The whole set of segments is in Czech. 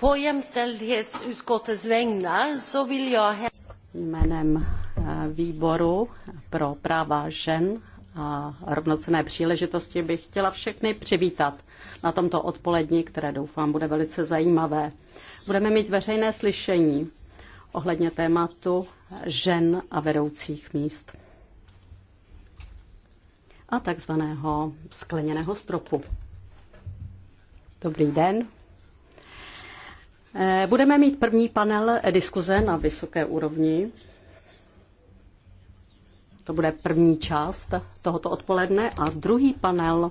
På jämställdhetsutskottets vägnar så vill jag... Jménem eh, výboru pro práva žen a rovnocené příležitosti bych chtěla všechny přivítat na tomto odpolední, které doufám bude velice zajímavé. Budeme mít veřejné slyšení ohledně tématu žen a vedoucích míst a takzvaného skleněného stropu. Dobrý den. Eh, budeme mít první panel diskuze na vysoké úrovni. To bude první část tohoto odpoledne a druhý panel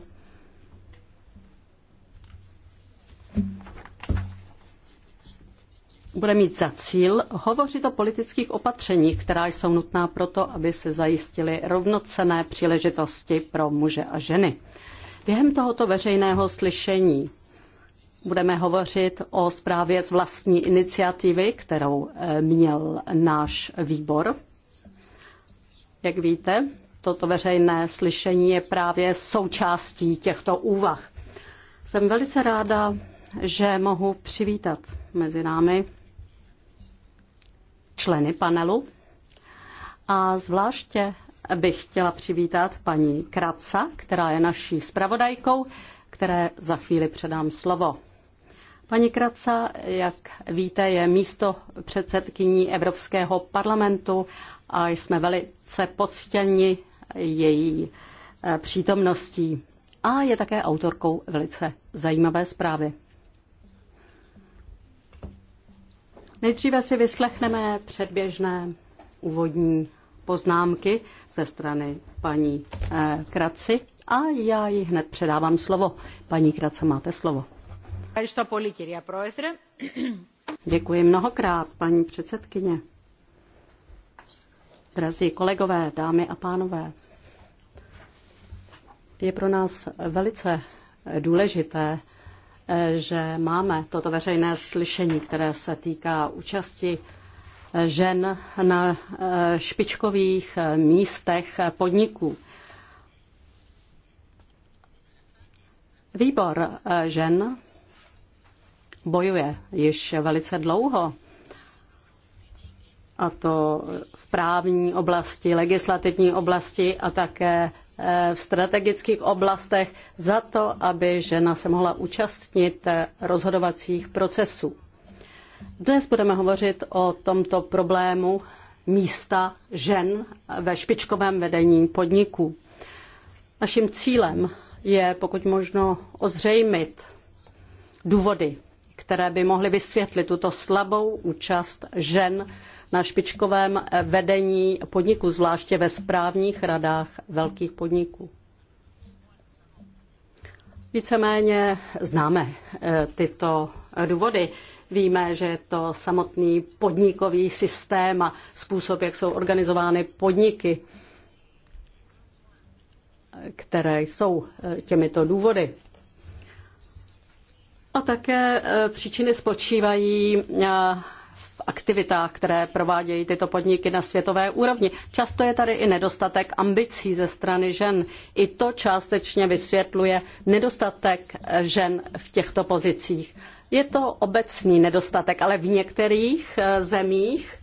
bude mít za cíl hovořit o politických opatřeních, která jsou nutná proto, aby se zajistily rovnocené příležitosti pro muže a ženy. Během tohoto veřejného slyšení budeme hovořit o zprávě z vlastní iniciativy, kterou eh, měl náš výbor. Jak víte, toto veřejné slyšení je právě součástí těchto úvah. Jsem velice ráda, že mohu přivítat mezi námi členy panelu a zvláště bych chtěla přivítat paní Kraca, která je naší zpravodajkou, které za chvíli předám slovo. Paní Kraca, jak víte, je místo předsedkyní Evropského parlamentu a jsme velice poctěni její eh, přítomností. A je také autorkou velice zajímavé zprávy. Nejdříve si vyslechneme předběžné úvodní poznámky ze strany paní eh, Kraci a já jí hned předávám slovo. Paní Kraca, máte slovo. Děkuji mnohokrát, paní předsedkyně. Drazí kolegové, dámy a pánové, je pro nás velice důležité, že máme toto veřejné slyšení, které se týká účasti žen na eh, špičkových eh, místech podniků. Výbor eh, žen bojuje již velice dlouho, a to v právní oblasti, legislativní oblasti a také eh, v strategických oblastech za to, aby žena se mohla účastnit eh, rozhodovacích procesů. Dnes budeme hovořit o tomto problému místa žen ve špičkovém vedení podniků. Naším cílem je pokud možno ozřejmit důvody které by mohly vysvětlit tuto slabou účast žen na špičkovém vedení podniku, zvláště ve správních radách velkých podniků. Víceméně známe eh, tyto důvody. Víme, že je to samotný podnikový systém a způsob, jak jsou organizovány podniky, které jsou eh, těmito důvody. A také e, příčiny spočívají e, v aktivitách, které provádějí tyto podniky na světové úrovni. Často je tady i nedostatek ambicí ze strany žen. I to částečně vysvětluje nedostatek e, žen v těchto pozicích. Je to obecný nedostatek, ale v některých zemích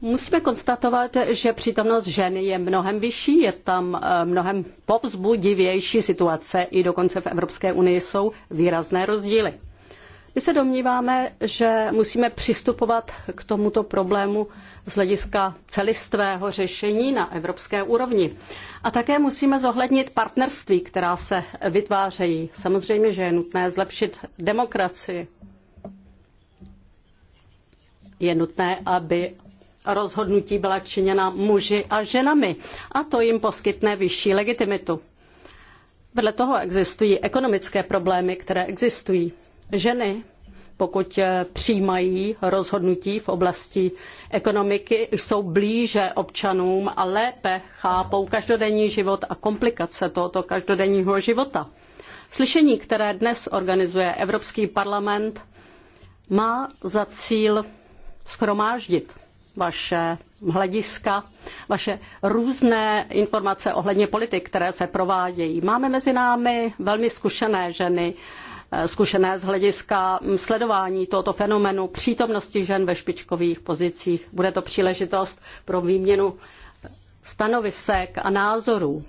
Musíme konstatovat, že přítomnost žen je mnohem vyšší, je tam eh, mnohem povzbudivější situace, i dokonce v Evropské unii jsou výrazné rozdíly. My se domníváme, že musíme přistupovat k tomuto problému z hlediska celistvého řešení na evropské úrovni. A také musíme zohlednit partnerství, která se vytvářejí. Samozřejmě, že je nutné zlepšit demokracii. Je nutné, aby rozhodnutí byla činěna muži a ženami a to jim poskytne vyšší legitimitu. Vedle toho existují ekonomické problémy, které existují. Ženy, pokud eh, přijímají rozhodnutí v oblasti ekonomiky, jsou blíže občanům a lépe chápou každodenní život a komplikace tohoto každodenního života. Slyšení, které dnes organizuje Evropský parlament, má za cíl schromáždit vaše hlediska, vaše různé informace ohledně politik, které se provádějí. Máme mezi námi velmi zkušené ženy, eh, zkušené z hlediska hm, sledování tohoto fenomenu přítomnosti žen ve špičkových pozicích. Bude to příležitost pro výměnu stanovisek a názorů.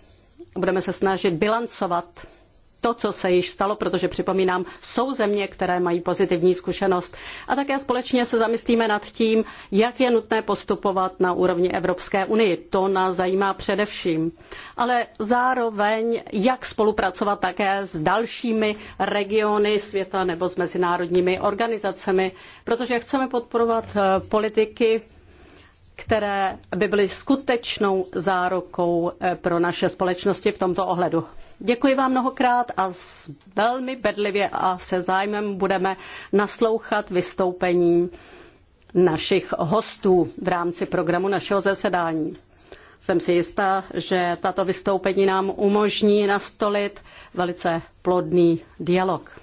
Budeme se snažit bilancovat to, co se již stalo, protože připomínám, jsou země, které mají pozitivní zkušenost. A také společně se zamyslíme nad tím, jak je nutné postupovat na úrovni Evropské unie. To nás zajímá především. Ale zároveň, jak spolupracovat také s dalšími regiony světa nebo s mezinárodními organizacemi, protože chceme podporovat eh, politiky které by byly skutečnou zárukou eh, pro naše společnosti v tomto ohledu. Děkuji vám mnohokrát a velmi bedlivě a se zájmem budeme naslouchat vystoupení našich hostů v rámci programu našeho zasedání. Jsem si jistá, že tato vystoupení nám umožní nastolit velice plodný dialog.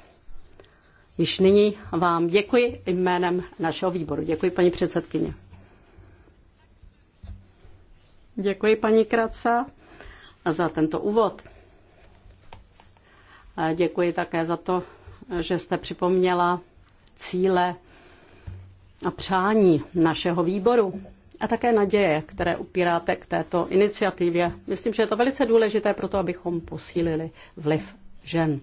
Již nyní vám děkuji jménem našeho výboru. Děkuji, paní předsedkyně. Děkuji, paní Kraca, za tento úvod. Děkuji také za to, že jste připomněla cíle a přání našeho výboru a také naděje, které upíráte k této iniciativě. Myslím, že je to velice důležité pro to, abychom posílili vliv žen.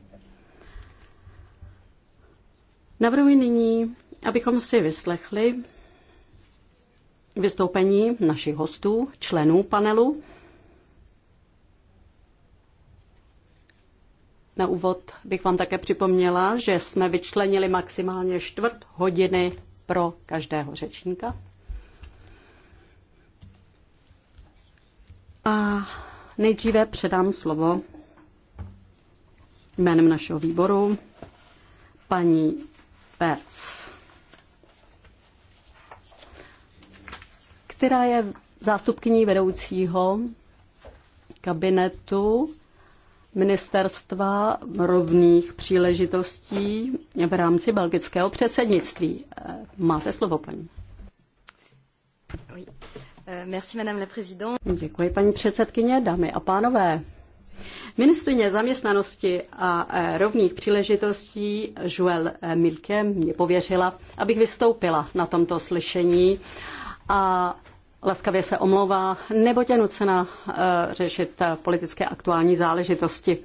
Navrhuji nyní, abychom si vyslechli vystoupení našich hostů, členů panelu. Na úvod bych vám také připomněla, že jsme vyčlenili maximálně čtvrt hodiny pro každého řečníka. A nejdříve předám slovo jménem našeho výboru paní Perc, která je zástupkyní vedoucího kabinetu ministerstva rovných příležitostí v rámci belgického předsednictví. Eh, máte slovo, paní. Eh, Děkuji, paní předsedkyně, dámy a pánové. Ministrině zaměstnanosti a eh, rovných příležitostí Joel Milke mě pověřila, abych vystoupila na tomto slyšení a laskavě se omlouvá, nebo je nucena eh, řešit eh, politické aktuální záležitosti.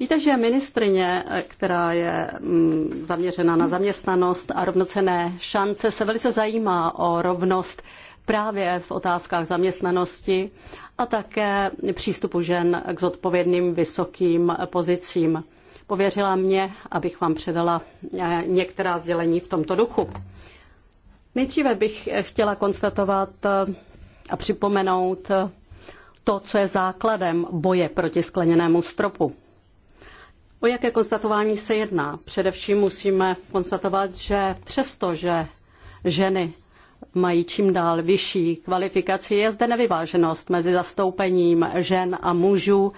Víte, že ministrině, eh, která je mm, zaměřena na zaměstnanost a rovnocené šance, se velice zajímá o rovnost právě v otázkách zaměstnanosti a také přístupu žen k zodpovědným vysokým pozicím. Pověřila mě, abych vám předala některá sdělení v tomto duchu. Nejdříve bych chtěla konstatovat eh, a připomenout eh, to, co je základem boje proti skleněnému stropu. O jaké konstatování se jedná? Především musíme konstatovat, že přesto, že ženy mají čím dál vyšší kvalifikaci, je zde nevyváženost mezi zastoupením žen a mužů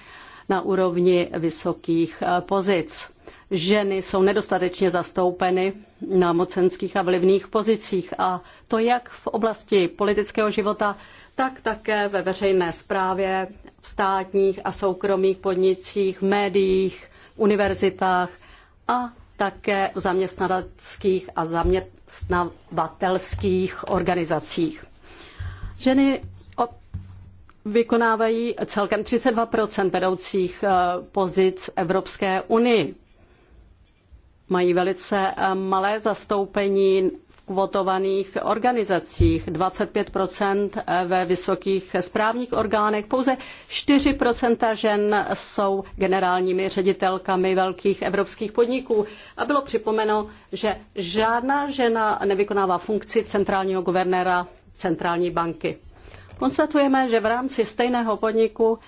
na úrovni vysokých eh, pozic ženy jsou nedostatečně zastoupeny na mocenských a vlivných pozicích a to jak v oblasti politického života, tak také ve veřejné správě, v státních a soukromých podnicích, médiích, univerzitách a také v zaměstnaneckých a zaměstnavatelských organizacích. Ženy vykonávají celkem 32 vedoucích eh, pozic v Evropské unii mají velice eh, malé zastoupení v kvotovaných organizacích, 25 eh, ve vysokých správních orgánech, pouze 4 žen jsou generálními ředitelkami velkých evropských podniků. A bylo připomeno, že žádná žena nevykonává funkci centrálního guvernéra centrální banky. Konstatujeme, že v rámci stejného podniku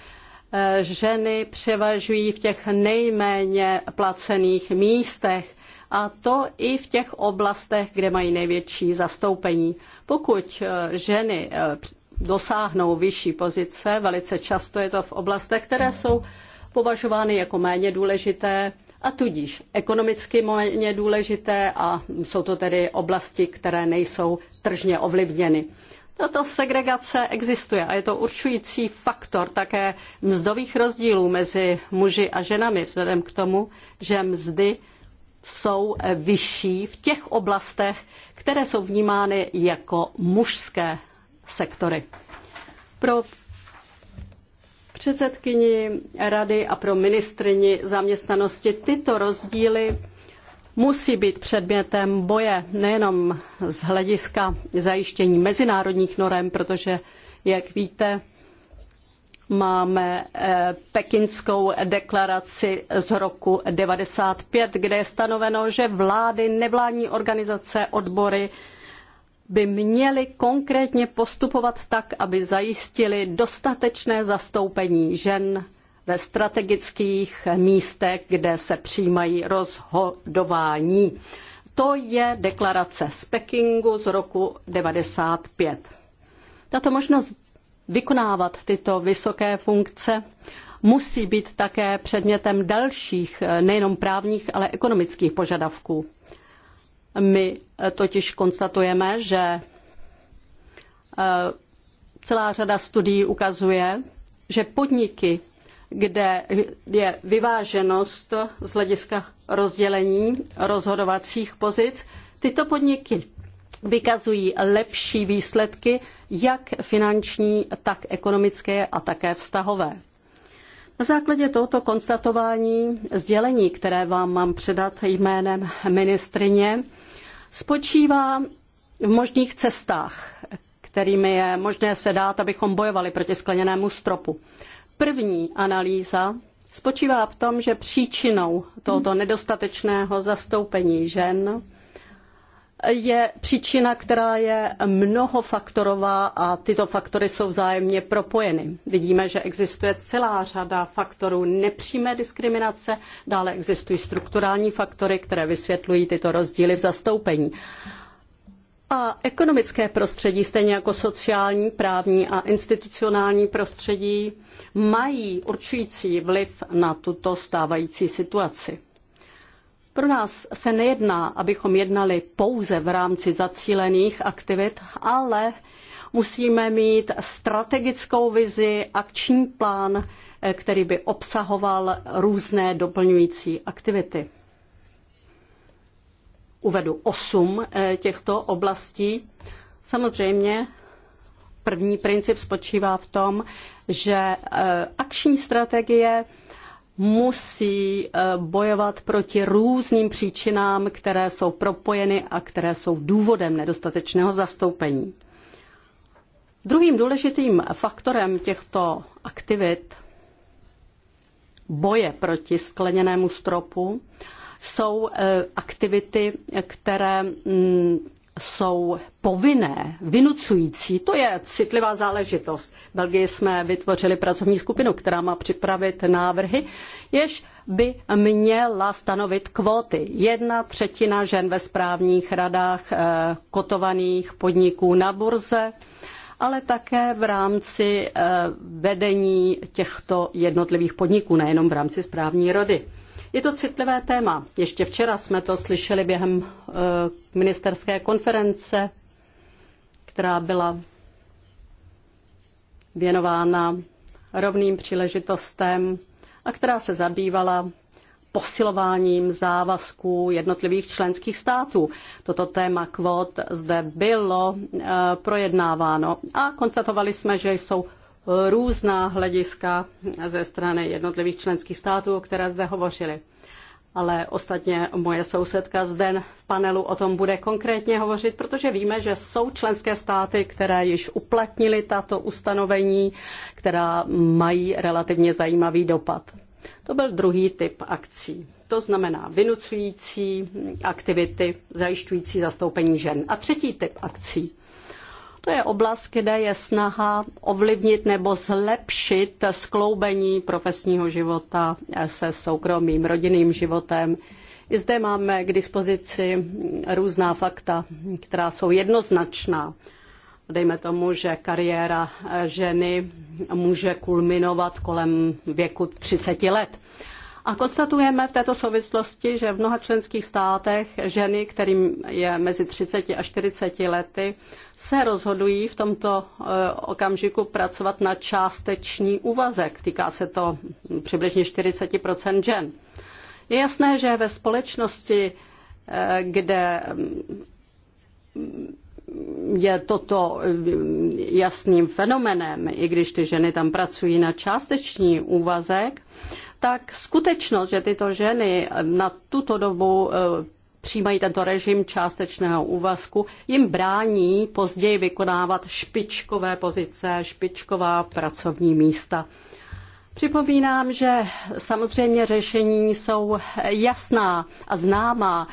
Eh, ženy převažují v těch nejméně placených místech a to i v těch oblastech, kde mají největší zastoupení. Pokud eh, ženy eh, dosáhnou vyšší pozice, velice často je to v oblastech, které jsou považovány jako méně důležité a tudíž ekonomicky méně důležité a jsou to tedy oblasti, které nejsou tržně ovlivněny. Tato segregace existuje a je to určující faktor také mzdových rozdílů mezi muži a ženami, vzhledem k tomu, že mzdy jsou vyšší v těch oblastech, které jsou vnímány jako mužské sektory. Pro předsedkyni rady a pro ministrini zaměstnanosti tyto rozdíly musí být předmětem boje nejenom z hlediska zajištění mezinárodních norem, protože, jak víte, máme eh, pekinskou deklaraci z roku 95, kde je stanoveno, že vlády, nevládní organizace, odbory by měly konkrétně postupovat tak, aby zajistili dostatečné zastoupení žen ve strategických místech, kde se přijímají rozhodování. To je deklarace z Pekingu z roku 95. Tato možnost vykonávat tyto vysoké funkce musí být také předmětem dalších, nejenom právních, ale ekonomických požadavků. My totiž konstatujeme, že eh, celá řada studií ukazuje, že podniky kde je vyváženost z hlediska rozdělení rozhodovacích pozic. Tyto podniky vykazují lepší výsledky, jak finanční, tak ekonomické a také vztahové. Na základě tohoto konstatování sdělení, které vám mám předat jménem ministrině, spočívá v možných cestách, kterými je možné se dát, abychom bojovali proti skleněnému stropu. První analýza spočívá v tom, že příčinou tohoto nedostatečného zastoupení žen je příčina, která je mnohofaktorová a tyto faktory jsou vzájemně propojeny. Vidíme, že existuje celá řada faktorů nepřímé diskriminace, dále existují strukturální faktory, které vysvětlují tyto rozdíly v zastoupení a ekonomické prostředí, stejně jako sociální, právní a institucionální prostředí, mají určující vliv na tuto stávající situaci. Pro nás se nejedná, abychom jednali pouze v rámci zacílených aktivit, ale musíme mít strategickou vizi, akční plán, který by obsahoval různé doplňující aktivity uvedu osm eh, těchto oblastí. Samozřejmě první princip spočívá v tom, že eh, akční strategie musí eh, bojovat proti různým příčinám, které jsou propojeny a které jsou důvodem nedostatečného zastoupení. Druhým důležitým faktorem těchto aktivit boje proti skleněnému stropu jsou eh, aktivity, které mm, jsou povinné, vynucující. To je citlivá záležitost. V Belgii jsme vytvořili pracovní skupinu, která má připravit návrhy, jež by měla stanovit kvóty. Jedna třetina žen ve správních radách eh, kotovaných podniků na burze, ale také v rámci eh, vedení těchto jednotlivých podniků, nejenom v rámci správní rody. Je to citlivé téma. Ještě včera jsme to slyšeli během eh, ministerské konference, která byla věnována rovným příležitostem a která se zabývala posilováním závazků jednotlivých členských států. Toto téma kvót zde bylo eh, projednáváno a konstatovali jsme, že jsou různá hlediska ze strany jednotlivých členských států, o které zde hovořili. Ale ostatně moje sousedka zde v panelu o tom bude konkrétně hovořit, protože víme, že jsou členské státy, které již uplatnily tato ustanovení, která mají relativně zajímavý dopad. To byl druhý typ akcí. To znamená vynucující aktivity, zajišťující zastoupení žen. A třetí typ akcí to je oblast, kde je snaha ovlivnit nebo zlepšit skloubení profesního života se soukromým rodinným životem. I zde máme k dispozici různá fakta, která jsou jednoznačná. Dejme tomu, že kariéra ženy může kulminovat kolem věku 30 let. A konstatujeme v této souvislosti, že v mnoha členských státech ženy, kterým je mezi 30 a 40 lety, se rozhodují v tomto eh, okamžiku pracovat na částečný úvazek. Týká se to přibližně 40 žen. Je jasné, že ve společnosti, eh, kde mm, je toto eh, jasným fenomenem, i když ty ženy tam pracují na částečný úvazek, tak skutečnost, že tyto ženy eh, na tuto dobu eh, přijímají tento režim částečného úvazku, jim brání později vykonávat špičkové pozice, špičková pracovní místa. Připomínám, že samozřejmě řešení jsou jasná a známá.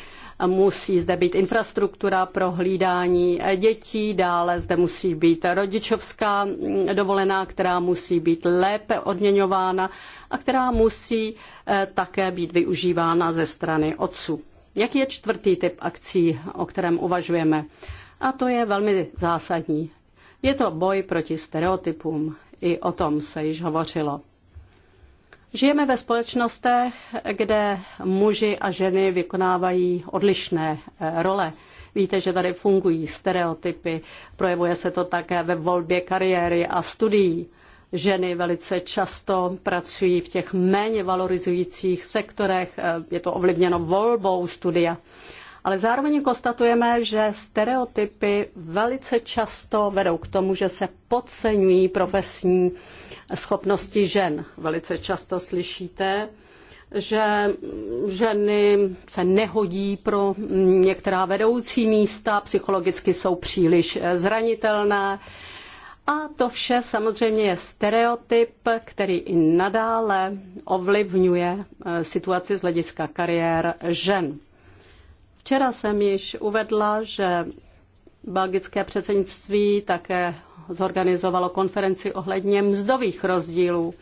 Musí zde být infrastruktura pro hlídání dětí, dále zde musí být rodičovská mm, dovolená, která musí být lépe odměňována a která musí eh, také být využívána ze strany otců. Jaký je čtvrtý typ akcí, o kterém uvažujeme? A to je velmi zásadní. Je to boj proti stereotypům. I o tom se již hovořilo. Žijeme ve společnostech, kde muži a ženy vykonávají odlišné eh, role. Víte, že tady fungují stereotypy, projevuje se to také ve volbě kariéry a studií. Ženy velice často pracují v těch méně valorizujících sektorech, eh, je to ovlivněno volbou studia. Ale zároveň konstatujeme, že stereotypy velice často vedou k tomu, že se podceňují profesní schopnosti žen. Velice často slyšíte, že ženy se nehodí pro některá vedoucí místa, psychologicky jsou příliš eh, zranitelné, a to vše samozřejmě je stereotyp, který i nadále ovlivňuje eh, situaci z hlediska kariér žen. Včera jsem již uvedla, že belgické předsednictví také zorganizovalo konferenci ohledně mzdových rozdílů.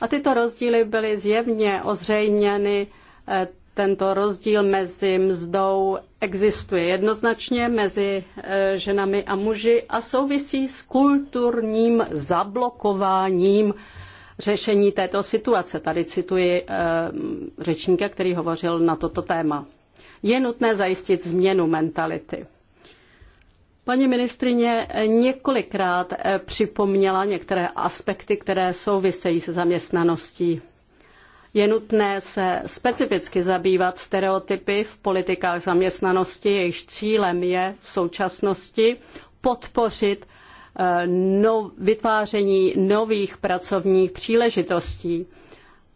A tyto rozdíly byly zjevně ozřejměny eh, tento rozdíl mezi mzdou existuje jednoznačně mezi eh, ženami a muži a souvisí s kulturním zablokováním řešení této situace. Tady cituji eh, řečníka, který hovořil na toto téma. Je nutné zajistit změnu mentality. Paní ministrině několikrát eh, připomněla některé aspekty, které souvisejí se zaměstnaností je nutné se specificky zabývat stereotypy v politikách zaměstnanosti, jejichž cílem je v současnosti podpořit no, vytváření nových pracovních příležitostí.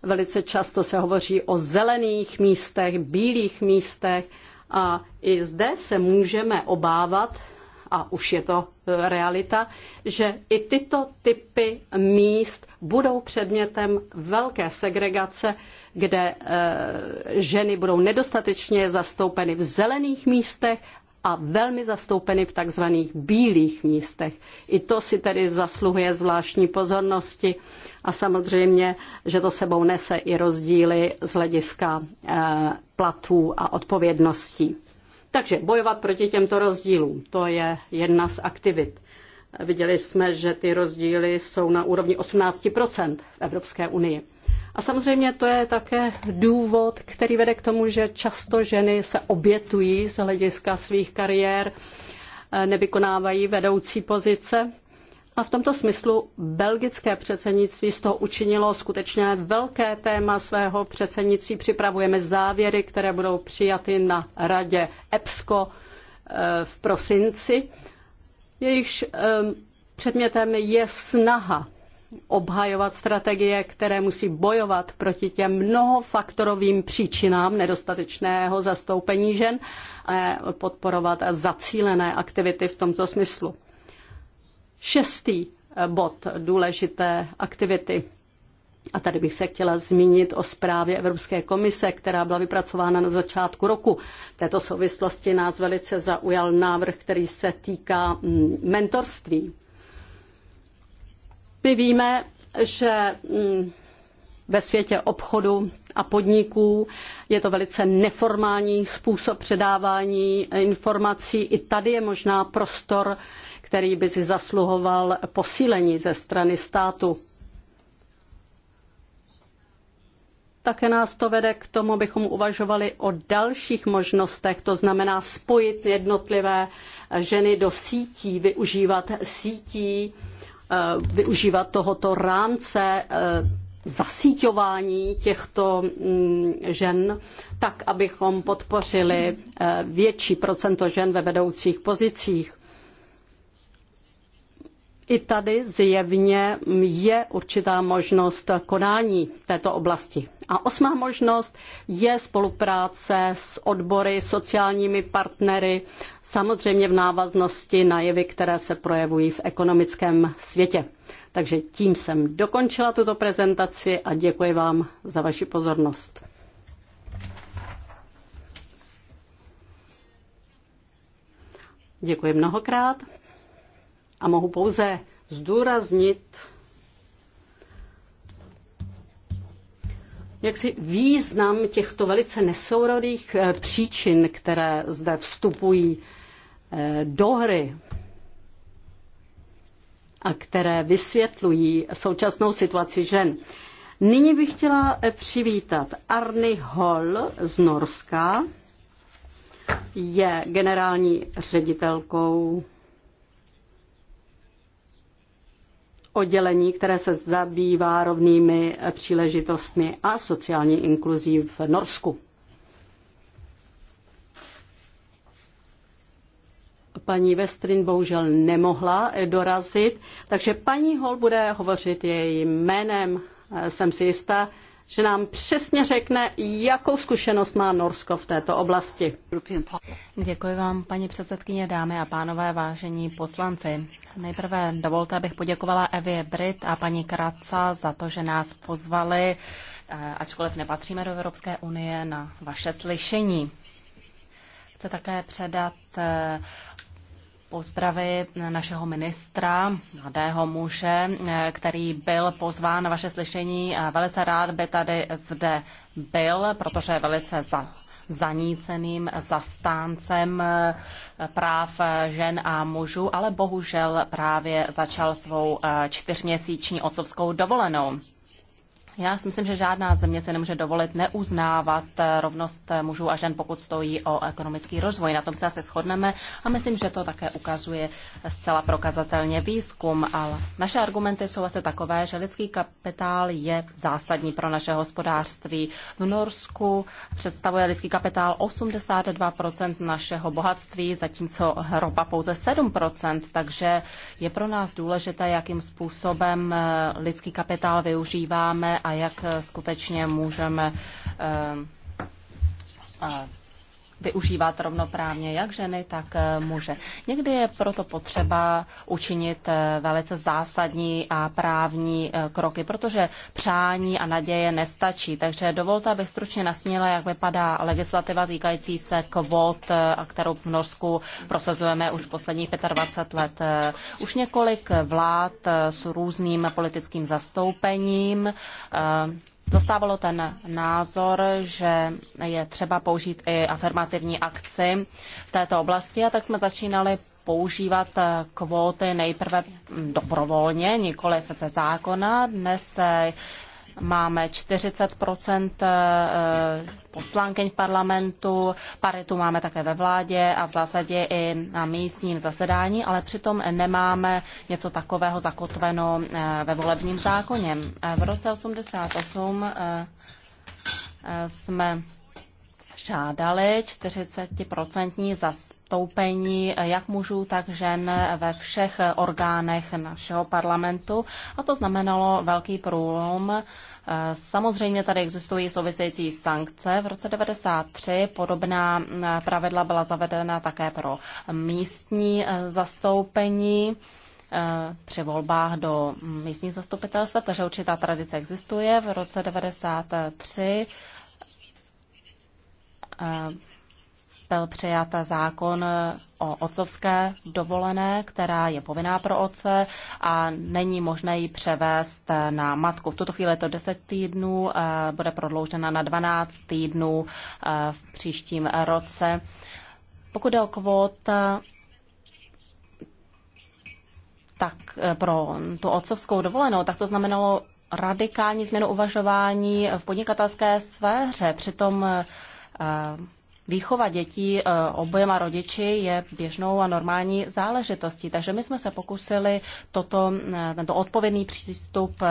Velice často se hovoří o zelených místech, bílých místech a i zde se můžeme obávat a už je to e, realita, že i tyto typy míst budou předmětem velké segregace, kde e, ženy budou nedostatečně zastoupeny v zelených místech a velmi zastoupeny v takzvaných bílých místech. I to si tedy zasluhuje zvláštní pozornosti a samozřejmě, že to sebou nese i rozdíly z hlediska e, platů a odpovědností. Takže bojovat proti těmto rozdílům, to je jedna z aktivit. Viděli jsme, že ty rozdíly jsou na úrovni 18 v Evropské unii. A samozřejmě to je také důvod, který vede k tomu, že často ženy se obětují z hlediska svých kariér, nevykonávají vedoucí pozice a v tomto smyslu belgické předsednictví z toho učinilo skutečně velké téma svého předsednictví. Připravujeme závěry, které budou přijaty na radě EPSCO eh, v prosinci. Jejichž ehm, předmětem je snaha obhajovat strategie, které musí bojovat proti těm mnohofaktorovým příčinám nedostatečného zastoupení žen a podporovat zacílené aktivity v tomto smyslu šestý eh, bod důležité aktivity. A tady bych se chtěla zmínit o zprávě Evropské komise, která byla vypracována na začátku roku. V této souvislosti nás velice zaujal návrh, který se týká mm, mentorství. My víme, že mm, ve světě obchodu a podniků. Je to velice neformální způsob předávání informací. I tady je možná prostor který by si zasluhoval posílení ze strany státu. Také nás to vede k tomu, abychom uvažovali o dalších možnostech, to znamená spojit jednotlivé ženy do sítí, využívat sítí, eh, využívat tohoto rámce eh, zasíťování těchto mm, žen, tak abychom podpořili eh, větší procento žen ve vedoucích pozicích i tady zjevně je určitá možnost konání této oblasti. A osmá možnost je spolupráce s odbory, sociálními partnery, samozřejmě v návaznosti na jevy, které se projevují v ekonomickém světě. Takže tím jsem dokončila tuto prezentaci a děkuji vám za vaši pozornost. Děkuji mnohokrát a mohu pouze zdůraznit jaksi význam těchto velice nesourodých eh, příčin, které zde vstupují eh, do hry a které vysvětlují současnou situaci žen. Nyní bych chtěla eh, přivítat Arny Hol z Norska. Je generální ředitelkou oddělení, které se zabývá rovnými příležitostmi a sociální inkluzí v Norsku. Paní Vestrin bohužel nemohla dorazit, takže paní Hol bude hovořit jejím jménem. Jsem si jistá, že nám přesně řekne, jakou zkušenost má Norsko v této oblasti. Děkuji vám, paní předsedkyně, dámy a pánové, vážení poslanci. Nejprve dovolte, abych poděkovala Evě Brit a paní Kraca za to, že nás pozvali, eh, ačkoliv nepatříme do Evropské unie, na vaše slyšení. Chci také předat eh, pozdravy našeho ministra, mladého muže, který byl pozván na vaše slyšení. Velice rád by tady zde byl, protože je velice za zaníceným zastáncem práv žen a mužů, ale bohužel právě začal svou eh, čtyřměsíční otcovskou dovolenou. Já si myslím, že žádná země se nemůže dovolit neuznávat eh, rovnost eh, mužů a žen, pokud stojí o ekonomický rozvoj. Na tom se asi shodneme a myslím, že to také ukazuje zcela prokazatelně výzkum. Ale naše argumenty jsou asi takové, že lidský kapitál je zásadní pro naše hospodářství. V Norsku představuje lidský kapitál 82% našeho bohatství, zatímco ropa pouze 7%, takže je pro nás důležité, jakým způsobem eh, lidský kapitál využíváme a a jak eh, skutečně můžeme eh, eh, využívat rovnoprávně jak ženy, tak eh, muže. Někdy je proto potřeba učinit eh, velice zásadní a právní eh, kroky, protože přání a naděje nestačí. Takže dovolte, abych stručně nasnila, jak vypadá legislativa týkající se a kterou v Norsku prosazujeme už posledních 25 let. Už několik vlád s různým politickým zastoupením zastávalo ten názor, že je třeba použít i afirmativní akci v této oblasti a tak jsme začínali používat kvóty nejprve dobrovolně, nikoli ze zákona. Dnes máme 40 eh, poslankyň parlamentu, paritu máme také ve vládě a v zásadě i na místním zasedání, ale přitom nemáme něco takového zakotveno eh, ve volebním zákoně. Eh, v roce 88 jsme žádali 40% zas zastoupení jak mužů, tak žen ve všech orgánech našeho parlamentu a to znamenalo velký průlom. Samozřejmě tady existují související sankce. V roce 1993 podobná pravidla byla zavedena také pro místní zastoupení eh, při volbách do místní zastupitelstva, takže určitá tradice existuje. V roce 1993 byl přijat zákon eh, o otcovské dovolené, která je povinná pro otce a není možné ji převést eh, na matku. V tuto chvíli je to 10 týdnů, eh, bude prodloužena na 12 týdnů v příštím roce. Pokud je o kvóta, tak pro tu otcovskou dovolenou, tak to znamenalo radikální změnu uvažování v podnikatelské sféře. Přitom výchova dětí eh, oběma rodiči je běžnou a normální záležitostí. Takže my jsme se pokusili toto, eh, tento odpovědný přístup eh,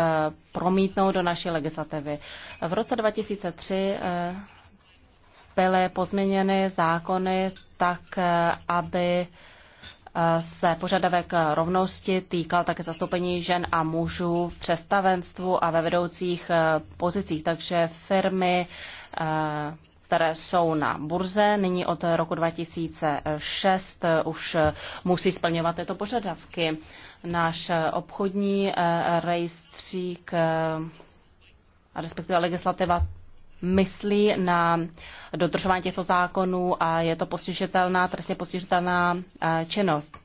promítnout do naší legislativy. V roce 2003 byly pozměněny zákony tak, aby se požadavek rovnosti týkal také zastoupení žen a mužů v představenstvu a ve vedoucích pozicích, takže firmy, které jsou na burze. Nyní od roku 2006 už musí splňovat tyto požadavky. Náš obchodní eh, rejstřík eh, a respektive legislativa myslí na dodržování těchto zákonů a je to postižitelná, trestně postižitelná eh, činnost.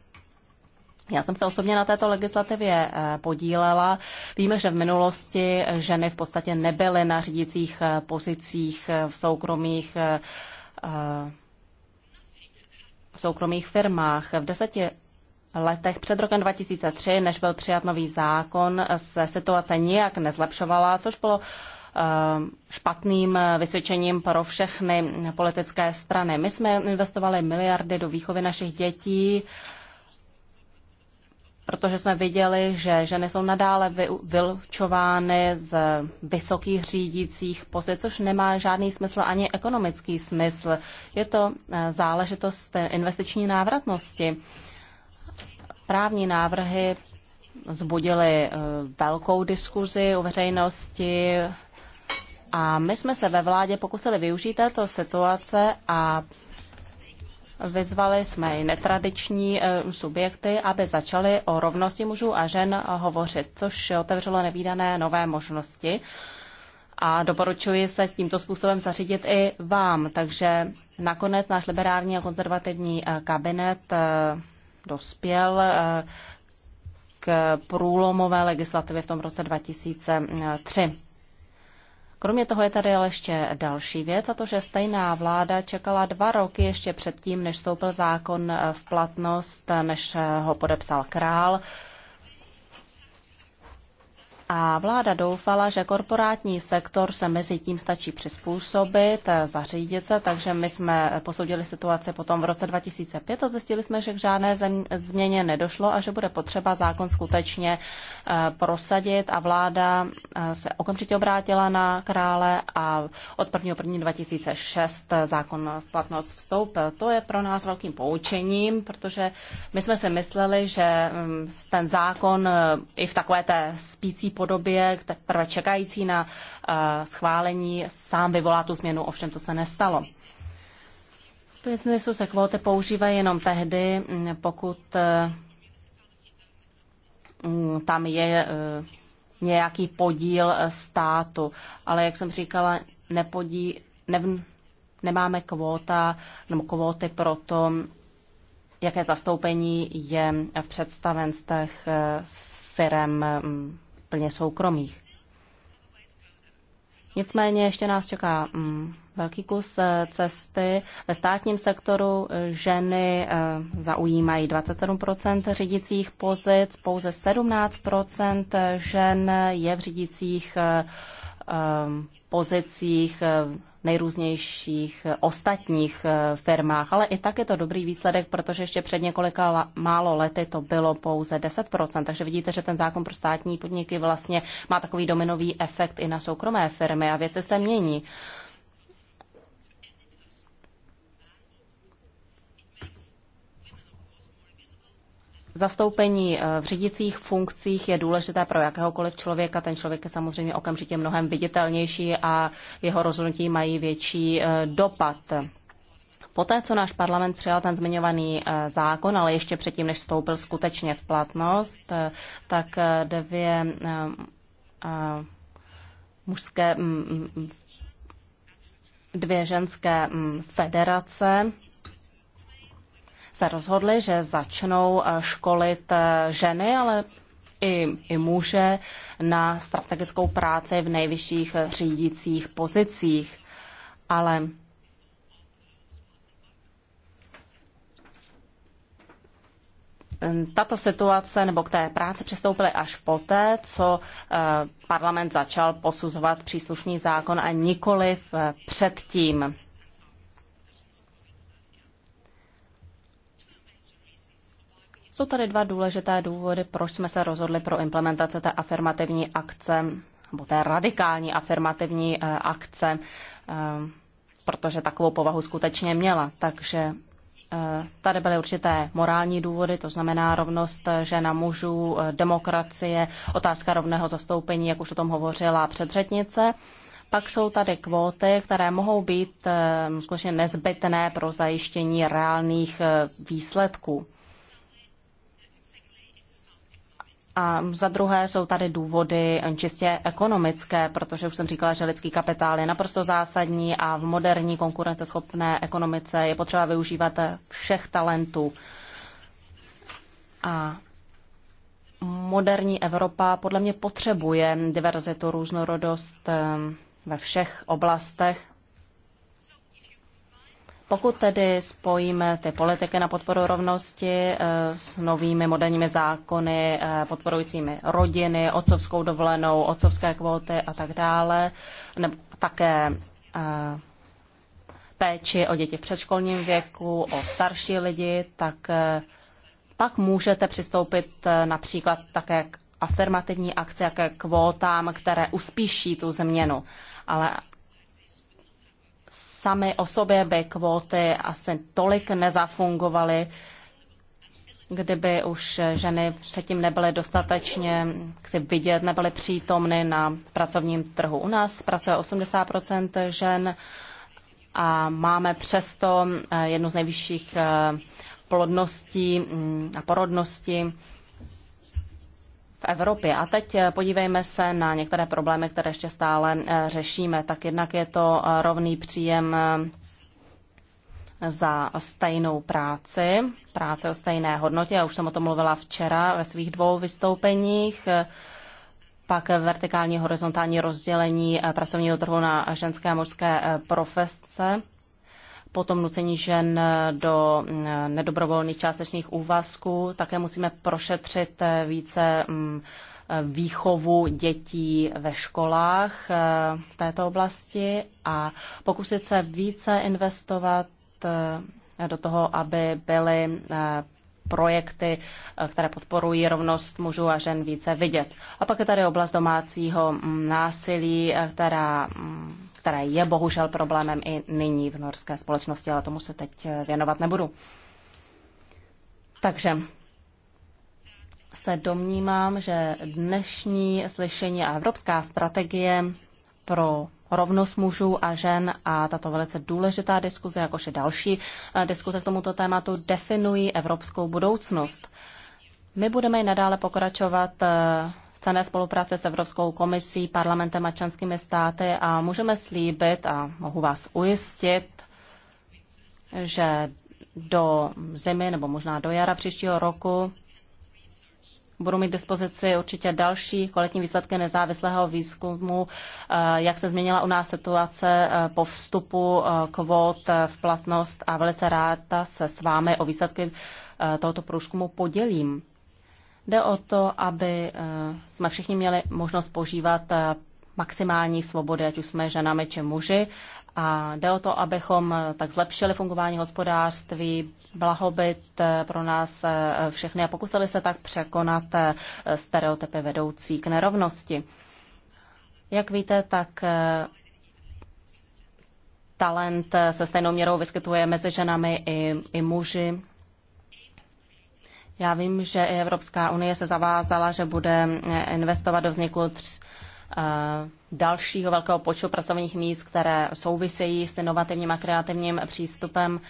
Já jsem se osobně na této legislativě eh, podílela. Víme, že v minulosti eh, ženy v podstatě nebyly na řídících eh, pozicích v soukromých v soukromých firmách. V deseti letech před rokem 2003, než byl přijat nový zákon, se situace nijak nezlepšovala, což bylo špatným vysvědčením pro všechny politické strany. My jsme investovali miliardy do výchovy našich dětí, protože jsme viděli, že ženy jsou nadále vylučovány z vysokých řídících pozic, což nemá žádný smysl ani ekonomický smysl. Je to eh, záležitost investiční návratnosti. Právní návrhy zbudily eh, velkou diskuzi u veřejnosti a my jsme se ve vládě pokusili využít této situace a Vyzvali jsme i netradiční e, subjekty, aby začaly o rovnosti mužů a žen hovořit, což otevřelo nevýdané nové možnosti. A doporučuji se tímto způsobem zařídit i vám. Takže nakonec náš liberální a konzervativní e, kabinet e, dospěl k průlomové legislativě v tom roce 2003. Kromě toho je tady ale ještě další věc, a to, že stejná vláda čekala dva roky ještě předtím, než vstoupil zákon eh, v platnost, eh, než eh, ho podepsal král a vláda doufala, že korporátní sektor se mezi tím stačí přizpůsobit, zařídit se, takže my jsme posoudili situaci potom v roce 2005 a zjistili jsme, že k žádné změně nedošlo a že bude potřeba zákon skutečně eh, prosadit a vláda eh, se okamžitě obrátila na krále a od 1. 1. 2006 zákon v platnost vstoupil. To je pro nás velkým poučením, protože my jsme si mysleli, že mm, ten zákon eh, i v takové té spící podobě, teprve čekající na eh, schválení, sám vyvolá tu změnu, ovšem to se nestalo. V biznesu se kvóty používají jenom tehdy, pokud eh, tam je eh, nějaký podíl státu. Ale jak jsem říkala, nepodí, ne, nemáme kvóta nebo kvóty pro to, jaké zastoupení je v představenstech firem plně soukromých. Nicméně ještě nás čeká mm, velký kus eh, cesty. Ve státním sektoru eh, ženy e, zaujímají 27 řídicích pozic, pouze 17 žen je v řídicích e, pozicích nejrůznějších eh, ostatních eh, firmách. Ale i tak je to dobrý výsledek, protože ještě před několika málo lety to bylo pouze 10%. Takže vidíte, že ten zákon pro státní podniky vlastně má takový dominový efekt i na soukromé firmy a věci se mění. Zastoupení eh, v řídicích funkcích je důležité pro jakéhokoliv člověka. Ten člověk je samozřejmě okamžitě mnohem viditelnější a jeho rozhodnutí mají větší eh, dopad. Poté, co náš parlament přijal ten zmiňovaný eh, zákon, ale ještě předtím, než vstoupil skutečně v platnost, tak dvě mužské, mm, mm, dvě ženské mm, federace se rozhodli, že začnou eh, školit eh, ženy, ale i, i muže na strategickou práci v nejvyšších eh, řídících pozicích. Ale tato situace nebo k té práci přistoupili až poté, co parlament začal posuzovat příslušný zákon a nikoliv předtím. Jsou tady dva důležité důvody, proč jsme se rozhodli pro implementaci té afirmativní akce, nebo té radikální afirmativní eh, akce, eh, protože takovou povahu skutečně měla. Takže eh, Tady byly určité morální důvody, to znamená rovnost žena mužů, demokracie, otázka rovného zastoupení, jak už o tom hovořila předřetnice. Pak jsou tady kvóty, které mohou být skutečně nezbytné pro zajištění reálných výsledků. A za druhé jsou tady důvody čistě ekonomické, protože už jsem říkala, že lidský kapitál je naprosto zásadní a v moderní konkurenceschopné ekonomice je potřeba využívat všech talentů. A moderní Evropa podle mě potřebuje diverzitu, různorodost eh, ve všech oblastech pokud tedy spojíme ty politiky na podporu rovnosti eh, s novými moderními zákony eh, podporujícími rodiny, otcovskou dovolenou, otcovské kvóty a tak dále, nebo také eh, péči o děti v předškolním věku, o starší lidi, tak pak můžete přistoupit například také k afirmativní akci, jaké kvótám, které uspíší tu změnu. Ale sami o sobě by kvóty asi tolik nezafungovaly, kdyby už ženy předtím nebyly dostatečně si vidět, nebyly přítomny na pracovním trhu. U nás pracuje 80 žen a máme přesto eh, jednu z nejvyšších eh, plodností mm, a porodností Evropě. A teď eh, podívejme se na některé problémy, které ještě stále eh, řešíme. Tak jednak je to eh, rovný příjem za stejnou práci, práce o stejné hodnotě. Já už jsem o tom mluvila včera ve svých dvou vystoupeních. Pak vertikální horizontální rozdělení pracovního trhu na ženské a mužské profese potom nucení žen do mm, nedobrovolných částečných úvazků. Také musíme prošetřit eh, více mm, výchovu dětí ve školách eh, v této oblasti a pokusit se více investovat eh, do toho, aby byly projekty, které podporují rovnost mužů a žen více vidět. A pak je tady oblast domácího mm, násilí, která které je bohužel problémem i nyní v norské společnosti, ale tomu se teď eh, věnovat nebudu. Takže se domnívám, že dnešní slyšení a evropská strategie pro rovnost mužů a žen a tato velice důležitá diskuze, jakož i další eh, diskuze k tomuto tématu, definují evropskou budoucnost. My budeme i nadále pokračovat eh, cené spolupráce s Evropskou komisí, parlamentem a členskými státy a můžeme slíbit a mohu vás ujistit, že do zimy nebo možná do jara příštího roku budu mít dispozici určitě další kvalitní výsledky nezávislého výzkumu, eh, jak se změnila u nás situace eh, po vstupu eh, kvót v platnost a velice ráda se s vámi o výsledky tohoto průzkumu podělím. Jde o to, aby eh, jsme všichni měli možnost požívat eh, maximální svobody, ať už jsme ženami či muži. A jde o to, abychom eh, tak zlepšili fungování hospodářství, blahobyt pro nás všechny a pokusili se tak překonat stereotypy vedoucí k nerovnosti. Jak víte, tak talent se stejnou měrou vyskytuje mezi ženami i, i muži. Já vím, že i Evropská unie se zavázala, že bude eh, investovat do vzniku tř, eh, dalšího velkého počtu pracovních míst, které souvisejí s inovativním a kreativním přístupem.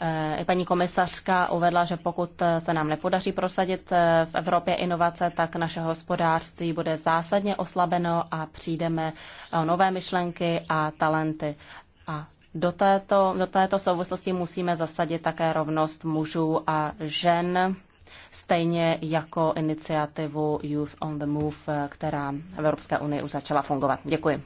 Eh, I paní komisařka uvedla, že pokud se nám nepodaří prosadit v Evropě inovace, tak naše hospodářství bude zásadně oslabeno a přijdeme o nové myšlenky a talenty. A do této, do této souvislosti musíme zasadit také rovnost mužů a žen stejně jako iniciativu Youth on the Move, která v Evropské unii už začala fungovat. Děkuji.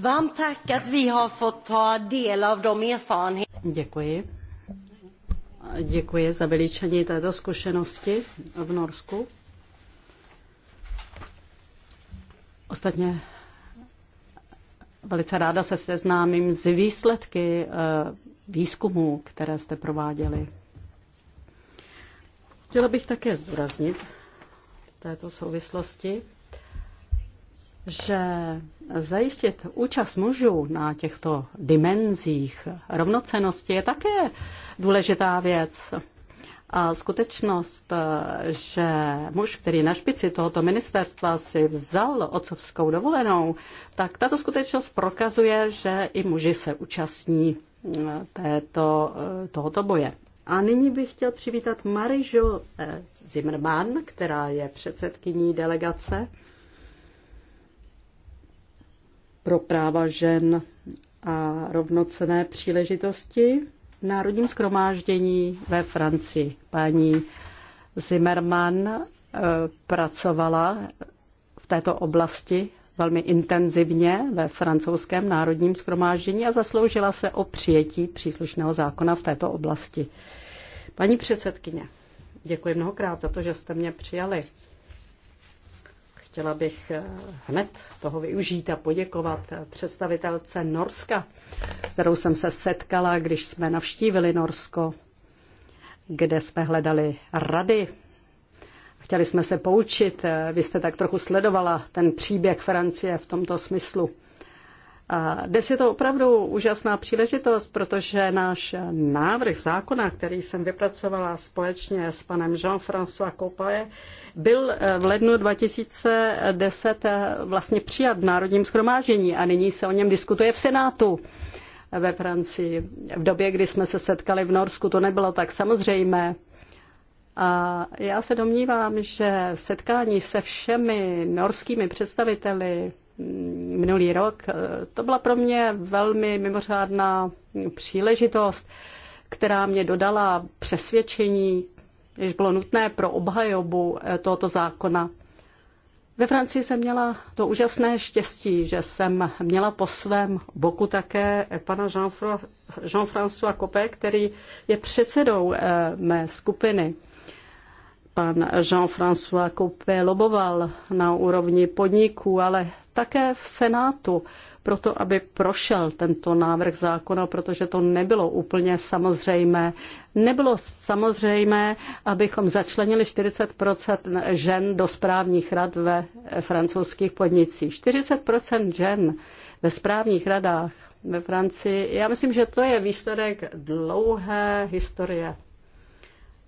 Vám tak, že vi har fått ta del av de Děkuji. Děkuji za vylíčení této zkušenosti v Norsku. Ostatně velice ráda se seznámím s výsledky eh, výzkumů, které jste prováděli. Chtěla bych také zdůraznit v této souvislosti, že zajistit účast mužů na těchto dimenzích rovnocenosti je také důležitá věc. A skutečnost, že muž, který na špici tohoto ministerstva si vzal otcovskou dovolenou, tak tato skutečnost prokazuje, že i muži se účastní této, tohoto boje. A nyní bych chtěl přivítat Marižu eh, Zimmermann, která je předsedkyní delegace pro práva žen a rovnocené příležitosti v Národním skromáždění ve Francii. Paní Zimmermann eh, pracovala v této oblasti velmi intenzivně ve francouzském národním schromáždění a zasloužila se o přijetí příslušného zákona v této oblasti. Paní předsedkyně, děkuji mnohokrát za to, že jste mě přijali. Chtěla bych eh, hned toho využít a poděkovat představitelce Norska, s kterou jsem se setkala, když jsme navštívili Norsko, kde jsme hledali rady Chtěli jsme se poučit, vy jste tak trochu sledovala ten příběh Francie v tomto smyslu. A dnes je to opravdu úžasná příležitost, protože náš návrh zákona, který jsem vypracovala společně s panem Jean-François Copaye, byl eh, v lednu 2010 eh, vlastně přijat v Národním schromážení a nyní se o něm diskutuje v Senátu ve Francii. V době, kdy jsme se setkali v Norsku, to nebylo tak samozřejmé. A já se domnívám, že setkání se všemi norskými představiteli minulý rok, eh, to byla pro mě velmi mimořádná příležitost, která mě dodala přesvědčení, jež bylo nutné pro obhajobu eh, tohoto zákona. Ve Francii jsem měla to úžasné štěstí, že jsem měla po svém boku také pana Jean-François Copé, který je předsedou eh, mé skupiny pan Jean-François Coupé loboval na úrovni podniků, ale také v Senátu proto, aby prošel tento návrh zákona, protože to nebylo úplně samozřejmé. Nebylo samozřejmé, abychom začlenili 40 žen do správních rad ve francouzských podnicích. 40 žen ve správních radách ve Francii. Já myslím, že to je výsledek dlouhé historie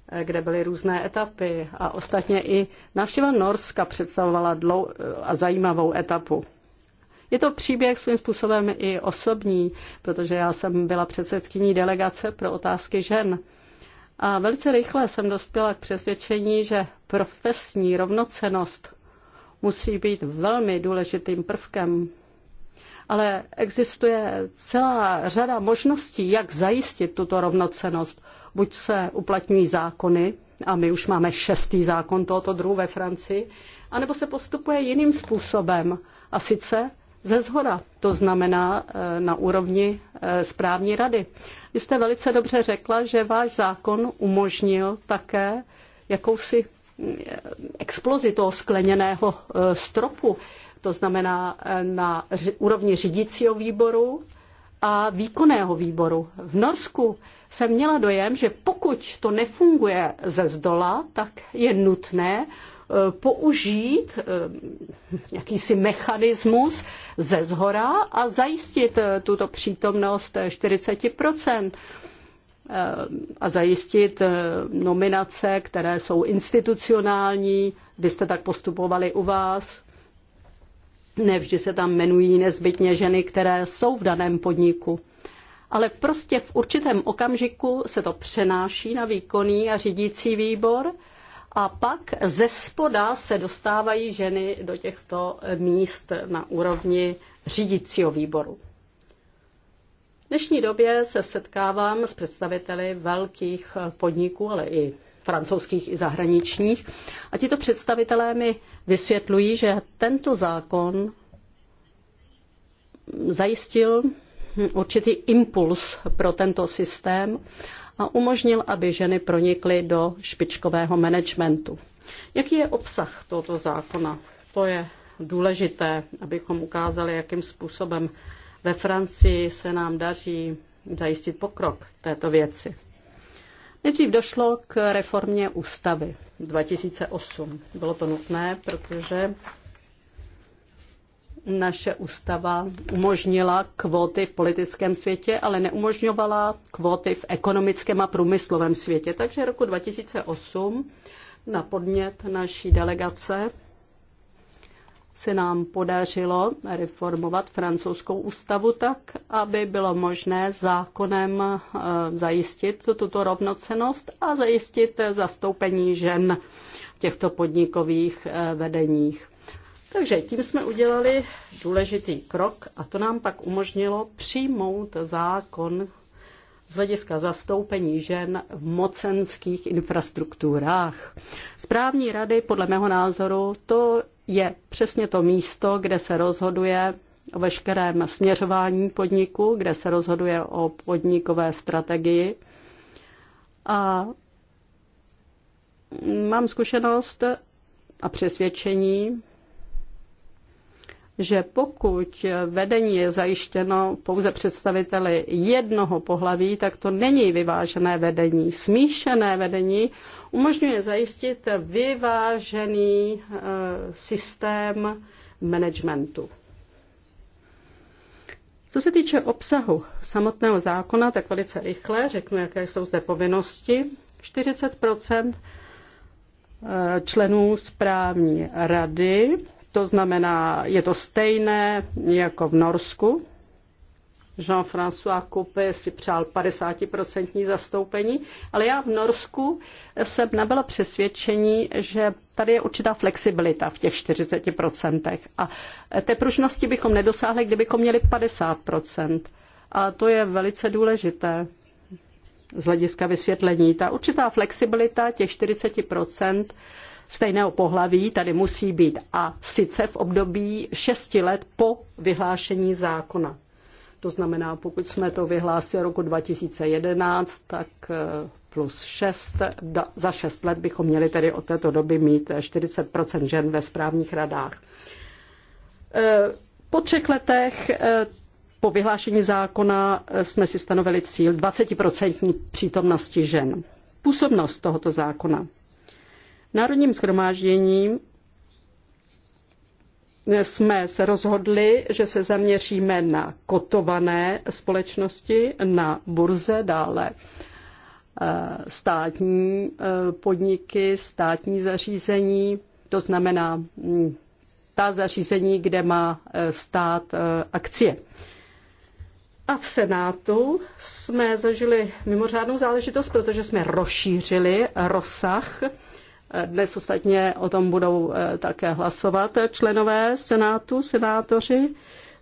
Eh, kde byly různé etapy a ostatně i návštěva Norska představovala dlou eh, a zajímavou etapu. Je to příběh svým způsobem i osobní, protože já jsem byla předsedkyní delegace pro otázky žen. A velice rychle jsem dospěla k přesvědčení, že profesní rovnocenost musí být velmi důležitým prvkem. Ale existuje celá řada možností, jak zajistit tuto rovnocenost – buď se uplatňují zákony, a my už máme šestý zákon tohoto druhu ve Francii, anebo se postupuje jiným způsobem, a sice ze zhora, to znamená e, na úrovni e, správní rady. Vy jste velice dobře řekla, že váš zákon umožnil také jakousi explozi toho skleněného e, stropu, to znamená na úrovni řídícího výboru a výkonného výboru. V Norsku jsem měla dojem, že pokud to nefunguje ze zdola, tak je nutné eh, použít eh, jakýsi mechanismus ze zhora a zajistit eh, tuto přítomnost 40 a zajistit nominace, které jsou institucionální. Vy jste tak postupovali u vás. Nevždy se tam jmenují nezbytně ženy, které jsou v daném podniku. Ale prostě v určitém okamžiku se to přenáší na výkonný a řídící výbor a pak ze spoda se dostávají ženy do těchto míst na úrovni řídícího výboru. V dnešní době se setkávám s představiteli velkých podniků, ale i francouzských i zahraničních. A tito představitelé mi vysvětlují, že tento zákon zajistil určitý impuls pro tento systém a umožnil, aby ženy pronikly do špičkového managementu. Jaký je obsah tohoto zákona? To je důležité, abychom ukázali, jakým způsobem ve Francii se nám daří zajistit pokrok této věci. Nejdřív došlo k reformě ústavy 2008. Bylo to nutné, protože naše ústava umožnila kvóty v politickém světě, ale neumožňovala kvóty v ekonomickém a průmyslovém světě. Takže roku 2008 na podnět naší delegace se nám podařilo reformovat francouzskou ústavu tak, aby bylo možné zákonem eh, zajistit tuto rovnocenost a zajistit zastoupení žen v těchto podnikových eh, vedeních. Takže tím jsme udělali důležitý krok a to nám pak umožnilo přijmout zákon z hlediska zastoupení žen v mocenských infrastrukturách. Správní rady, podle mého názoru, to je přesně to místo, kde se rozhoduje o veškerém směřování podniku, kde se rozhoduje o podnikové strategii. A mám zkušenost a přesvědčení, že pokud vedení je zajištěno pouze představiteli jednoho pohlaví, tak to není vyvážené vedení. Smíšené vedení umožňuje zajistit vyvážený eh, systém managementu. Co se týče obsahu samotného zákona, tak velice rychle řeknu, jaké jsou zde povinnosti. 40 eh, členů správní rady, to znamená, je to stejné jako v Norsku, Jean-François Coupé si přál 50% zastoupení, ale já v Norsku jsem nabyla přesvědčení, že tady je určitá flexibilita v těch 40%. A té pružnosti bychom nedosáhli, kdybychom měli 50%. A to je velice důležité z hlediska vysvětlení. Ta určitá flexibilita těch 40% stejného pohlaví tady musí být a sice v období 6 let po vyhlášení zákona. To znamená, pokud jsme to vyhlásili roku 2011, tak eh, plus 6, za 6 let bychom měli tedy od této doby mít 40 eh, žen ve správních radách. Eh, po třech letech po vyhlášení zákona jsme si stanovili cíl 20% přítomnosti žen. Působnost tohoto zákona. Národním schromážděním jsme se rozhodli, že se zaměříme na kotované společnosti, na burze dále eh, státní eh, podniky, státní zařízení, to znamená mm, ta zařízení, kde má eh, stát akcie. A v Senátu jsme zažili mimořádnou záležitost, protože jsme rozšířili rozsah dnes ostatně o tom budou eh, také hlasovat členové Senátu, senátoři,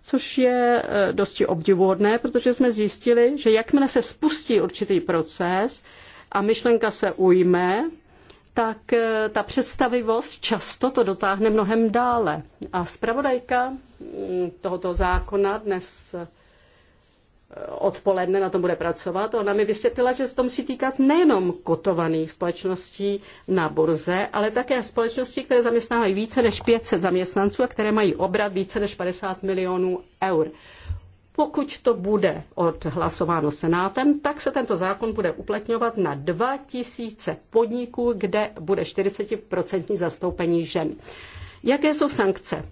což je eh, dosti obdivuhodné, protože jsme zjistili, že jakmile se spustí určitý proces a myšlenka se ujme, tak eh, ta představivost často to dotáhne mnohem dále. A zpravodajka mm, tohoto zákona dnes odpoledne na tom bude pracovat. Ona mi vysvětlila, že se to musí týkat nejenom kotovaných společností na burze, ale také společností, které zaměstnávají více než 500 zaměstnanců a které mají obrat více než 50 milionů eur. Pokud to bude odhlasováno Senátem, tak se tento zákon bude uplatňovat na 2000 podniků, kde bude 40% zastoupení žen. Jaké jsou sankce?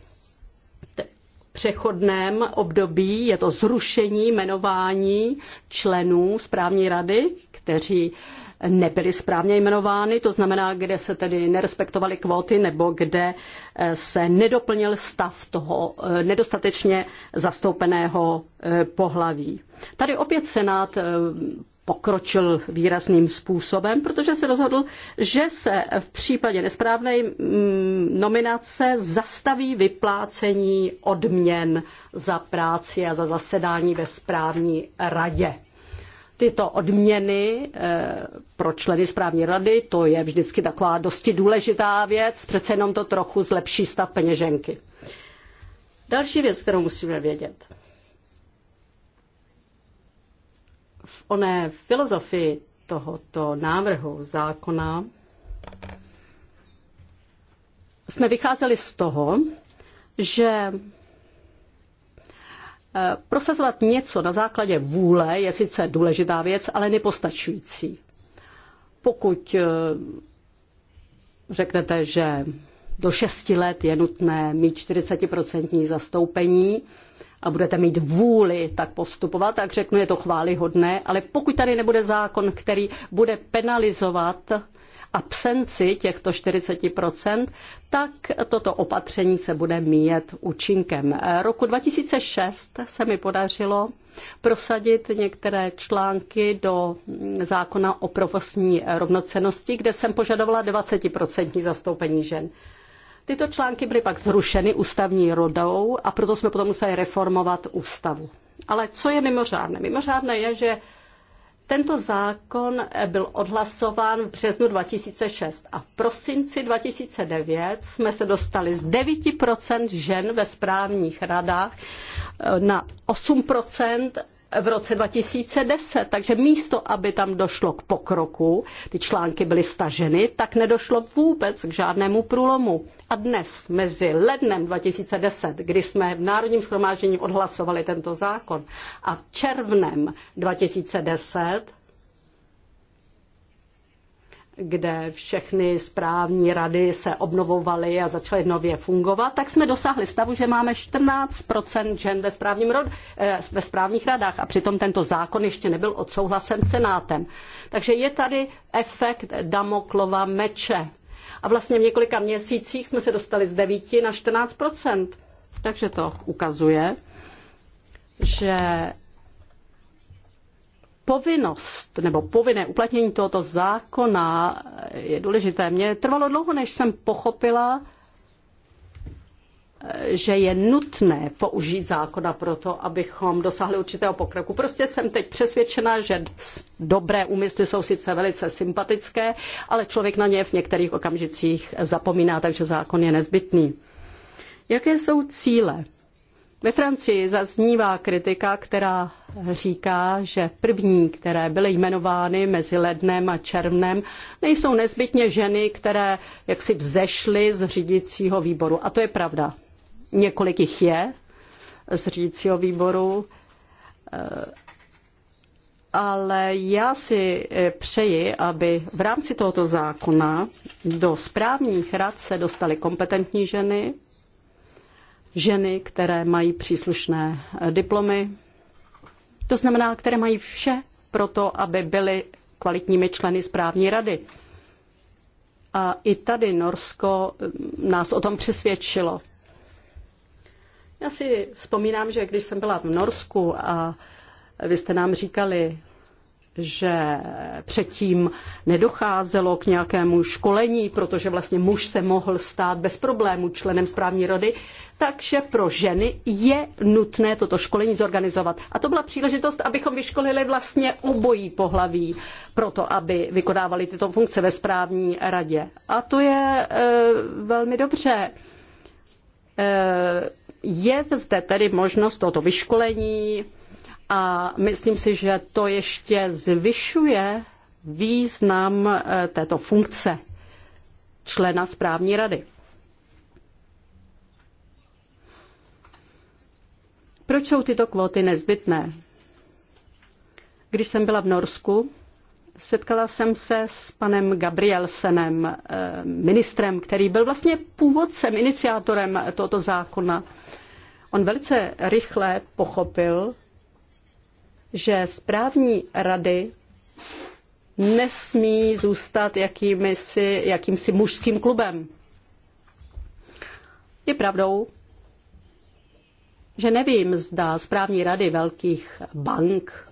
přechodném období, je to zrušení jmenování členů správní rady, kteří nebyly správně jmenovány, to znamená, kde se tedy nerespektovaly kvóty nebo kde eh, se nedoplnil stav toho eh, nedostatečně zastoupeného eh, pohlaví. Tady opět Senát pokročil výrazným způsobem, protože se rozhodl, že se v případě nesprávné mm, nominace zastaví vyplácení odměn za práci a za zasedání ve správní radě. Tyto odměny eh, pro členy správní rady, to je vždycky taková dosti důležitá věc, přece jenom to trochu zlepší stav peněženky. Další věc, kterou musíme vědět. v oné filozofii tohoto návrhu zákona jsme vycházeli z toho, že eh, prosazovat něco na základě vůle je sice důležitá věc, ale nepostačující. Pokud eh, řeknete, že do 6 let je nutné mít 40% zastoupení a budete mít vůli tak postupovat, tak řeknu, je to chválihodné, ale pokud tady nebude zákon, který bude penalizovat absenci těchto 40%, tak toto opatření se bude míjet účinkem. Roku 2006 se mi podařilo prosadit některé články do zákona o profesní rovnocenosti, kde jsem požadovala 20% zastoupení žen. Tyto články byly pak zrušeny ústavní rodou a proto jsme potom museli reformovat ústavu. Ale co je mimořádné? Mimořádné je, že tento zákon byl odhlasován v březnu 2006 a v prosinci 2009 jsme se dostali z 9% žen ve správních radách na 8% v roce 2010. Takže místo, aby tam došlo k pokroku, ty články byly staženy, tak nedošlo vůbec k žádnému průlomu. A dnes, mezi lednem 2010, kdy jsme v Národním schromáždění odhlasovali tento zákon, a červnem 2010, kde všechny správní rady se obnovovaly a začaly nově fungovat, tak jsme dosáhli stavu, že máme 14 žen ve, správním rod, eh, ve správních radách a přitom tento zákon ještě nebyl odsouhlasen Senátem. Takže je tady efekt Damoklova meče. A vlastně v několika měsících jsme se dostali z 9 na 14 Takže to ukazuje, že povinnost nebo povinné uplatnění tohoto zákona je důležité. Mně trvalo dlouho, než jsem pochopila, že je nutné použít zákona pro to, abychom dosáhli určitého pokroku. Prostě jsem teď přesvědčena, že dobré úmysly jsou sice velice sympatické, ale člověk na ně v některých okamžicích zapomíná, takže zákon je nezbytný. Jaké jsou cíle? Ve Francii zaznívá kritika, která říká, že první, které byly jmenovány mezi lednem a červnem, nejsou nezbytně ženy, které jaksi vzešly z řídícího výboru. A to je pravda. Několik jich je z řídícího výboru, eh, ale já si eh, přeji, aby v rámci tohoto zákona do správních rad se dostaly kompetentní ženy, ženy, které mají příslušné eh, diplomy. To znamená, které mají vše pro to, aby byly kvalitními členy správní rady. A i tady Norsko eh, nás o tom přesvědčilo. Já si vzpomínám, že když jsem byla v Norsku a vy jste nám říkali, že předtím nedocházelo k nějakému školení, protože vlastně muž se mohl stát bez problémů členem správní rady, takže pro ženy je nutné toto školení zorganizovat. A to byla příležitost, abychom vyškolili vlastně obojí pohlaví pro to, aby vykonávali tyto funkce ve správní radě. A to je e, velmi dobře. E, je zde tedy možnost tohoto vyškolení, a myslím si, že to ještě zvyšuje význam eh, této funkce člena správní rady. Proč jsou tyto kvóty nezbytné? Když jsem byla v Norsku, setkala jsem se s panem Gabrielsenem, eh, ministrem, který byl vlastně původcem, iniciátorem tohoto zákona. On velice rychle pochopil, že správní rady nesmí zůstat jakýmisi, jakýmsi mužským klubem. Je pravdou, že nevím, zda správní rady velkých bank,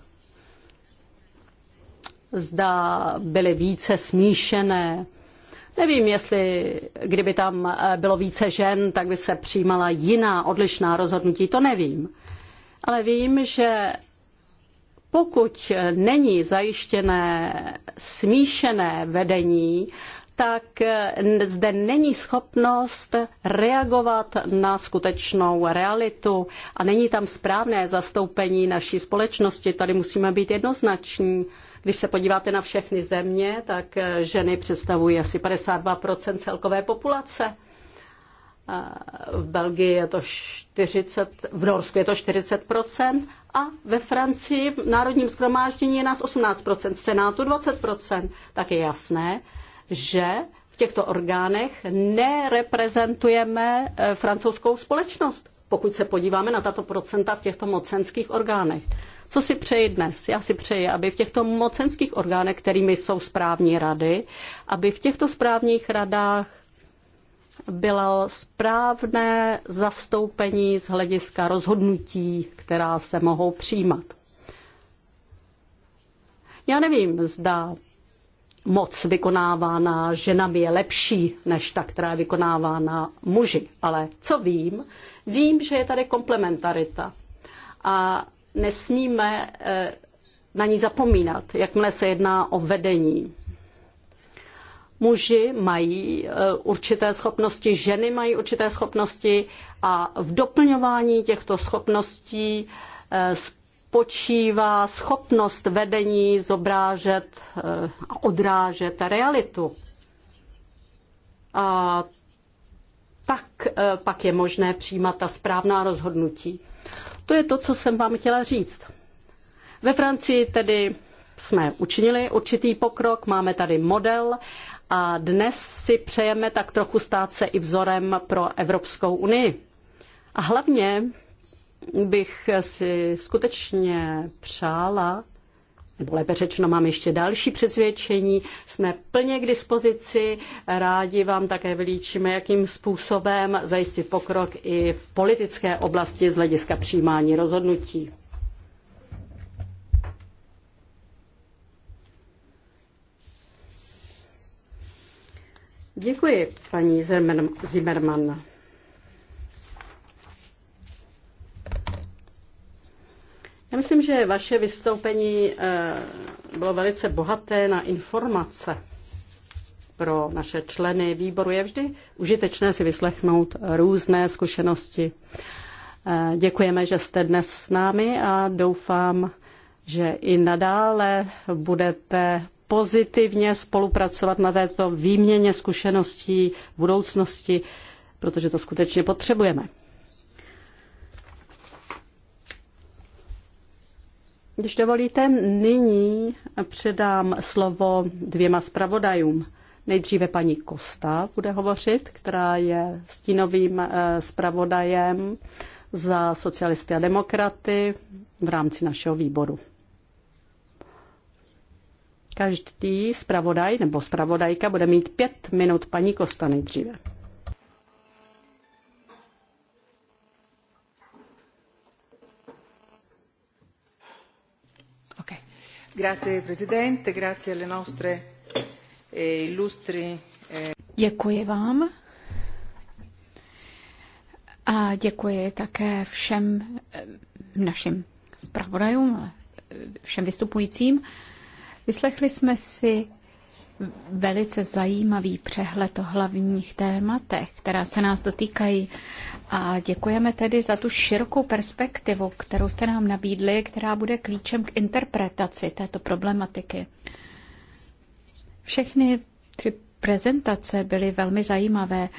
zda byly více smíšené. Nevím, jestli kdyby tam eh, bylo více žen, tak by se přijímala jiná odlišná rozhodnutí, to nevím. Ale vím, že pokud není zajištěné smíšené vedení, tak zde není schopnost reagovat na skutečnou realitu a není tam správné zastoupení naší společnosti. Tady musíme být jednoznační. Když se podíváte na všechny země, tak ženy představují asi 52 celkové populace v Belgii je to 40, v Norsku je to 40 a ve Francii v Národním schromáždění je nás 18 v Senátu 20 tak je jasné, že v těchto orgánech nereprezentujeme eh, francouzskou společnost, pokud se podíváme na tato procenta v těchto mocenských orgánech. Co si přeji dnes? Já si přeji, aby v těchto mocenských orgánech, kterými jsou správní rady, aby v těchto správních radách bylo správné zastoupení z hlediska rozhodnutí, která se mohou přijímat. Já nevím, zda moc vykonávána ženami je lepší než ta, která je vykonávána muži. Ale co vím? Vím, že je tady komplementarita. A nesmíme eh, na ní zapomínat, jakmile se jedná o vedení muži mají eh, určité schopnosti, ženy mají určité schopnosti a v doplňování těchto schopností eh, spočívá schopnost vedení zobrážet eh, a odrážet realitu. A tak pak je možné přijímat ta správná rozhodnutí. To je to, co jsem vám chtěla říct. Ve Francii tedy jsme učinili určitý pokrok, máme tady model a dnes si přejeme tak trochu stát se i vzorem pro Evropskou unii. A hlavně bych si skutečně přála, nebo lépe řečeno, mám ještě další přesvědčení. Jsme plně k dispozici, rádi vám také vylíčíme, jakým způsobem zajistit pokrok i v politické oblasti z hlediska přijímání rozhodnutí. Děkuji, paní Zimmermann. Já myslím, že vaše vystoupení eh, bylo velice bohaté na informace pro naše členy výboru. Je vždy užitečné si vyslechnout různé zkušenosti. Eh, děkujeme, že jste dnes s námi a doufám, že i nadále budete pozitivně spolupracovat na této výměně zkušeností v budoucnosti, protože to skutečně potřebujeme. Když dovolíte, nyní předám slovo dvěma zpravodajům. Nejdříve paní Kosta bude hovořit, která je stínovým eh, zpravodajem za socialisty a demokraty v rámci našeho výboru. Každý zpravodaj nebo zpravodajka bude mít pět minut paní Kosta nejdříve. Eh, eh. Děkuji vám. A děkuji také všem eh, našim zpravodajům, všem vystupujícím. Vyslechli jsme si velice zajímavý přehled o hlavních tématech, která se nás dotýkají. A děkujeme tedy za tu širokou perspektivu, kterou jste nám nabídli, která bude klíčem k interpretaci této problematiky. Všechny tři prezentace byly velmi zajímavé,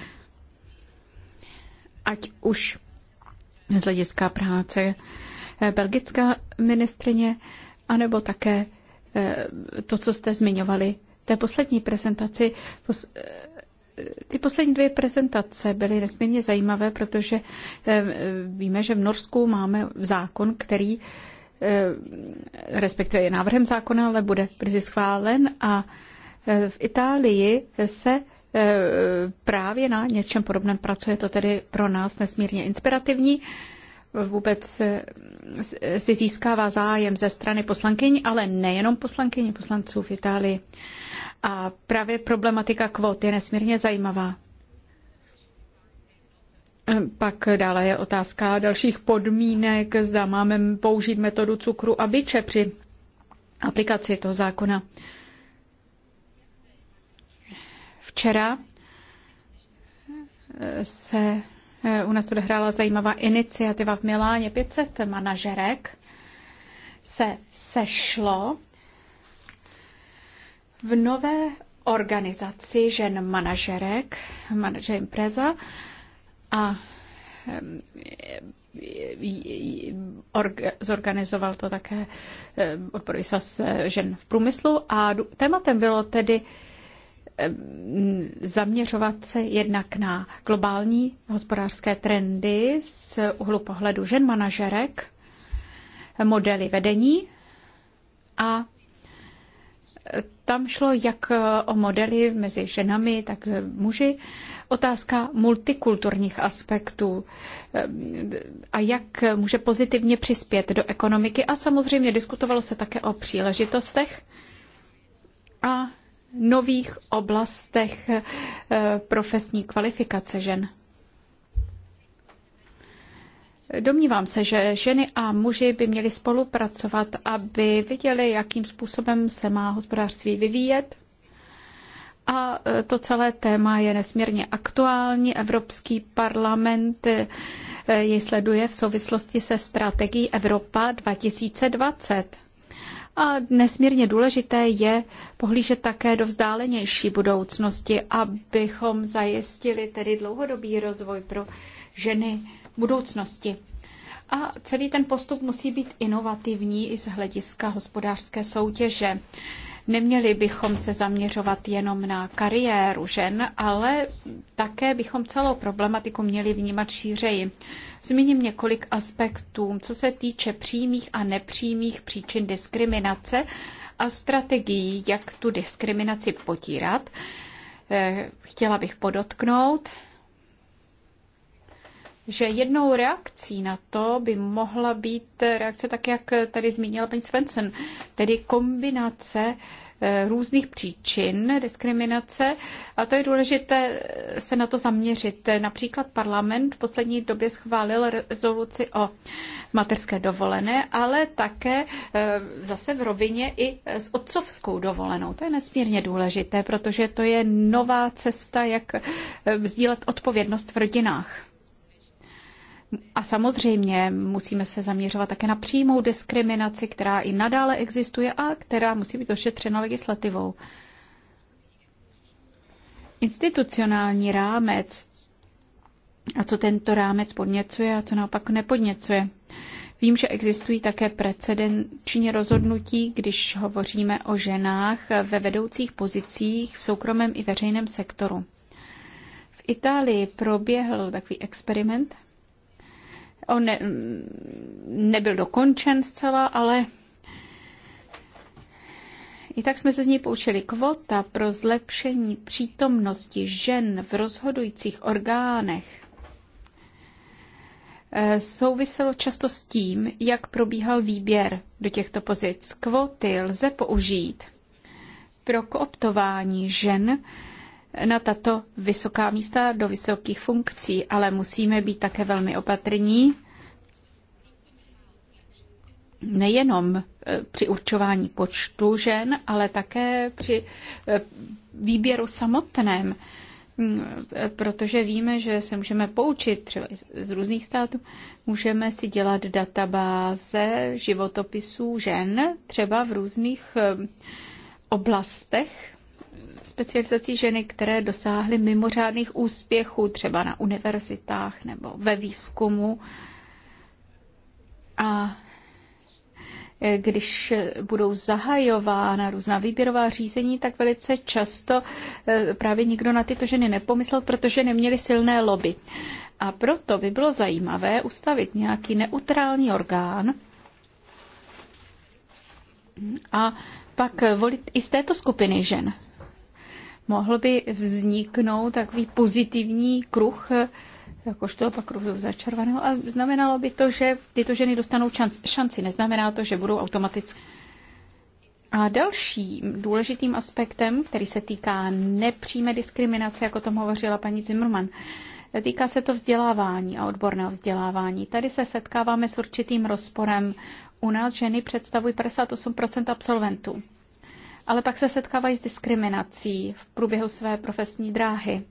ať už z hlediska práce belgická ministrině, anebo také Eh, to, co jste zmiňovali. Té poslední prezentaci, eh, ty poslední dvě prezentace byly nesmírně zajímavé, protože eh, víme, že v Norsku máme zákon, který respektive je návrhem zákona, ale bude brzy schválen a v Itálii se právě na něčem podobném pracuje. To tedy pro nás nesmírně inspirativní vůbec eh, si získává zájem ze strany poslankyň, ale nejenom poslankyň, poslanců v Itálii. A právě problematika kvót je nesmírně zajímavá. Pak dále je otázka dalších podmínek, zda máme použít metodu cukru a byče při aplikaci toho zákona. Včera se Eh, u nás odehrála zajímavá iniciativa v Miláně. 500 manažerek se sešlo v nové organizaci žen manažerek, manažer Impreza a eh, zorganizoval to také eh, odborový se žen v průmyslu a tématem bylo tedy Eh, zaměřovat se jednak na globální hospodářské trendy z uhlu pohledu žen manažerek, modely vedení a eh, tam šlo jak eh, o modely mezi ženami, tak muži. Otázka multikulturních aspektů a jak může pozitivně přispět do ekonomiky. A samozřejmě diskutovalo se také o příležitostech a nových oblastech eh, profesní kvalifikace žen. Domnívám se, že ženy a muži by měli spolupracovat, aby viděli, jakým způsobem se má hospodářství vyvíjet. A eh, to celé téma je nesmírně aktuální. Evropský parlament eh, jej sleduje v souvislosti se strategií Evropa 2020 a nesmírně důležité je pohlížet také do vzdálenější budoucnosti, abychom zajistili tedy dlouhodobý rozvoj pro ženy budoucnosti. A celý ten postup musí být inovativní i z hlediska hospodářské soutěže. Neměli bychom se zaměřovat jenom na kariéru žen, ale také bychom celou problematiku měli vnímat šířeji. Zmíním několik aspektů, co se týče přímých a nepřímých příčin diskriminace a strategií, jak tu diskriminaci potírat. Eh, chtěla bych podotknout, že jednou reakcí na to by mohla být reakce tak, jak tady zmínila paní Svensson, tedy kombinace eh, různých příčin diskriminace a to je důležité eh, se na to zaměřit. Například parlament v poslední době schválil rezoluci o materské dovolené, ale také eh, zase v rovině i s otcovskou dovolenou. To je nesmírně důležité, protože to je nová cesta, jak vzdílet odpovědnost v rodinách. A samozřejmě musíme se zaměřovat také na přímou diskriminaci, která i nadále existuje a která musí být ošetřena legislativou. Institucionální rámec a co tento rámec podněcuje a co naopak nepodněcuje. Vím, že existují také precedenční rozhodnutí, když hovoříme o ženách ve vedoucích pozicích v soukromém i veřejném sektoru. V Itálii proběhl takový experiment – On ne, nebyl dokončen zcela, ale i tak jsme se z něj poučili. Kvota pro zlepšení přítomnosti žen v rozhodujících orgánech eh, souviselo často s tím, jak probíhal výběr do těchto pozic. Kvoty lze použít pro kooptování žen na tato vysoká místa do vysokých funkcí, ale musíme být také velmi opatrní, nejenom e, při určování počtu žen, ale také při e, výběru samotném, e, protože víme, že se můžeme poučit třeba z různých států, můžeme si dělat databáze životopisů žen třeba v různých oblastech specializací ženy, které dosáhly mimořádných úspěchů třeba na univerzitách nebo ve výzkumu. A když budou zahajována různá výběrová řízení, tak velice často eh, právě nikdo na tyto ženy nepomyslel, protože neměli silné lobby. A proto by bylo zajímavé ustavit nějaký neutrální orgán a pak volit i z této skupiny žen mohl by vzniknout takový pozitivní kruh, jakožto pak kruh začervaného. A znamenalo by to, že tyto ženy dostanou šanci. Neznamená to, že budou automaticky. A dalším důležitým aspektem, který se týká nepřímé diskriminace, jako to tom hovořila paní Zimmerman, Týká se to vzdělávání a odborného vzdělávání. Tady se setkáváme s určitým rozporem. U nás ženy představují 58 absolventů ale pak se setkávají s diskriminací v průběhu své profesní dráhy.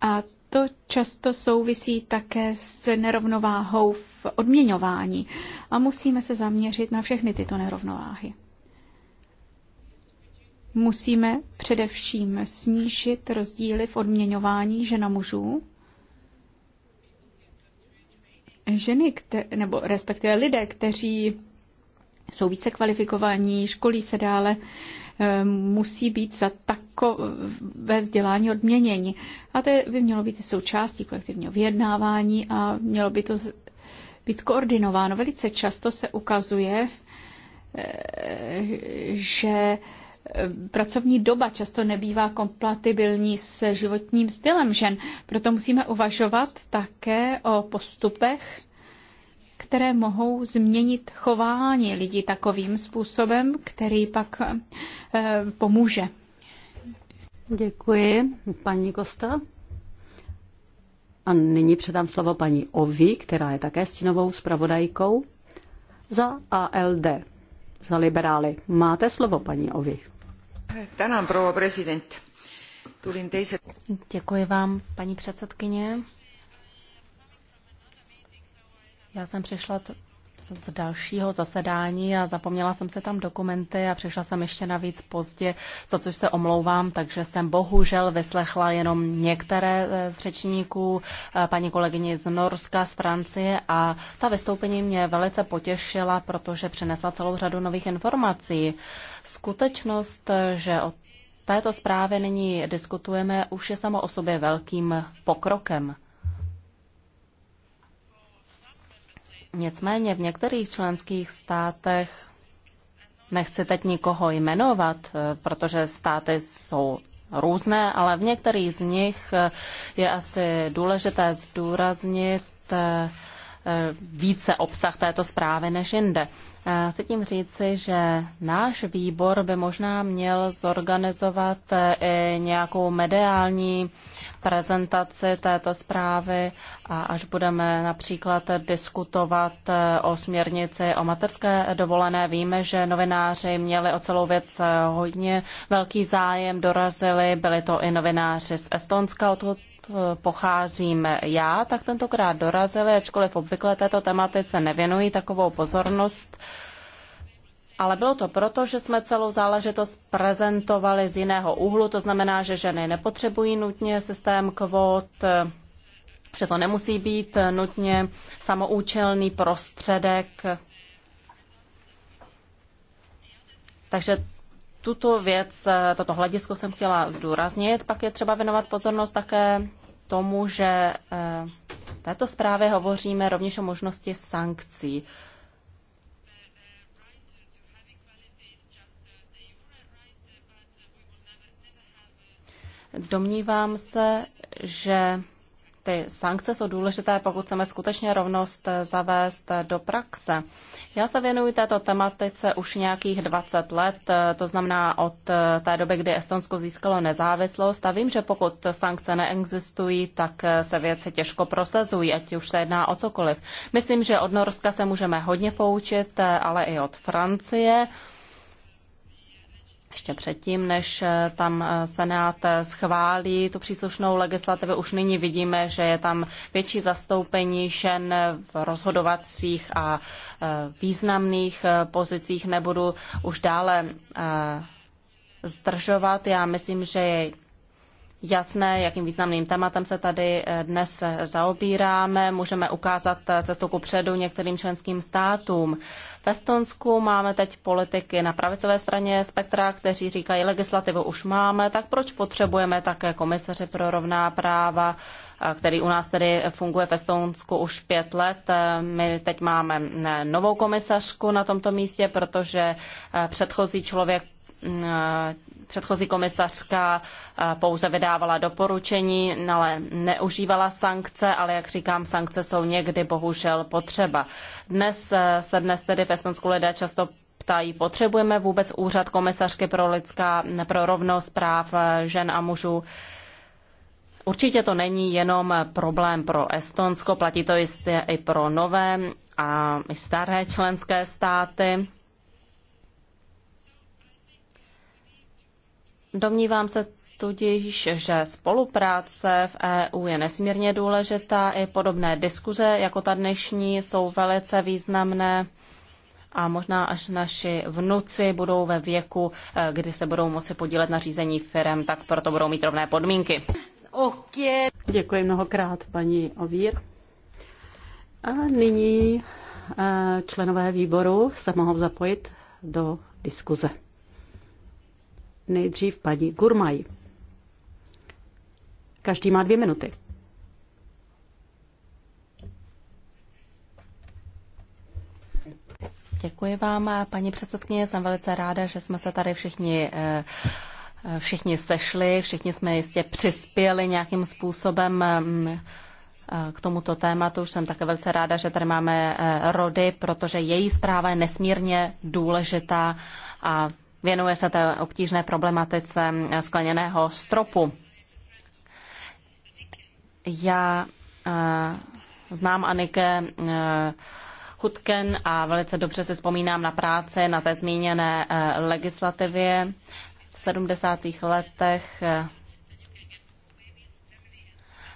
A to často souvisí také s nerovnováhou v odměňování a musíme se zaměřit na všechny tyto nerovnováhy. Musíme především snížit rozdíly v odměňování žena mužů. Ženy, kte- nebo respektive lidé, kteří jsou více kvalifikovaní, školí se dále, eh, musí být za takové vzdělání odměněni. A to by mělo být součástí kolektivního vyjednávání a mělo by to být koordinováno. Velice často se ukazuje, eh, že eh, pracovní doba často nebývá kompatibilní s životním stylem žen. Proto musíme uvažovat také o postupech, které mohou změnit chování lidí takovým způsobem, který pak eh, pomůže. Děkuji, paní Kosta. A nyní předám slovo paní Ovi, která je také stínovou zpravodajkou za ALD, za liberály. Máte slovo, paní Ovi. prezident. Děkuji vám, paní předsedkyně. Já jsem přišla z dalšího zasedání a zapomněla jsem se tam dokumenty a přišla jsem ještě navíc pozdě, za což se omlouvám, takže jsem bohužel vyslechla jenom některé eh, z řečníků, eh, paní kolegyni z Norska, z Francie a ta vystoupení mě velice potěšila, protože přinesla celou řadu nových informací. Skutečnost, že o této zprávě nyní diskutujeme, už je samo o sobě velkým pokrokem. Nicméně v některých členských státech nechci teď nikoho jmenovat, eh, protože státy jsou různé, ale v některých z nich eh, je asi důležité zdůraznit eh, více obsah této zprávy než jinde. Chci tím říci, že náš výbor by možná měl zorganizovat i nějakou mediální prezentaci této zprávy a až budeme například diskutovat eh, o směrnici o materské dovolené, víme, že novináři měli o celou věc eh, hodně velký zájem, dorazili, byli to i novináři z Estonska, odkud eh, pocházím já, tak tentokrát dorazili, ačkoliv obvykle této tematice nevěnují takovou pozornost ale bylo to proto, že jsme celou záležitost prezentovali z jiného úhlu, to znamená, že ženy nepotřebují nutně systém kvót, že to nemusí být nutně samoučelný prostředek. Takže tuto věc, toto hledisko jsem chtěla zdůraznit. Pak je třeba věnovat pozornost také tomu, že eh, v této zprávě hovoříme rovněž o možnosti sankcí. Domnívám se, že ty sankce jsou důležité, pokud chceme skutečně rovnost eh, zavést eh, do praxe. Já se věnuji této tematice už nějakých 20 let, eh, to znamená od té doby, kdy Estonsko získalo nezávislost a vím, že pokud sankce neexistují, tak se věci těžko prosazují, ať už se jedná o cokoliv. Myslím, že od Norska se můžeme hodně poučit, ale i od Francie ještě předtím, než eh, tam eh, Senát eh, schválí tu příslušnou legislativu, už nyní vidíme, že je tam větší zastoupení žen v rozhodovacích a významných pozicích. Nebudu už dále zdržovat. Já myslím, že je jasné, jakým významným tématem se tady eh, dnes eh, zaobíráme. Můžeme ukázat eh, cestu ku předu některým členským státům. V Estonsku máme teď politiky na pravicové straně spektra, kteří říkají, legislativu už máme, tak proč potřebujeme také komisaře pro rovná práva, který u nás tedy funguje v Estonsku už pět let. My teď máme novou komisařku na tomto místě, protože předchozí člověk Eh, předchozí komisařka eh, pouze vydávala doporučení, ale neužívala sankce, ale jak říkám, sankce jsou někdy bohužel potřeba. Dnes eh, se dnes tedy v Estonsku lidé často ptají, potřebujeme vůbec úřad komisařky pro lidská, pro rovnost práv žen a mužů. Určitě to není jenom problém pro Estonsko, platí to jistě i pro nové a staré členské státy. Domnívám se tudíž, že spolupráce v EU je nesmírně důležitá. I podobné diskuze jako ta dnešní jsou velice významné a možná až naši vnuci budou ve věku, eh, kdy se budou moci podílet na řízení firm, tak proto budou mít rovné podmínky. Okay. Děkuji mnohokrát, paní Ovír. A nyní eh, členové výboru se mohou zapojit do diskuze. Nejdřív paní Gurmaj. Každý má dvě minuty. Děkuji vám, paní předsedkyně. Jsem velice ráda, že jsme se tady všichni eh, všichni sešli, všichni jsme jistě přispěli nějakým způsobem mm, eh, k tomuto tématu. Už jsem také velice ráda, že tady máme eh, Rody, protože její zpráva je nesmírně důležitá a Věnuje se té obtížné problematice skleněného stropu. Já eh, znám Anike eh, Hutken a velice dobře se vzpomínám na práci na té zmíněné eh, legislativě. V 70. letech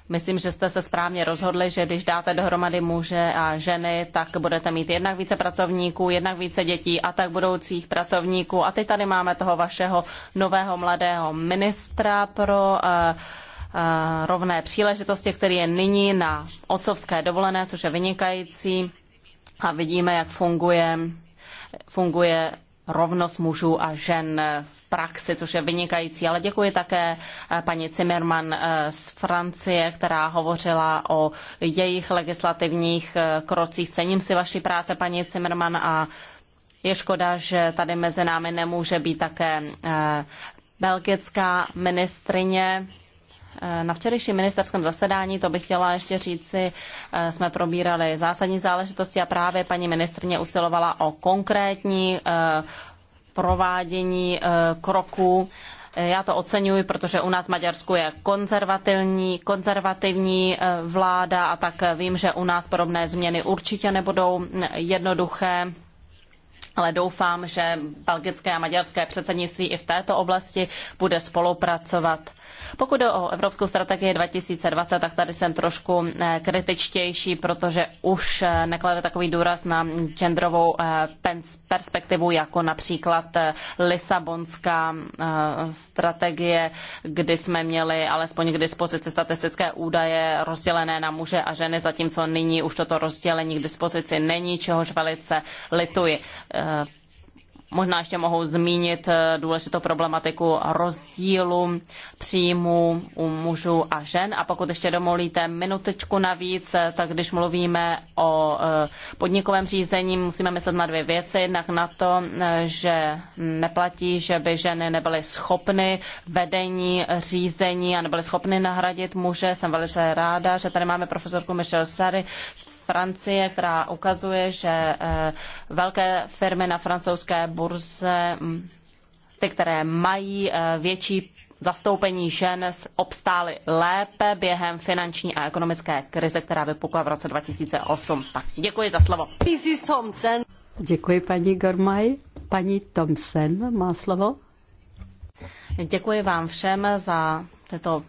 Myslím, že jste se správně rozhodli, že když dáte dohromady muže a ženy, tak budete mít jednak více pracovníků, jednak více dětí a tak budoucích pracovníků. A teď tady máme toho vašeho nového mladého ministra pro uh, uh, rovné příležitosti, který je nyní na otcovské dovolené, což je vynikající. A vidíme, jak funguje, funguje rovnost mužů a žen v praxi, což je vynikající. Ale děkuji také eh, paní Zimmerman eh, z Francie, která hovořila o jejich legislativních eh, krocích. Cením si vaší práce, paní Zimmerman, a je škoda, že tady mezi námi nemůže být také belgická ministrině. Na včerejším ministerském zasedání, to bych chtěla ještě říci, jsme probírali zásadní záležitosti a právě paní ministrně usilovala o konkrétní provádění e, kroků. E, já to oceňuji, protože u nás v Maďarsku je konzervativní, konzervativní vláda a tak vím, že u nás podobné změny určitě nebudou jednoduché ale doufám, že belgické a maďarské předsednictví i v této oblasti bude spolupracovat. Pokud jde o Evropskou strategii 2020, tak tady jsem trošku eh, kritičtější, protože už eh, neklade takový důraz na genderovou eh, perspektivu, jako například Lisabonská strategie, kdy jsme měli alespoň k dispozici statistické údaje rozdělené na muže a ženy, zatímco nyní už toto rozdělení k dispozici není, čehož velice lituji Eh, možná ještě mohu zmínit eh, důležitou problematiku rozdílu příjmu u mužů a žen. A pokud ještě domolíte minutečku navíc, eh, tak když mluvíme o podnikovém řízení, musíme myslet na dvě věci. Jednak na to, že neplatí, že by ženy nebyly schopny vedení řízení a nebyly schopny nahradit muže. Jsem velice ráda, že tady máme profesorku Michelle Sary Francie, která ukazuje, že eh, velké firmy na francouzské burze, ty, které mají eh, větší zastoupení žen obstály lépe během finanční a ekonomické krize, která vypukla v roce 2008. Tak děkuji za slovo. Thompson. Děkuji paní Gormaj. Paní Thompson má slovo. Děkuji vám všem za tato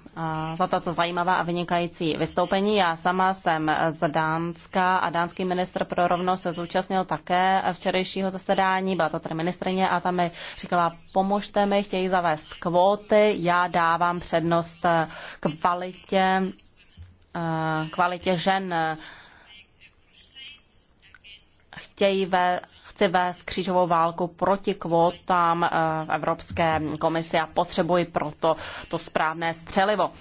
za tato zajímavá a vynikající vystoupení. Já sama jsem z Dánska a dánský ministr pro rovnost se zúčastnil také včerejšího zasedání. Byla to tady ministrině a tam mi říkala, pomožte mi, chtějí zavést kvóty, já dávám přednost e, kvalitě, e, kvalitě žen. Chtějí ve, chci vést křížovou válku proti kvótám eh, v Evropské komisi a potřebuji proto to správné střelivo.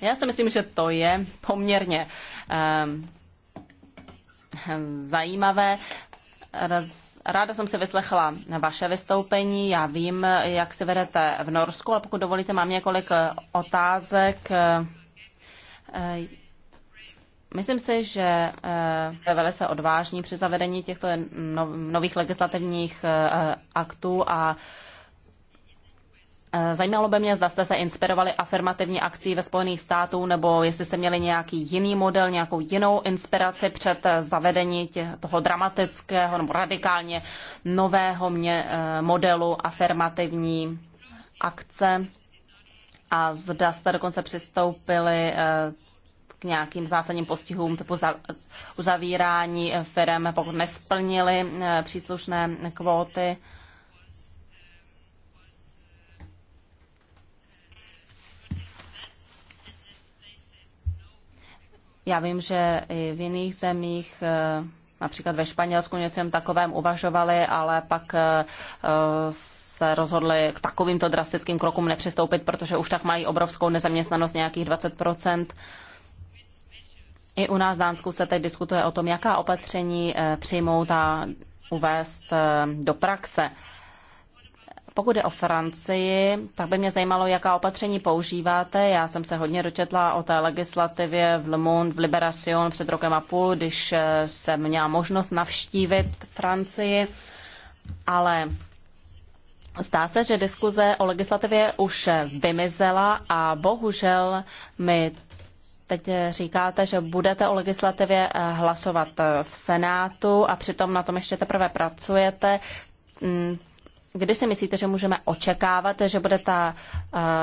Já si myslím, že to je poměrně eh, zajímavé. Ráda jsem si vyslechla vaše vystoupení. Já vím, jak se vedete v Norsku, ale pokud dovolíte, mám několik otázek. Eh, Myslím si, že eh, je velice odvážní při zavedení těchto nových legislativních eh, aktů a eh, Zajímalo by mě, zda jste se inspirovali afirmativní akcí ve Spojených států, nebo jestli jste měli nějaký jiný model, nějakou jinou inspiraci před zavedení toho dramatického nebo radikálně nového mě, modelu afirmativní akce. A zda jste dokonce přistoupili k nějakým zásadním postihům typu uzavírání firm, pokud nesplnili eh, příslušné kvóty. Já vím, že i v jiných zemích, eh, například ve Španělsku, něčem takovém uvažovali, ale pak eh, se rozhodli k takovýmto drastickým krokům nepřistoupit, protože už tak mají obrovskou nezaměstnanost nějakých 20 i u nás v Dánsku se teď diskutuje o tom, jaká opatření eh, přijmout a uvést eh, do praxe. Pokud je o Francii, tak by mě zajímalo, jaká opatření používáte. Já jsem se hodně dočetla o té legislativě v Le Monde, v Liberation před rokem a půl, když eh, jsem měla možnost navštívit Francii, ale Zdá se, že diskuze o legislativě už vymizela a bohužel mi Teď eh, říkáte, že budete o legislativě eh, hlasovat eh, v Senátu a přitom na tom ještě teprve pracujete. Mm, kdy si myslíte, že můžeme očekávat, že bude ta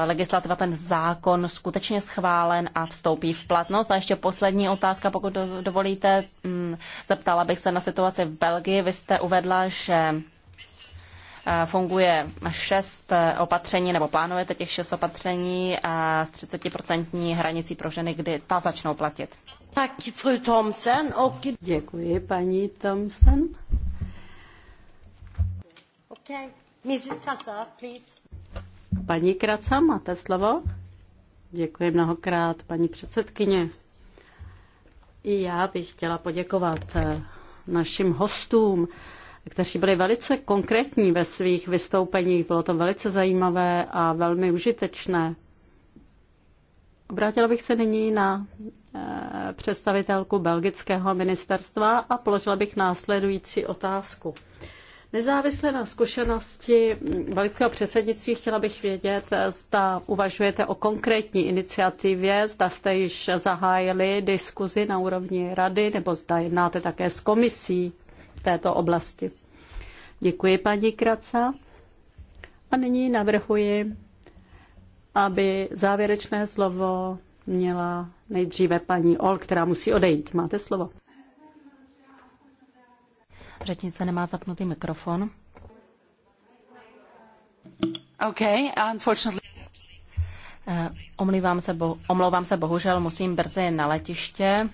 legislativa, ten zákon skutečně schválen a vstoupí v platnost? A ještě poslední otázka, pokud dovolíte. Mm, zeptala bych se na situaci v Belgii. Vy jste uvedla, že Eh, funguje šest eh, opatření, nebo plánujete těch šest opatření eh, s 30% hranicí pro ženy, kdy ta začnou platit? Tak, fru Thomsen. Okay. Děkuji, paní Thomsen. Okay. Mrs. Kassa, please. Paní Kraca, máte slovo? Děkuji mnohokrát, paní předsedkyně. I já bych chtěla poděkovat našim hostům kteří byli velice konkrétní ve svých vystoupeních. Bylo to velice zajímavé a velmi užitečné. Obrátila bych se nyní na eh, představitelku belgického ministerstva a položila bych následující otázku. Nezávisle na zkušenosti belgického předsednictví chtěla bych vědět, eh, zda uvažujete o konkrétní iniciativě, zda jste již zahájili diskuzi na úrovni rady, nebo zda jednáte také s komisí této oblasti. Děkuji, paní Kraca. A nyní navrhuji, aby závěrečné slovo měla nejdříve paní Ol, která musí odejít. Máte slovo. Řečnice nemá zapnutý mikrofon. OK, unfortunately. Eh, omlouvám se, bo, omlouvám se, bohužel musím brzy na letiště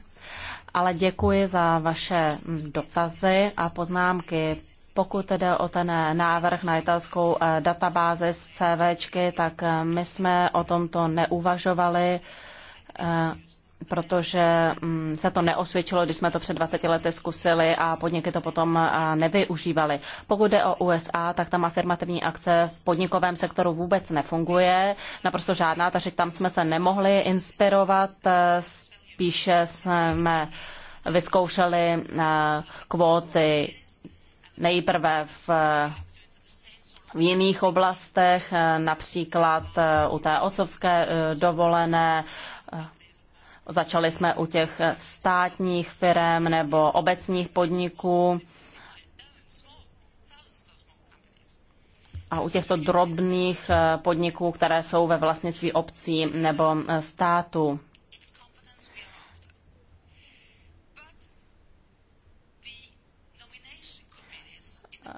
ale děkuji za vaše mm, dotazy a poznámky. Pokud jde o ten eh, návrh na italskou eh, databázi z CVčky, tak eh, my jsme o tomto neuvažovali, protože mm, se to neosvědčilo, když jsme to před 20 lety zkusili a podniky to potom nevyužívali. Pokud jde o USA, tak tam afirmativní akce v podnikovém sektoru vůbec nefunguje, naprosto žádná, takže tam jsme se nemohli inspirovat z Spíše jsme vyzkoušeli eh, kvóty nejprve v v jiných oblastech, eh, například eh, u té otcovské dovolené, začali jsme u těch státních firm nebo obecních podniků. A u těchto drobných podniků, které jsou ve vlastnictví obcí nebo státu.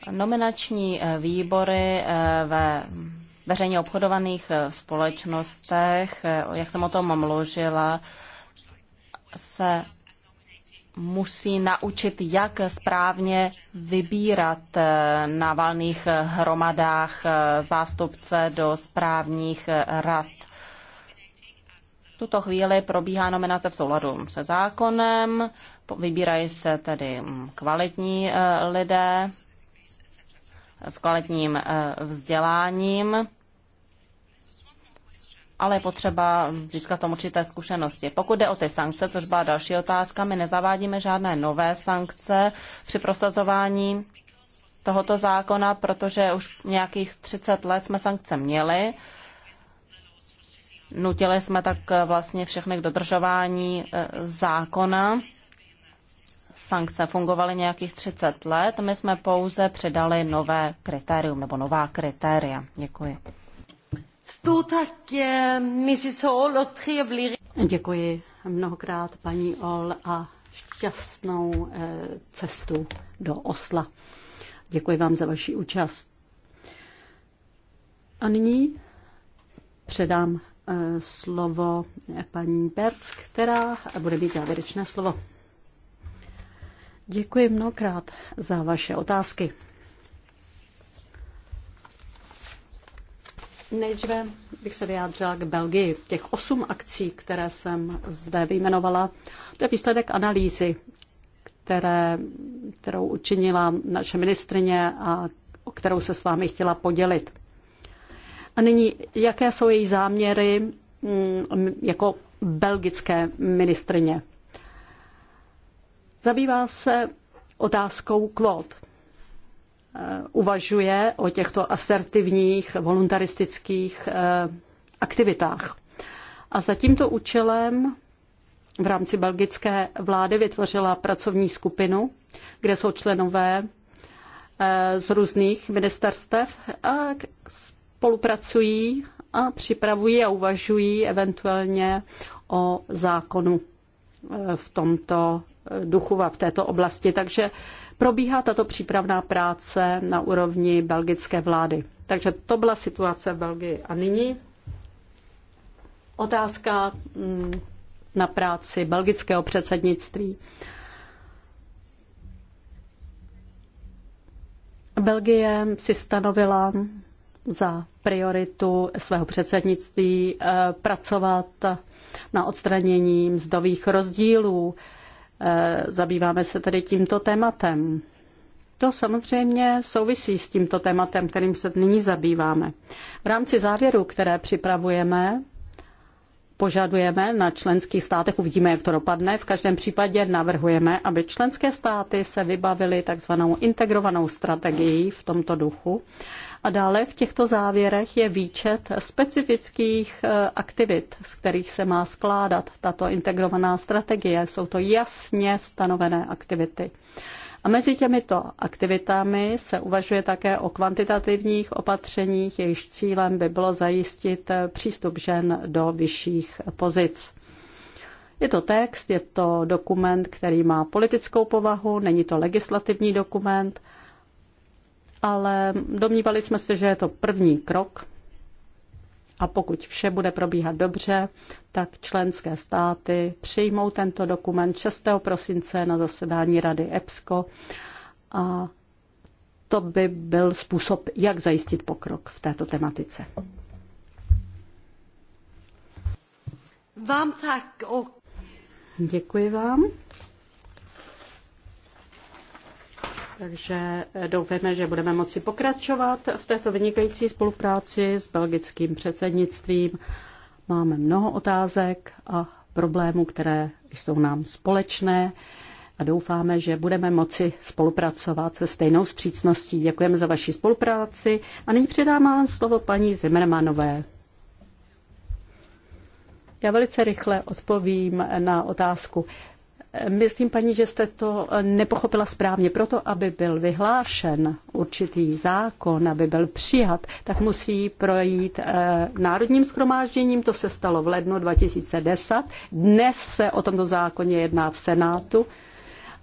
nominační eh, výbory eh, ve veřejně obchodovaných eh, společnostech, jak jsem o tom mluvila, se musí naučit, jak správně vybírat na valných hromadách zástupce do správních rad. V tuto chvíli probíhá nominace v souladu se zákonem, vybírají se tedy mm, kvalitní lidé, s kvalitním eh, vzděláním, ale je potřeba získat tam určité zkušenosti. Pokud jde o ty sankce, což byla další otázka, my nezavádíme žádné nové sankce při prosazování tohoto zákona, protože už nějakých 30 let jsme sankce měli. Nutili jsme tak eh, vlastně všechny k dodržování eh, zákona sankce fungovaly nějakých 30 let. My jsme pouze předali nové kritérium nebo nová kritéria. Děkuji. Eh, Děkuji mnohokrát paní Ol a šťastnou eh, cestu do Osla. Děkuji vám za vaši účast. A nyní předám eh, slovo paní Berc, která bude mít závěrečné slovo. Děkuji mnohokrát za vaše otázky. Nejdříve bych se vyjádřila k Belgii. Těch osm akcí, které jsem zde vyjmenovala, to je výsledek analýzy, které, kterou učinila naše ministrině a o kterou se s vámi chtěla podělit. A nyní, jaké jsou její záměry mm, jako belgické ministrině? Zabývá se otázkou kvót. E, uvažuje o těchto asertivních voluntaristických e, aktivitách. A za tímto účelem v rámci belgické vlády vytvořila pracovní skupinu, kde jsou členové e, z různých ministerstev a spolupracují a připravují a uvažují eventuálně o zákonu v tomto Duchova v této oblasti. Takže probíhá tato přípravná práce na úrovni belgické vlády. Takže to byla situace v Belgii. A nyní otázka mm, na práci belgického předsednictví. Belgie si stanovila za prioritu svého předsednictví eh, pracovat na odstranění mzdových rozdílů Eh, zabýváme se tedy tímto tématem. To samozřejmě souvisí s tímto tématem, kterým se nyní zabýváme. V rámci závěru, které připravujeme, požadujeme na členských státech, uvidíme, jak to dopadne. V každém případě navrhujeme, aby členské státy se vybavily takzvanou integrovanou strategií v tomto duchu. A dále v těchto závěrech je výčet specifických eh, aktivit, z kterých se má skládat tato integrovaná strategie. Jsou to jasně stanovené aktivity. A mezi těmito aktivitami se uvažuje také o kvantitativních opatřeních, jejichž cílem by bylo zajistit přístup žen do vyšších pozic. Je to text, je to dokument, který má politickou povahu, není to legislativní dokument, ale domnívali jsme se, že je to první krok a pokud vše bude probíhat dobře, tak členské státy přijmou tento dokument 6. prosince na zasedání Rady EPSCO a to by byl způsob, jak zajistit pokrok v této tematice. Vám tak. Děkuji vám. Takže doufejme, že budeme moci pokračovat v této vynikající spolupráci s belgickým předsednictvím. Máme mnoho otázek a problémů, které jsou nám společné a doufáme, že budeme moci spolupracovat se stejnou střícností. Děkujeme za vaši spolupráci a nyní předám vám slovo paní Zimmermanové. Já velice rychle odpovím na otázku. Myslím, paní, že jste to eh, nepochopila správně. Proto, aby byl vyhlášen určitý zákon, aby byl přijat, tak musí projít eh, národním schromážděním. To se stalo v lednu 2010. Dnes se o tomto zákoně jedná v Senátu.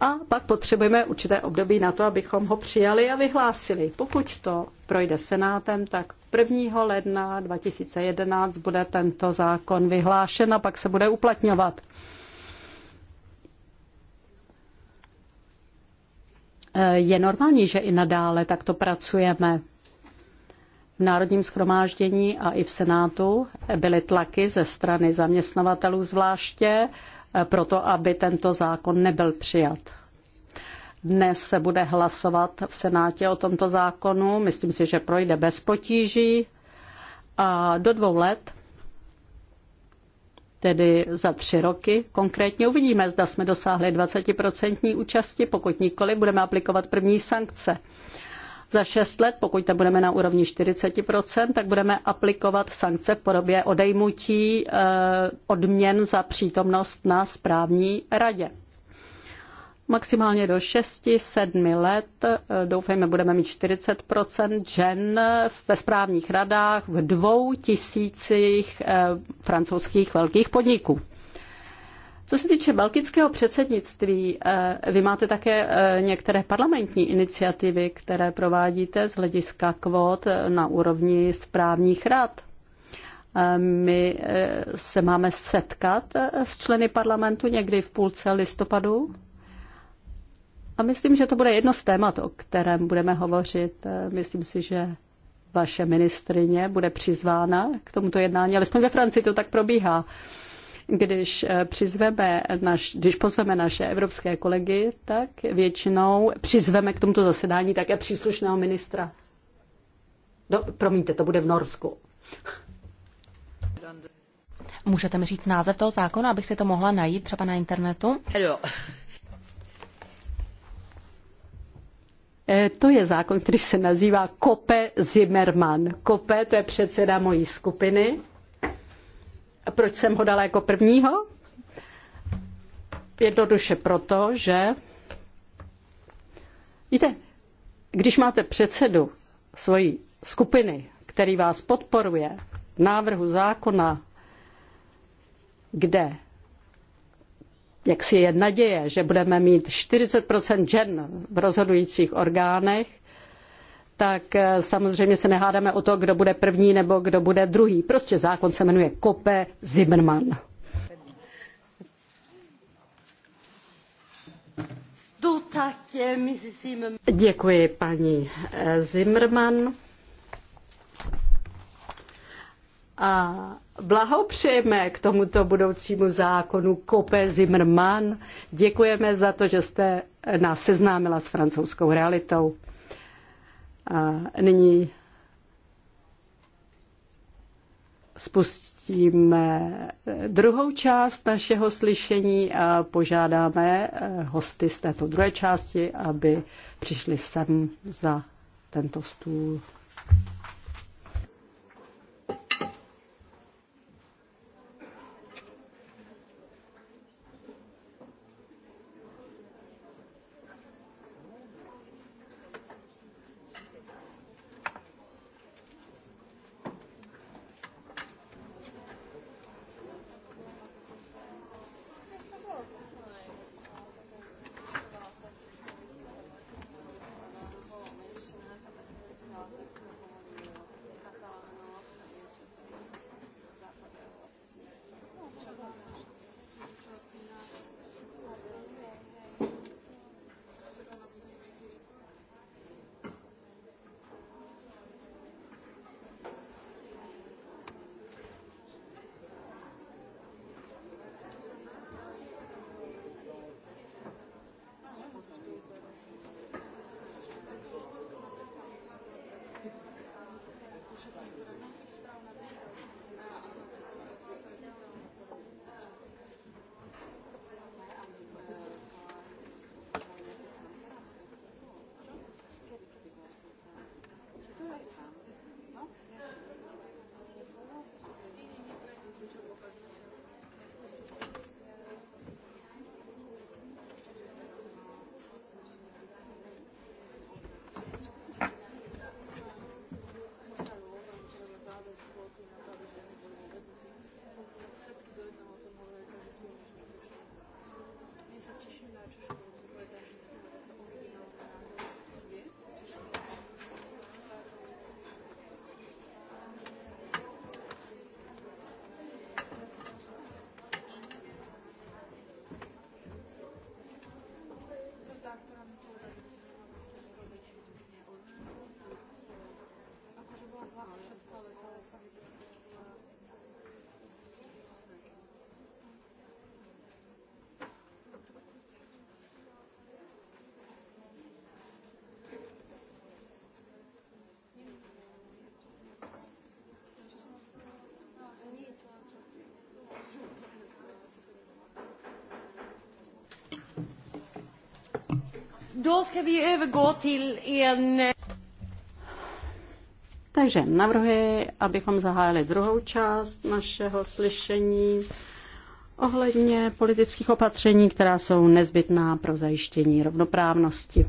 A pak potřebujeme určité období na to, abychom ho přijali a vyhlásili. Pokud to projde Senátem, tak 1. ledna 2011 bude tento zákon vyhlášen a pak se bude uplatňovat. je normální, že i nadále takto pracujeme. V Národním schromáždění a i v Senátu byly tlaky ze strany zaměstnavatelů zvláště proto, aby tento zákon nebyl přijat. Dnes se bude hlasovat v Senátě o tomto zákonu. Myslím si, že projde bez potíží. A do dvou let tedy za tři roky. Konkrétně uvidíme, zda jsme dosáhli 20% účasti, pokud nikoli, budeme aplikovat první sankce. Za šest let, pokud tam budeme na úrovni 40%, tak budeme aplikovat sankce v podobě odejmutí eh, odměn za přítomnost na správní radě maximálně do 6-7 let, doufejme, budeme mít 40 žen ve správních radách v dvou tisících eh, francouzských velkých podniků. Co se týče belgického předsednictví, eh, vy máte také eh, některé parlamentní iniciativy, které provádíte z hlediska kvót na úrovni správních rad. My se máme setkat s členy parlamentu někdy v půlce listopadu a myslím, že to bude jedno z témat, o kterém budeme hovořit. Eh, myslím si, že vaše ministrině bude přizvána k tomuto jednání, alespoň ve Francii to tak probíhá. Když, eh, přizveme naš, když pozveme naše evropské kolegy, tak většinou přizveme k tomuto zasedání také příslušného ministra. No, promiňte, to bude v Norsku. Můžete mi říct název toho zákona, abych si to mohla najít třeba na internetu? Hello. Eh, to je zákon, který se nazývá Kope Zimmermann. Kope to je předseda mojí skupiny. A proč jsem ho dala jako prvního? Jednoduše proto, že víte, když máte předsedu svojí skupiny, který vás podporuje v návrhu zákona, kde jak si je naděje, že budeme mít 40% žen v rozhodujících orgánech, tak eh, samozřejmě se nehádáme o to, kdo bude první nebo kdo bude druhý. Prostě zákon se jmenuje Kope Zimmermann. Děkuji paní eh, Zimmermann. A blahopřejeme k tomuto budoucímu zákonu Kope Zimmermann. Děkujeme za to, že jste nás seznámila s francouzskou realitou. A nyní spustíme druhou část našeho slyšení a požádáme eh, hosty z této druhé části, aby přišli sem za tento stůl. Då ska vi övergå till en... Takže navrhuji, abychom zahájili druhou část našeho slyšení ohledně politických opatření, která jsou nezbytná pro zajištění rovnoprávnosti.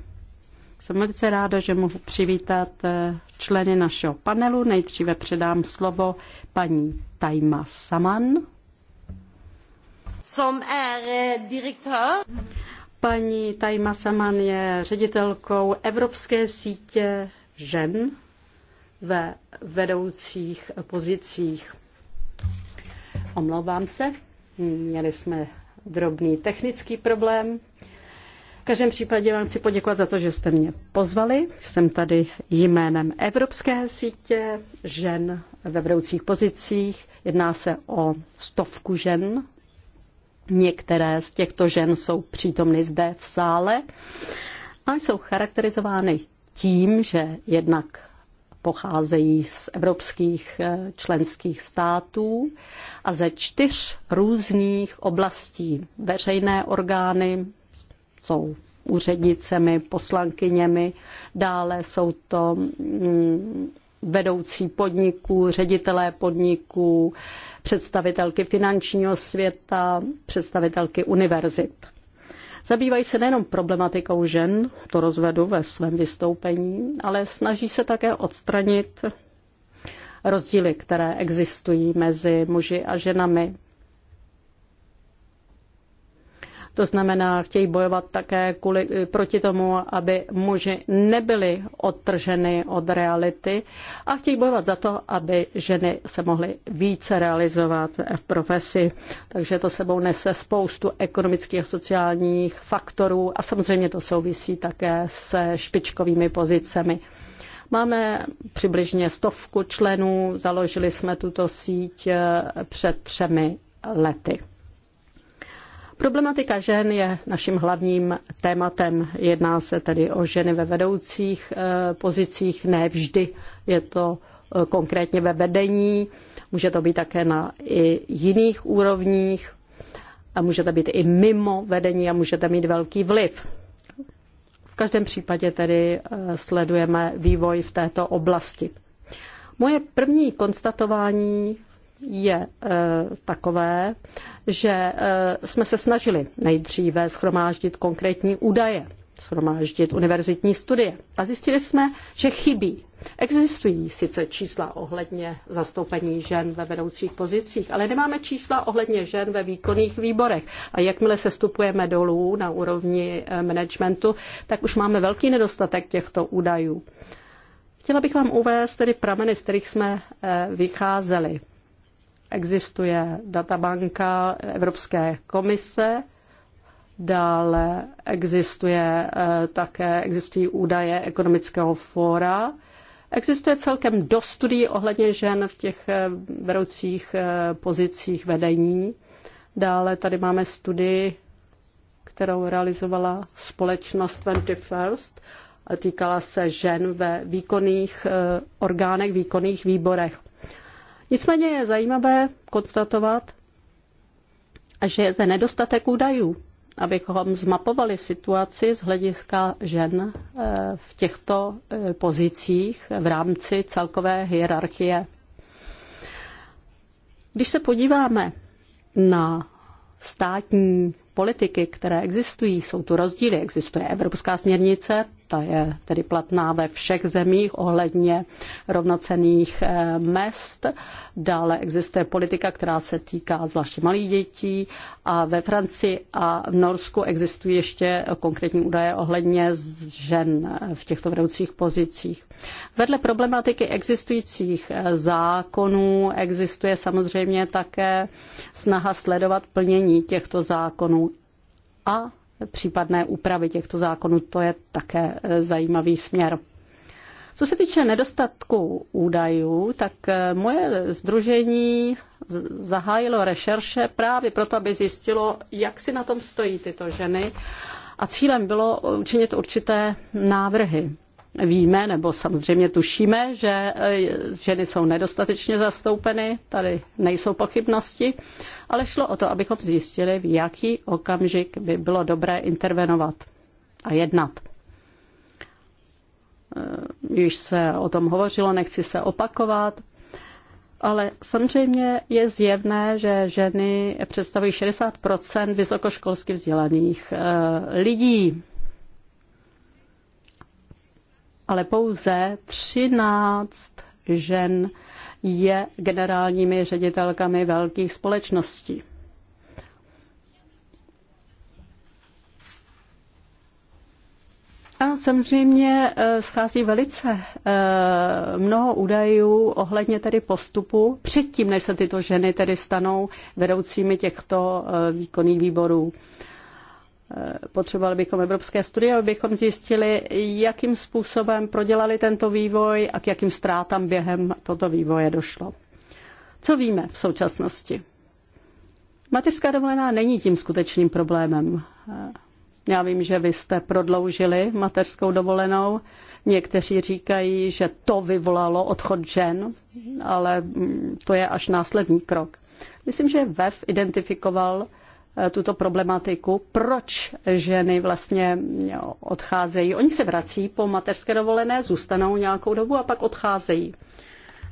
Jsem velice ráda, že mohu přivítat eh, členy našeho panelu. Nejdříve předám slovo paní Tajma Saman. Som er eh, direktor. Paní Tajma Saman je ředitelkou Evropské sítě žen ve vedoucích pozicích. Omlouvám se, měli jsme drobný technický problém. V každém případě vám chci poděkovat za to, že jste mě pozvali. Jsem tady jménem Evropské sítě žen ve vedoucích pozicích. Jedná se o stovku žen. Některé z těchto žen jsou přítomny zde v sále a jsou charakterizovány tím, že jednak pocházejí z evropských eh, členských států a ze čtyř různých oblastí. Veřejné orgány jsou úřednicemi, poslankyněmi, dále jsou to mm, vedoucí podniků, ředitelé podniků, představitelky finančního světa, představitelky univerzit. Zabývají se nejenom problematikou žen, to rozvedu ve svém vystoupení, ale snaží se také odstranit rozdíly, které existují mezi muži a ženami To znamená, chtějí bojovat také kvůli, eh, proti tomu, aby muži nebyli odtrženy od reality a chtějí bojovat za to, aby ženy se mohly více realizovat v profesi. Takže to sebou nese spoustu ekonomických a sociálních faktorů a samozřejmě to souvisí také se špičkovými pozicemi. Máme přibližně stovku členů, založili jsme tuto síť eh, před třemi lety. Problematika žen je naším hlavním tématem. Jedná se tedy o ženy ve vedoucích eh, pozicích, ne vždy je to eh, konkrétně ve vedení, může to být také na i jiných úrovních, a může to být i mimo vedení a můžete mít velký vliv. V každém případě tedy eh, sledujeme vývoj v této oblasti. Moje první konstatování je eh, takové, že eh, jsme se snažili nejdříve schromáždit konkrétní údaje, schromáždit univerzitní studie a zjistili jsme, že chybí. Existují sice čísla ohledně zastoupení žen ve vedoucích pozicích, ale nemáme čísla ohledně žen ve výkonných výborech. A jakmile se stupujeme dolů na úrovni eh, managementu, tak už máme velký nedostatek těchto údajů. Chtěla bych vám uvést tedy prameny, z kterých jsme vycházeli. Existuje databanka Evropské komise, dále existuje eh, také existují údaje ekonomického fóra. Existuje celkem dost studií ohledně žen v těch eh, vedoucích eh, pozicích vedení. Dále tady máme studii, kterou realizovala společnost 21 st Týkala se žen ve výkonných orgánech, výkonných výborech. Nicméně je zajímavé konstatovat, že je zde nedostatek údajů, abychom zmapovali situaci z hlediska žen eh, v těchto eh, pozicích v rámci celkové hierarchie. Když se podíváme na státní politiky, které existují, jsou tu rozdíly. Existuje Evropská směrnice ta je tedy platná ve všech zemích ohledně rovnocených eh, mest. Dále existuje politika, která se týká zvláště malých dětí a ve Francii a v Norsku existují ještě konkrétní údaje ohledně žen eh, v těchto vedoucích pozicích. Vedle problematiky existujících eh, zákonů existuje samozřejmě také snaha sledovat plnění těchto zákonů a případné úpravy těchto zákonů. To je také eh, zajímavý směr. Co se týče nedostatku údajů, tak eh, moje združení zahájilo rešerše právě proto, aby zjistilo, jak si na tom stojí tyto ženy. A cílem bylo učinit určité návrhy. Víme, nebo samozřejmě tušíme, že eh, ženy jsou nedostatečně zastoupeny, tady nejsou pochybnosti ale šlo o to, abychom zjistili, v jaký okamžik by bylo dobré intervenovat a jednat. Eh, již se o tom hovořilo, nechci se opakovat, ale samozřejmě je zjevné, že ženy představují 60 vysokoškolsky vzdělaných eh, lidí. Ale pouze 13 žen je generálními ředitelkami velkých společností. A samozřejmě eh, schází velice eh, mnoho údajů ohledně tedy postupu předtím, než se tyto ženy tedy stanou vedoucími těchto eh, výkonných výborů. Eh, potřebovali bychom evropské studie, abychom zjistili, jakým způsobem prodělali tento vývoj a k jakým ztrátám během toto vývoje došlo. Co víme v současnosti? Mateřská dovolená není tím skutečným problémem. Eh, já vím, že vy jste prodloužili mateřskou dovolenou. Někteří říkají, že to vyvolalo odchod žen, ale mm, to je až následný krok. Myslím, že VEF identifikoval Eh, tuto problematiku, proč ženy vlastně odcházejí. Oni se vrací po mateřské dovolené, zůstanou nějakou dobu a pak odcházejí.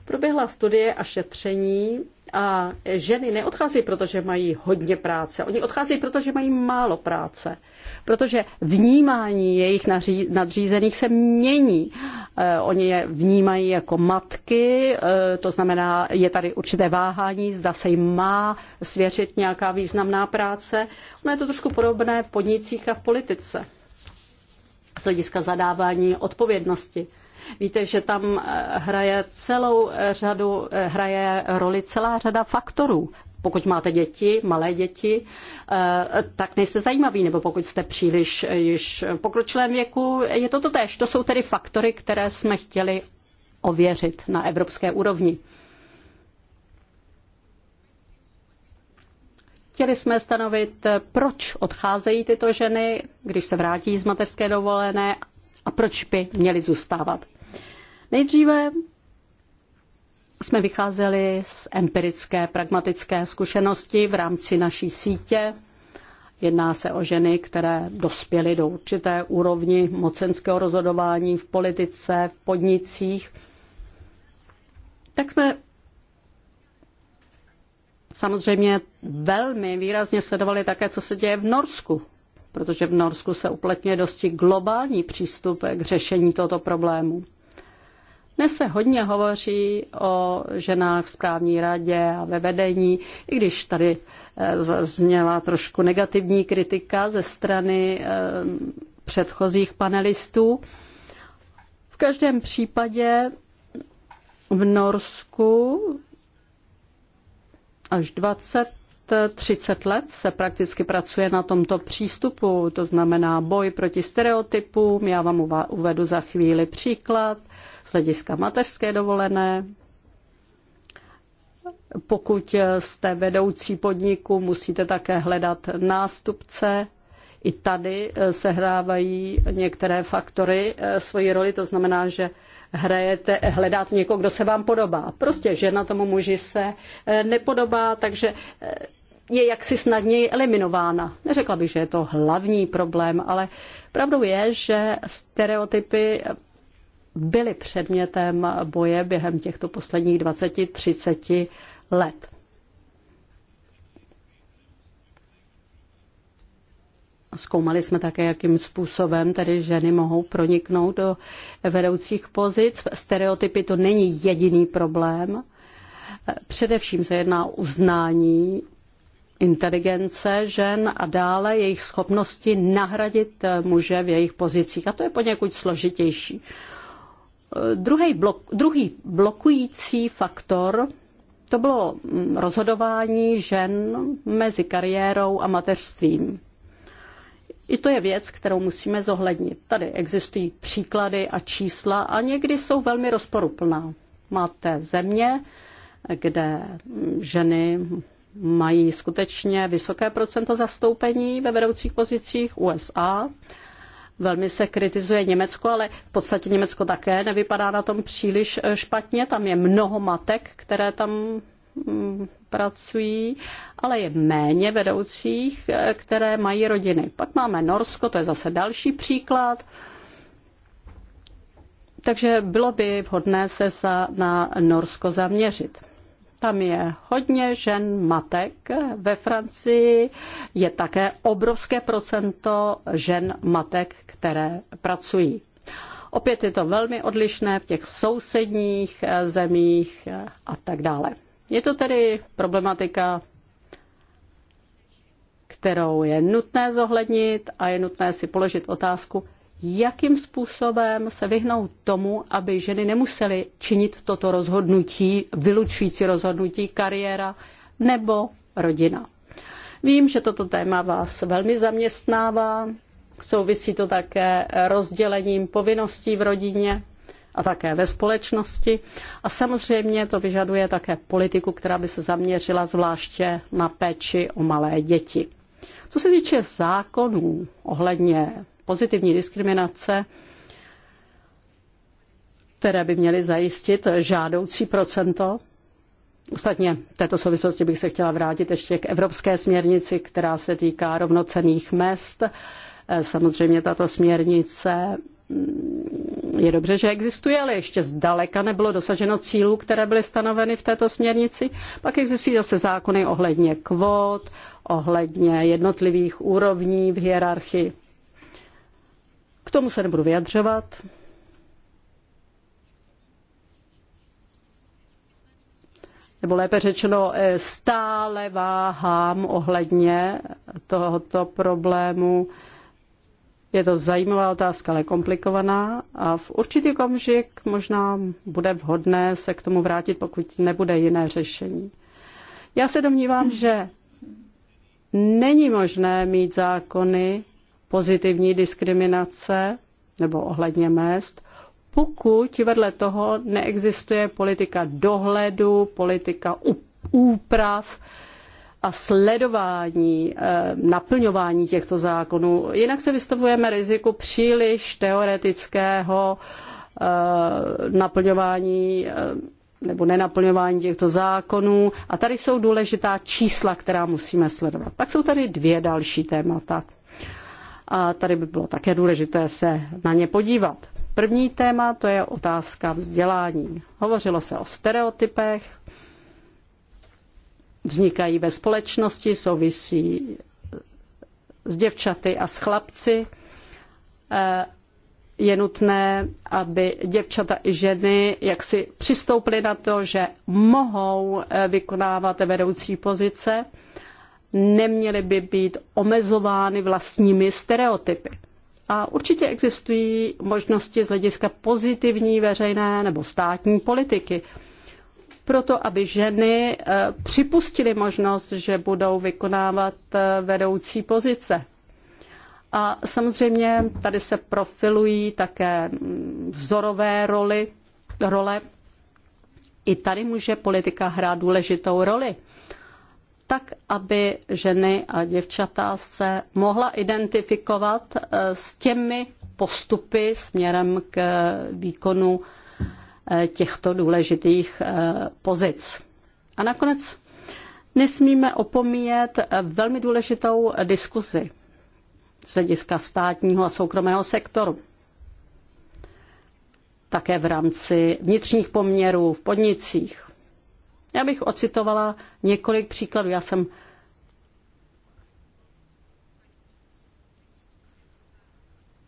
Proběhla studie a šetření a ženy neodcházejí, protože mají hodně práce. Oni odcházejí, protože mají málo práce protože vnímání jejich nadřízených se mění. Eh, oni je vnímají jako matky, eh, to znamená, je tady určité váhání, zda se jim má svěřit nějaká významná práce. Ono je to trošku podobné v podnicích a v politice z hlediska zadávání odpovědnosti. Víte, že tam eh, hraje celou řadu, hraje roli celá řada faktorů. Pokud máte děti, malé děti, eh, tak nejste zajímaví, nebo pokud jste příliš již v pokročilém věku, je to to tež. To jsou tedy faktory, které jsme chtěli ověřit na evropské úrovni. Chtěli jsme stanovit, proč odcházejí tyto ženy, když se vrátí z mateřské dovolené a proč by měly zůstávat. Nejdříve jsme vycházeli z empirické, pragmatické zkušenosti v rámci naší sítě. Jedná se o ženy, které dospěly do určité úrovni mocenského rozhodování v politice, v podnicích. Tak jsme samozřejmě velmi výrazně sledovali také, co se děje v Norsku, protože v Norsku se uplatňuje dosti globální přístup k řešení tohoto problému. Dnes se hodně hovoří o ženách v správní radě a ve vedení, i když tady eh, zazněla trošku negativní kritika ze strany eh, předchozích panelistů. V každém případě v Norsku až 20 30 let se prakticky pracuje na tomto přístupu, to znamená boj proti stereotypům. Já vám uvedu za chvíli příklad z hlediska mateřské dovolené. Pokud jste vedoucí podniku, musíte také hledat nástupce. I tady eh, sehrávají některé faktory eh, svoji roli, to znamená, že hrajete, hledáte někoho, kdo se vám podobá. Prostě žena tomu muži se eh, nepodobá, takže je jaksi snadněji eliminována. Neřekla bych, že je to hlavní problém, ale pravdou je, že stereotypy byly předmětem boje během těchto posledních 20-30 let. Zkoumali jsme také, jakým způsobem tedy ženy mohou proniknout do vedoucích pozic. Stereotypy to není jediný problém. Především se jedná o uznání inteligence žen a dále jejich schopnosti nahradit muže v jejich pozicích. A to je poněkud složitější. Druhý, blok, druhý blokující faktor to bylo mm, rozhodování žen mezi kariérou a mateřstvím. I to je věc, kterou musíme zohlednit. Tady existují příklady a čísla a někdy jsou velmi rozporuplná. Máte země, kde mm, ženy mají skutečně vysoké procento zastoupení ve vedoucích pozicích USA, Velmi se kritizuje Německo, ale v podstatě Německo také nevypadá na tom příliš eh, špatně. Tam je mnoho matek, které tam mm, pracují, ale je méně vedoucích, eh, které mají rodiny. Pak máme Norsko, to je zase další příklad. Takže bylo by vhodné se za, na Norsko zaměřit. Tam je hodně žen matek. Ve Francii je také obrovské procento žen matek, které pracují. Opět je to velmi odlišné v těch sousedních eh, zemích eh, a tak dále. Je to tedy problematika, kterou je nutné zohlednit a je nutné si položit otázku, jakým způsobem se vyhnout tomu, aby ženy nemusely činit toto rozhodnutí, vylučující rozhodnutí kariéra nebo rodina. Vím, že toto téma vás velmi zaměstnává, souvisí to také rozdělením povinností v rodině a také ve společnosti. A samozřejmě to vyžaduje také politiku, která by se zaměřila zvláště na péči o malé děti. Co se týče zákonů ohledně pozitivní diskriminace, které by měly zajistit žádoucí procento. Ostatně v této souvislosti bych se chtěla vrátit ještě k evropské směrnici, která se týká rovnocených mest. Samozřejmě tato směrnice mm, je dobře, že existuje, ale ještě zdaleka nebylo dosaženo cílů, které byly stanoveny v této směrnici. Pak existují zase zákony ohledně kvót, ohledně jednotlivých úrovní v hierarchii. K tomu se nebudu vyjadřovat. nebo lépe řečeno, eh, stále váhám ohledně tohoto problému. Je to zajímavá otázka, ale komplikovaná a v určitý okamžik možná bude vhodné se k tomu vrátit, pokud nebude jiné řešení. Já se domnívám, že není možné mít zákony, pozitivní diskriminace nebo ohledně mest, pokud vedle toho neexistuje politika dohledu, politika úprav a sledování, eh, naplňování těchto zákonů. Jinak se vystavujeme riziku příliš teoretického eh, naplňování eh, nebo nenaplňování těchto zákonů. A tady jsou důležitá čísla, která musíme sledovat. Pak jsou tady dvě další témata, a tady by bylo také důležité se na ně podívat. První téma to je otázka vzdělání. Hovořilo se o stereotypech, vznikají ve společnosti, souvisí s děvčaty a s chlapci. E, je nutné, aby děvčata i ženy jaksi přistoupily na to, že mohou e, vykonávat vedoucí pozice neměly by být omezovány vlastními stereotypy. A určitě existují možnosti z hlediska pozitivní veřejné nebo státní politiky. Proto, aby ženy eh, připustily možnost, že budou vykonávat eh, vedoucí pozice. A samozřejmě tady se profilují také mm, vzorové roli, role. I tady může politika hrát důležitou roli tak aby ženy a děvčata se mohla identifikovat eh, s těmi postupy směrem k výkonu eh, těchto důležitých eh, pozic. A nakonec nesmíme opomíjet velmi důležitou diskuzi z hlediska státního a soukromého sektoru. Také v rámci vnitřních poměrů v podnicích. Já bych ocitovala několik příkladů. Já jsem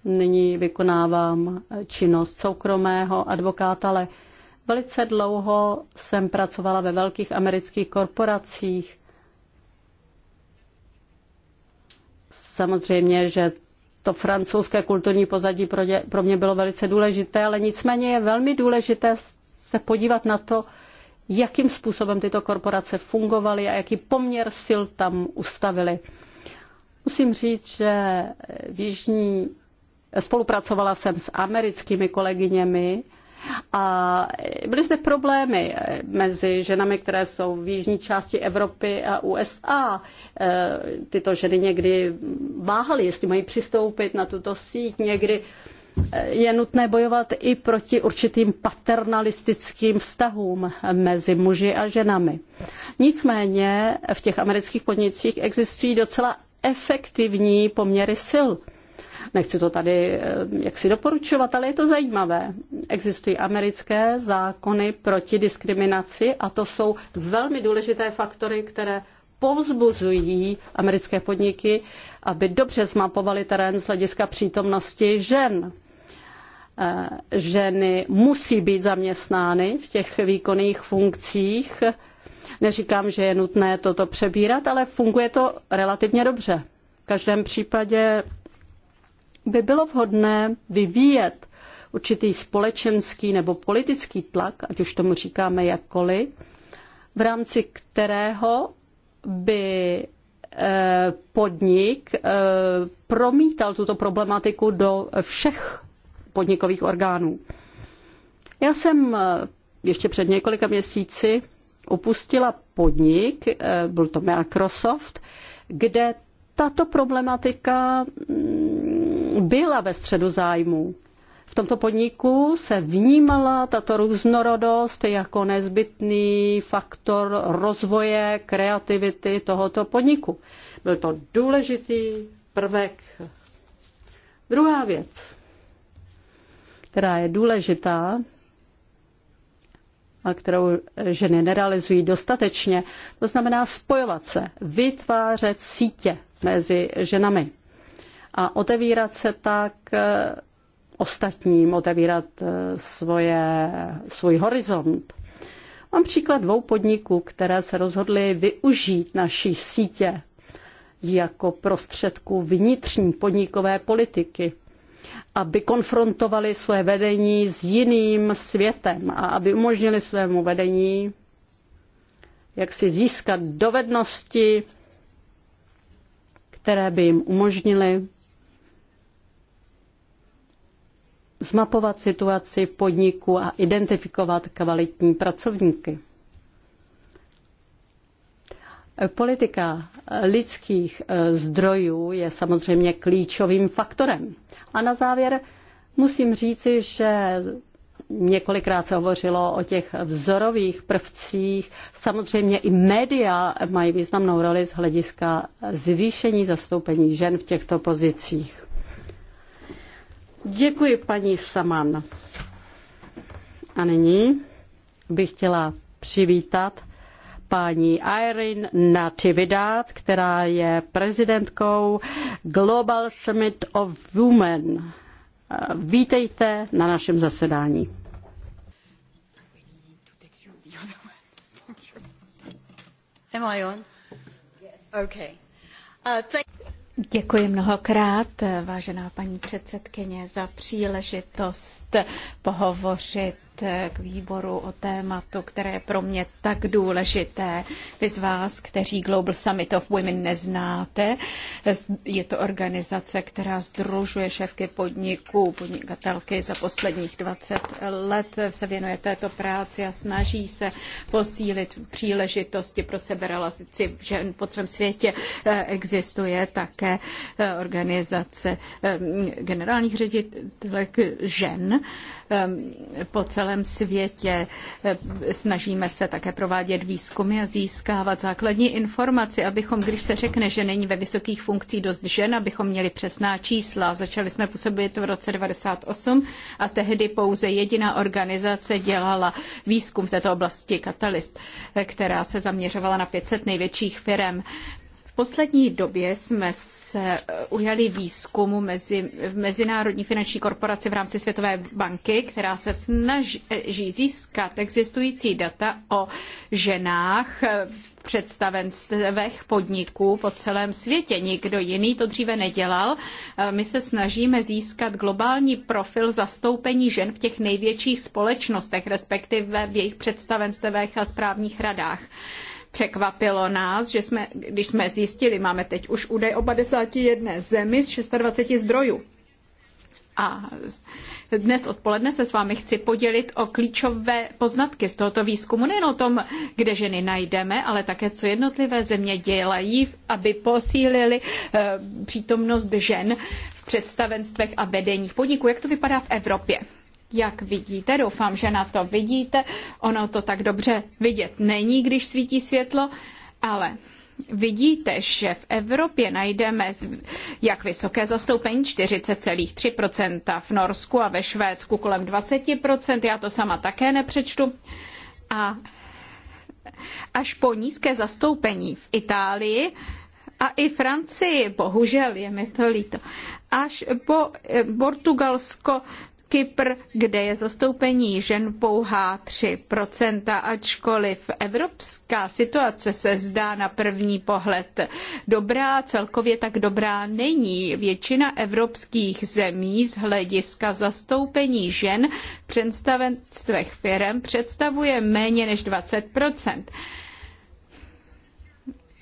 nyní vykonávám činnost soukromého advokáta, ale velice dlouho jsem pracovala ve velkých amerických korporacích. Samozřejmě, že to francouzské kulturní pozadí pro, pro mě bylo velice důležité, ale nicméně je velmi důležité se podívat na to, jakým způsobem tyto korporace fungovaly a jaký poměr sil tam ustavili. Musím říct, že v Jižní spolupracovala jsem s americkými kolegyněmi a byly zde problémy eh, mezi ženami, které jsou v jižní části Evropy a USA. Eh, tyto ženy někdy váhaly, jestli mají přistoupit na tuto síť, někdy je nutné bojovat i proti určitým paternalistickým vztahům mezi muži a ženami. Nicméně v těch amerických podnicích existují docela efektivní poměry sil. Nechci to tady eh, jaksi doporučovat, ale je to zajímavé. Existují americké zákony proti diskriminaci a to jsou velmi důležité faktory, které povzbuzují americké podniky, aby dobře zmapovali terén z hlediska přítomnosti žen. Eh, ženy musí být zaměstnány v těch výkonných funkcích. Neříkám, že je nutné toto přebírat, ale funguje to relativně dobře. V každém případě by bylo vhodné vyvíjet určitý společenský nebo politický tlak, ať už tomu říkáme jakkoliv, v rámci kterého by eh, podnik eh, promítal tuto problematiku do všech podnikových orgánů. Já jsem eh, ještě před několika měsíci opustila podnik, byl to Microsoft, kde tato problematika mm, byla ve středu zájmu. V tomto podniku se vnímala tato různorodost jako nezbytný faktor rozvoje kreativity tohoto podniku. Byl to důležitý prvek. Druhá věc, která je důležitá, a kterou ženy nerealizují dostatečně, to znamená spojovat se, vytvářet sítě mezi ženami a otevírat se tak ostatním otevírat eh, svoje, svůj horizont. Mám příklad dvou podniků, které se rozhodly využít naší sítě jako prostředku vnitřní podnikové politiky, aby konfrontovali své vedení s jiným světem a aby umožnili svému vedení jak si získat dovednosti, které by jim umožnily zmapovat situaci v podniku a identifikovat kvalitní pracovníky. Politika lidských e, zdrojů je samozřejmě klíčovým faktorem. A na závěr musím říci, že několikrát se hovořilo o těch vzorových prvcích. Samozřejmě i média mají významnou roli z hlediska zvýšení zastoupení žen v těchto pozicích. Děkuji, paní Saman. A nyní bych chtěla přivítat paní Irene Natividad, která je prezidentkou Global Summit of Women. Vítejte na našem zasedání. Am I on? Yes. Okay. Uh, thank Děkuji mnohokrát, vážená paní předsedkyně, za příležitost pohovořit k výboru o tématu, které je pro mě tak důležité. Vy z vás, kteří Global Summit of Women neznáte, je to organizace, která združuje šéfky podniků, podnikatelky za posledních 20 let, se věnuje této práci a snaží se posílit příležitosti pro seberelazici žen po celém světě. E, existuje také e, organizace e, generálních ředitelek žen, po celém světě. Snažíme se také provádět výzkumy a získávat základní informaci, abychom, když se řekne, že není ve vysokých funkcích dost žen, abychom měli přesná čísla. Začali jsme působit v roce 98 a tehdy pouze jediná organizace dělala výzkum v této oblasti katalyst, která se zaměřovala na 500 největších firm poslední době jsme se eh, ujali výzkumu mezi, v Mezinárodní finanční korporaci v rámci Světové banky, která se snaží získat existující data o ženách v eh, představenstvech podniků po celém světě. Nikdo jiný to dříve nedělal. Eh, my se snažíme získat globální profil zastoupení žen v těch největších společnostech, respektive v jejich představenstvech a správních radách. Překvapilo nás, že jsme, když jsme zjistili, máme teď už údaj o 51 zemi z 26 zdrojů. A dnes odpoledne se s vámi chci podělit o klíčové poznatky z tohoto výzkumu, nejen o tom, kde ženy najdeme, ale také, co jednotlivé země dělají, aby posílili eh, přítomnost žen v představenstvech a vedeních podniků. Jak to vypadá v Evropě? jak vidíte, doufám, že na to vidíte, ono to tak dobře vidět není, když svítí světlo, ale vidíte, že v Evropě najdeme jak vysoké zastoupení 40,3%, v Norsku a ve Švédsku kolem 20%, já to sama také nepřečtu, a až po nízké zastoupení v Itálii a i Francii, bohužel je mi to líto, až po eh, Portugalsko Kypr, kde je zastoupení žen pouhá 3%, ačkoliv evropská situace se zdá na první pohled dobrá, celkově tak dobrá není. Většina evropských zemí z hlediska zastoupení žen v představenstvech firm představuje méně než 20%.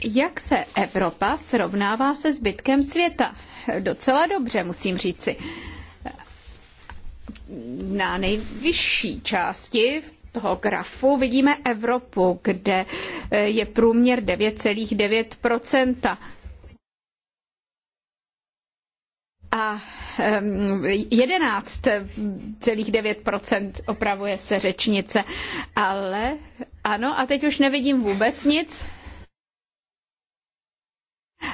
Jak se Evropa srovnává se zbytkem světa? Docela dobře, musím říci na nejvyšší části toho grafu vidíme Evropu, kde eh, je průměr 9,9%. A 11,9% ehm, opravuje se řečnice. Ale ano, a teď už nevidím vůbec nic.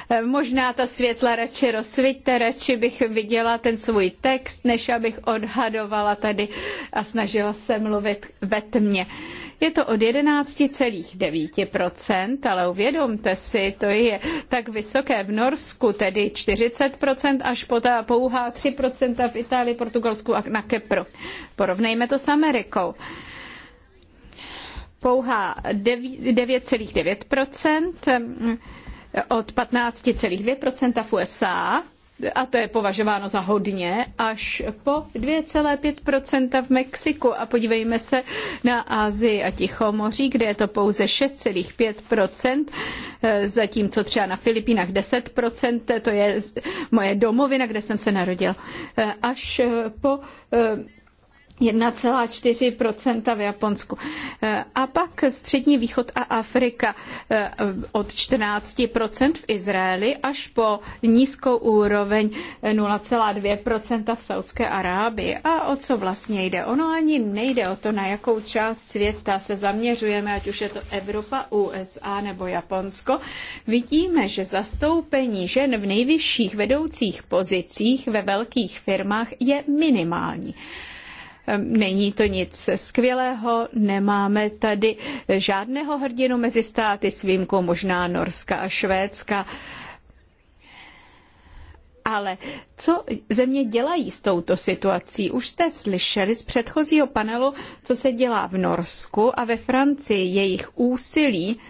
Eh, možná ta světla radši rozsvíte, radši bych viděla ten svůj text, než abych odhadovala tady a snažila se mluvit ve tmě. Je to od 11,9%, ale uvědomte si, to je tak vysoké v Norsku, tedy 40% až po ta pouhá 3% v Itálii, Portugalsku a na Kepru. Porovnejme to s Amerikou. Pouhá 9,9%, od 15,2 v USA, a to je považováno za hodně, až po 2,5 v Mexiku. A podívejme se na Asii a Tichomoří, kde je to pouze 6,5 eh, zatímco třeba na Filipínách 10 to je moje domovina, kde jsem se narodil. Eh, až po eh, 1,4 v Japonsku. Eh, a pak Střední východ a Afrika eh, od 14 v Izraeli až po nízkou úroveň 0,2 v Saudské Arábii. A o co vlastně jde? Ono ani nejde o to, na jakou část světa se zaměřujeme, ať už je to Evropa, USA nebo Japonsko. Vidíme, že zastoupení žen v nejvyšších vedoucích pozicích ve velkých firmách je minimální. Není to nic skvělého, nemáme tady žádného hrdinu mezi státy s výjimkou možná Norska a Švédska. Ale co země dělají s touto situací? Už jste slyšeli z předchozího panelu, co se dělá v Norsku a ve Francii jejich úsilí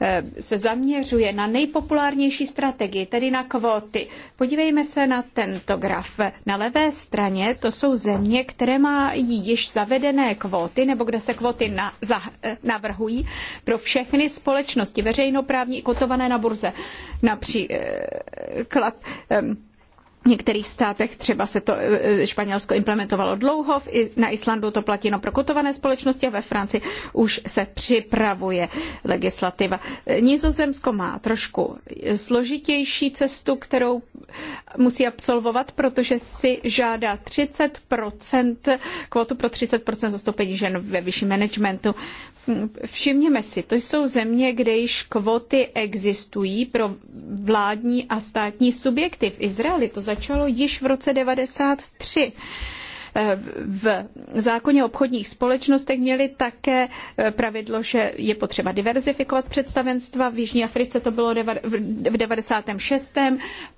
Eh, se zaměřuje na nejpopulárnější strategii, tedy na kvóty. Podívejme se na tento graf. Na levé straně to jsou země, které mají již zavedené kvóty, nebo kde se kvóty na, za, eh, navrhují pro všechny společnosti, veřejnoprávní kotované na burze. Například eh, v některých státech třeba se to eh, Španělsko implementovalo dlouho, na Islandu to platí no pro kotované společnosti a ve Francii už se připravuje legislativa. Eh, Nizozemsko má trošku eh, složitější cestu, kterou musí absolvovat, protože si žádá 30%, kvotu pro 30% zastoupení žen ve vyšším managementu. Hm, všimněme si, to jsou země, kde již kvoty existují pro vládní a státní subjekty. V Izraeli to začalo již v roce 1993 v zákoně o obchodních společnostech měli také pravidlo, že je potřeba diverzifikovat představenstva. V Jižní Africe to bylo v 96.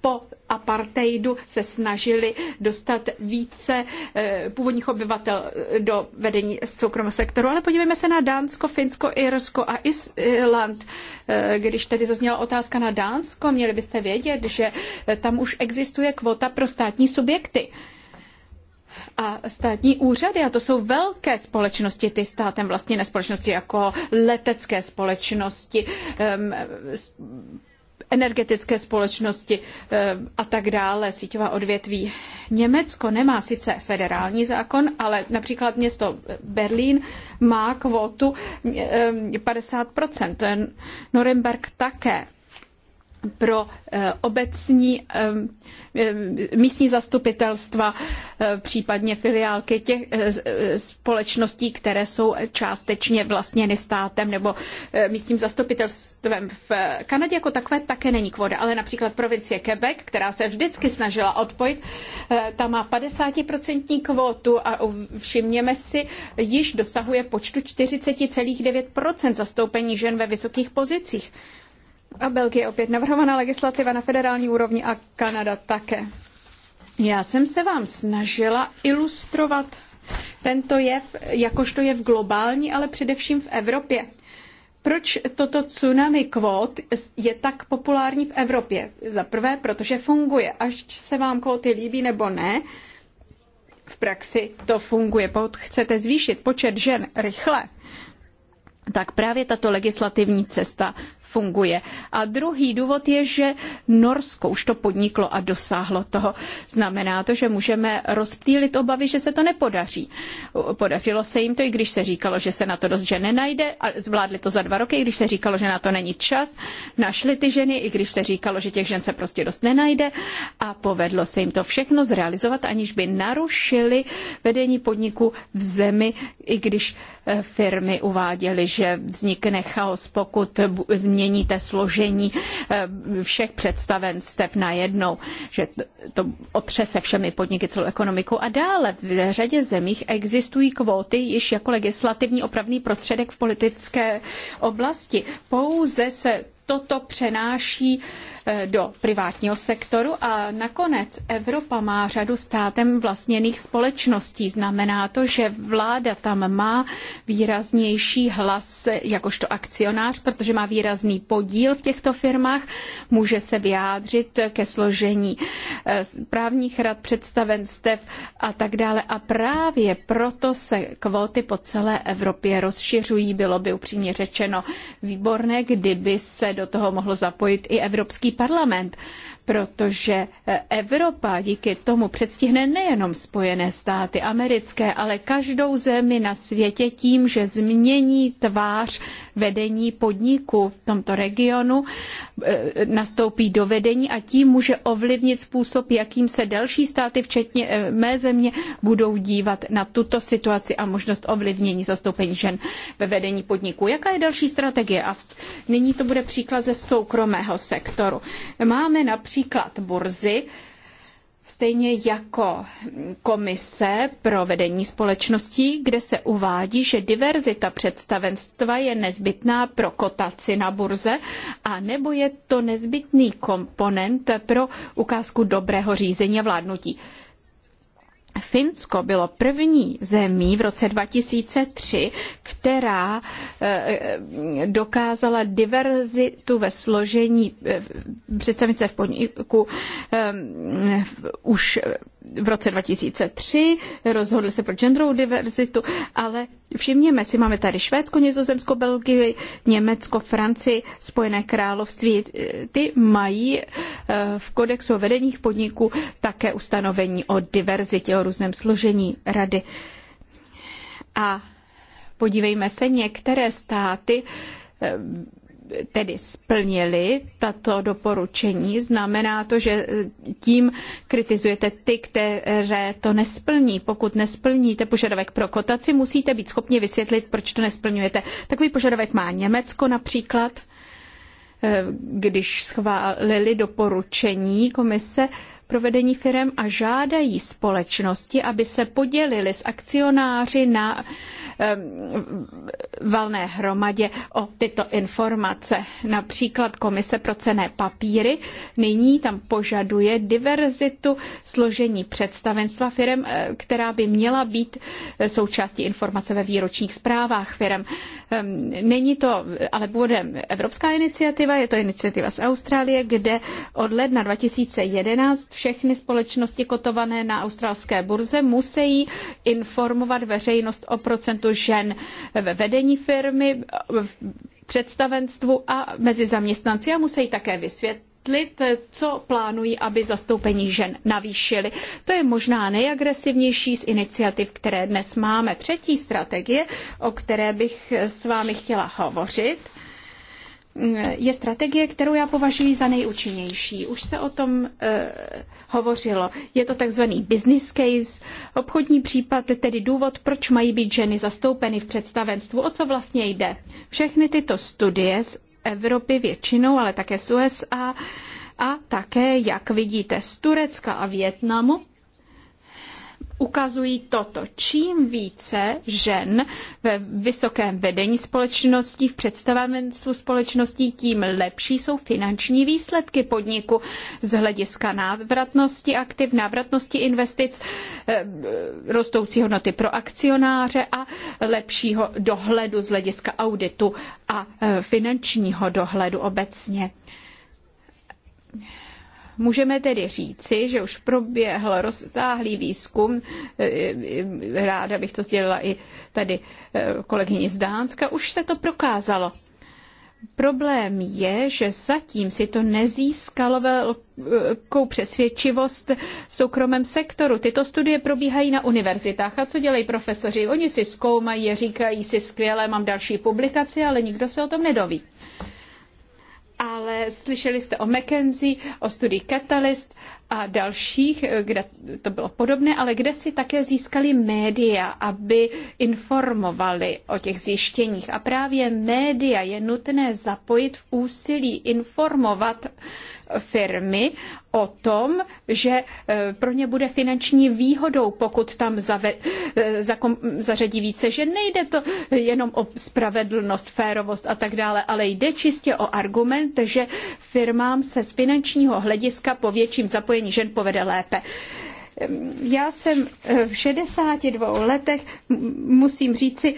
Po apartheidu se snažili dostat více eh, původních obyvatel eh, do vedení soukromého sektoru. Ale podívejme se na Dánsko, Finsko, Irsko a Island. Eh, když tedy zazněla otázka na Dánsko, měli byste vědět, že tam už existuje kvota pro státní subjekty a státní úřady, a to jsou velké společnosti, ty státem vlastně ne společnosti jako letecké společnosti, energetické společnosti a tak dále, síťová odvětví. Německo nemá sice federální zákon, ale například město Berlín má kvotu 50%, Norimberg také pro eh, obecní eh, eh, místní zastupitelstva, případně filiálky těch společností, které jsou částečně vlastněny státem nebo místním zastupitelstvem. V Kanadě jako takové také není kvóda. ale například provincie Quebec, která se vždycky snažila odpojit, ta má 50% kvótu a všimněme si, již dosahuje počtu 40,9% zastoupení žen ve vysokých pozicích a Belgie opět navrhovaná legislativa na federální úrovni a Kanada také. Já jsem se vám snažila ilustrovat tento jev, jakožto v globální, ale především v Evropě. Proč toto tsunami kvót je tak populární v Evropě? Za prvé, protože funguje. Až se vám kvóty líbí nebo ne, v praxi to funguje. Pokud chcete zvýšit počet žen rychle, tak právě tato legislativní cesta funguje. A druhý důvod je, že Norsko už to podniklo a dosáhlo toho. Znamená to, že můžeme rozptýlit obavy, že se to nepodaří. Podařilo se jim to, i když se říkalo, že se na to dost žen nenajde, a zvládli to za dva roky, i když se říkalo, že na to není čas. Našli ty ženy, i když se říkalo, že těch žen se prostě dost nenajde a povedlo se jim to všechno zrealizovat, aniž by narušili vedení podniku v zemi, i když eh, firmy uváděly, že vznikne chaos, pokud změní změníte složení eh, všech představenstev najednou, že to otřese všemi podniky celou ekonomiku. A dále v řadě zemích existují kvóty již jako legislativní opravný prostředek v politické oblasti. Pouze se toto přenáší Eh, do privátního sektoru a nakonec Evropa má řadu státem vlastněných společností. Znamená to, že vláda tam má výraznější hlas jakožto akcionář, protože má výrazný podíl v těchto firmách, může se vyjádřit ke složení eh, právních rad, představenstev a tak dále. A právě proto se kvóty po celé Evropě rozšiřují. Bylo by upřímně řečeno výborné, kdyby se do toho mohl zapojit i Evropský parlament, protože eh, Evropa díky tomu předstihne nejenom Spojené státy americké, ale každou zemi na světě tím, že změní tvář vedení podniku v tomto regionu e, nastoupí do vedení a tím může ovlivnit způsob, jakým se další státy, včetně e, mé země, budou dívat na tuto situaci a možnost ovlivnění zastoupení žen ve vedení podniku. Jaká je další strategie? A nyní to bude příklad ze soukromého sektoru. Máme například burzy, stejně jako komise pro vedení společností, kde se uvádí, že diverzita představenstva je nezbytná pro kotaci na burze a nebo je to nezbytný komponent pro ukázku dobrého řízení a vládnutí. Finsko bylo první zemí v roce 2003, která eh, dokázala diverzitu ve složení eh, představnice v podniku eh, už v roce 2003, rozhodli se pro genderovou diverzitu, ale všimněme si, máme tady Švédsko, Nizozemsko, Belgii, Německo, Francii, Spojené království. Ty mají eh, v kodexu vedeních podniků také ustanovení o diverzitě, o různém složení rady. A podívejme se, některé státy eh, tedy splnili tato doporučení. Znamená to, že tím kritizujete ty, které to nesplní. Pokud nesplníte požadavek pro kotaci, musíte být schopni vysvětlit, proč to nesplňujete. Takový požadavek má Německo například, eh, když schválili doporučení komise provedení firem a žádají společnosti, aby se podělili s akcionáři na valné hromadě o tyto informace. Například Komise pro cené papíry nyní tam požaduje diverzitu složení představenstva firm, eh, která by měla být eh, součástí informace ve výročních zprávách firm. Není to, ale bude evropská iniciativa, je to iniciativa z Austrálie, kde od ledna 2011 všechny společnosti kotované na australské burze musí informovat veřejnost o procentu počtu žen ve vedení firmy, v představenstvu a mezi zaměstnanci a musí také vysvětlit, vysvětlit, co plánují, aby zastoupení žen navýšili. To je možná nejagresivnější z iniciativ, které dnes máme. Třetí strategie, o které bych s vámi chtěla hovořit, je strategie, kterou já považuji za nejúčinnější. Už se o tom uh, hovořilo. Je to takzvaný business case, obchodní případ, tedy důvod, proč mají být ženy zastoupeny v představenstvu, o co vlastně jde. Všechny tyto studie z Evropy většinou, ale také z USA a také, jak vidíte, z Turecka a Větnamu, ukazují toto. Čím více žen ve vysokém vedení společností, v představenstvu společností, tím lepší jsou finanční výsledky podniku z hlediska návratnosti aktiv, návratnosti investic, eh, rostoucí hodnoty pro akcionáře a lepšího dohledu z hlediska auditu a eh, finančního dohledu obecně. Můžeme tedy říci, že už proběhl rozsáhlý výzkum, eh, eh, ráda bych to sdělila i tady eh, kolegyni z Dánska, už se to prokázalo. Problém je, že zatím si to nezískalo velkou přesvědčivost v soukromém sektoru. Tyto studie probíhají na univerzitách. A co dělají profesoři? Oni si zkoumají, říkají si skvěle, mám další publikaci, ale nikdo se o tom nedoví ale slyšeli jste o McKenzie, o studii Catalyst a dalších, kde to bylo podobné, ale kde si také získali média, aby informovali o těch zjištěních. A právě média je nutné zapojit v úsilí informovat firmy o tom, že eh, pro ně bude finanční výhodou, pokud tam zave, eh, zařadí více, že nejde to jenom o spravedlnost, férovost a tak dále, ale jde čistě o argument, že firmám se z finančního hlediska po větším zapojení žen povede lépe já jsem eh, v 62 letech, musím říci,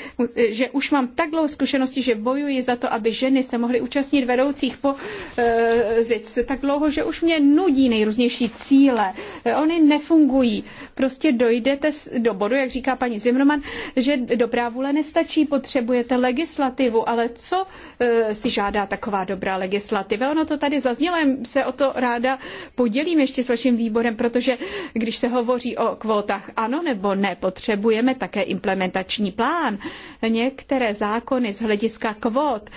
že už mám tak dlouho zkušenosti, že bojuji za to, aby ženy se mohly účastnit vedoucích pozic eh, tak dlouho, že už mě nudí nejrůznější cíle. Eh, Oni nefungují prostě dojdete do bodu, jak říká paní Zimmerman, že dobrá vůle nestačí, potřebujete legislativu, ale co e, si žádá taková dobrá legislativa? Ono to tady zaznělo, se o to ráda podělím ještě s vaším výborem, protože když se hovoří o kvótách ano nebo ne, potřebujeme také implementační plán. Některé zákony z hlediska kvót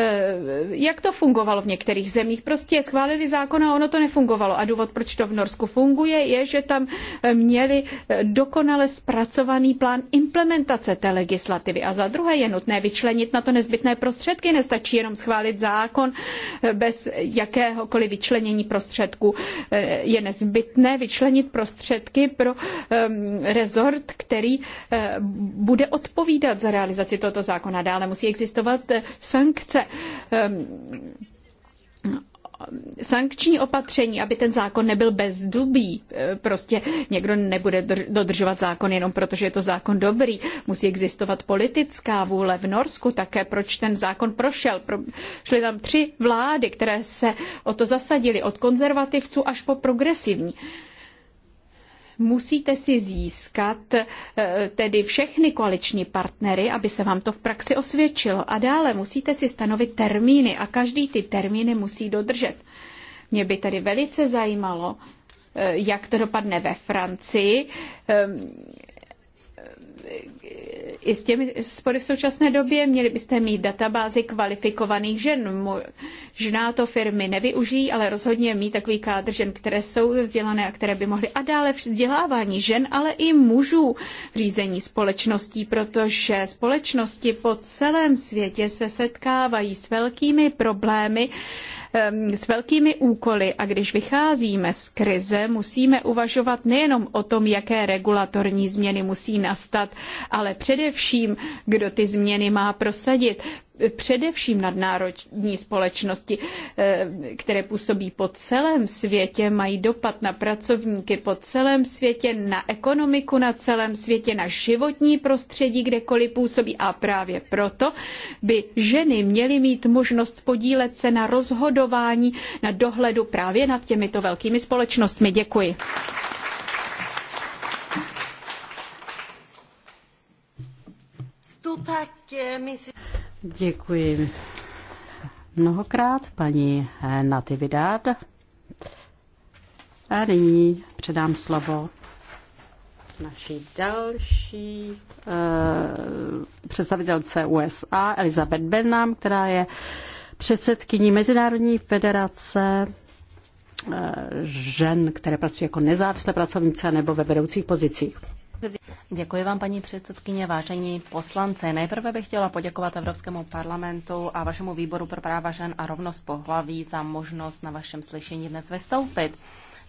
Eh, jak to fungovalo v některých zemích. Prostě schválili zákon a ono to nefungovalo. A důvod, proč to v Norsku funguje, je, že tam eh, měli eh, dokonale zpracovaný plán implementace té legislativy. A za druhé je nutné vyčlenit na to nezbytné prostředky. Nestačí jenom schválit zákon bez jakéhokoliv vyčlenění prostředků. Je nezbytné vyčlenit prostředky pro ehm, rezort, který bude odpovídat za realizaci tohoto zákona. Dále musí existovat sankce Ehm, sankční opatření, aby ten zákon nebyl bezdubý. Ehm, prostě někdo nebude dodržovat zákon jenom proto, že je to zákon dobrý. Musí existovat politická vůle v Norsku také, proč ten zákon prošel. Šly tam tři vlády, které se o to zasadily, od konzervativců až po progresivní. Uh, Musíte si získat eh, tedy všechny koaliční partnery, aby se vám to v praxi osvědčilo. A dále musíte si stanovit termíny a každý ty termíny musí dodržet. Mě by tedy velice zajímalo, eh, jak to dopadne ve Francii ehm, i s těmi spory v současné době. Měli byste mít databázi kvalifikovaných žen. Možná to firmy nevyužijí, ale rozhodně mít takový kádr žen, které jsou vzdělané a které by mohly. A dále vzdělávání žen, ale i mužů v řízení společností, protože společnosti po celém světě se setkávají s velkými problémy, Ehm, s velkými úkoly a když vycházíme z krize, musíme uvažovat nejenom o tom, jaké regulatorní změny musí nastat, ale především, kdo ty změny má prosadit, především nadnárodní společnosti, eh, které působí po celém světě, mají dopad na pracovníky po celém světě, na ekonomiku na celém světě, na životní prostředí, kdekoliv působí. A právě proto by ženy měly mít možnost podílet se na rozhodování, na dohledu právě nad těmito velkými společnostmi. Děkuji. Eh, Děkuji mnohokrát paní Natividad. A nyní předám slovo naší další uh, představitelce USA, Elizabeth Benham, která je předsedkyní Mezinárodní federace uh, žen, které pracují jako nezávislé pracovnice nebo ve vedoucích pozicích. Děkuji vám, paní předsedkyně, vážení poslanci. Nejprve bych chtěla poděkovat Evropskému parlamentu a vašemu výboru pro práva žen a rovnost pohlaví za možnost na vašem slyšení dnes vystoupit.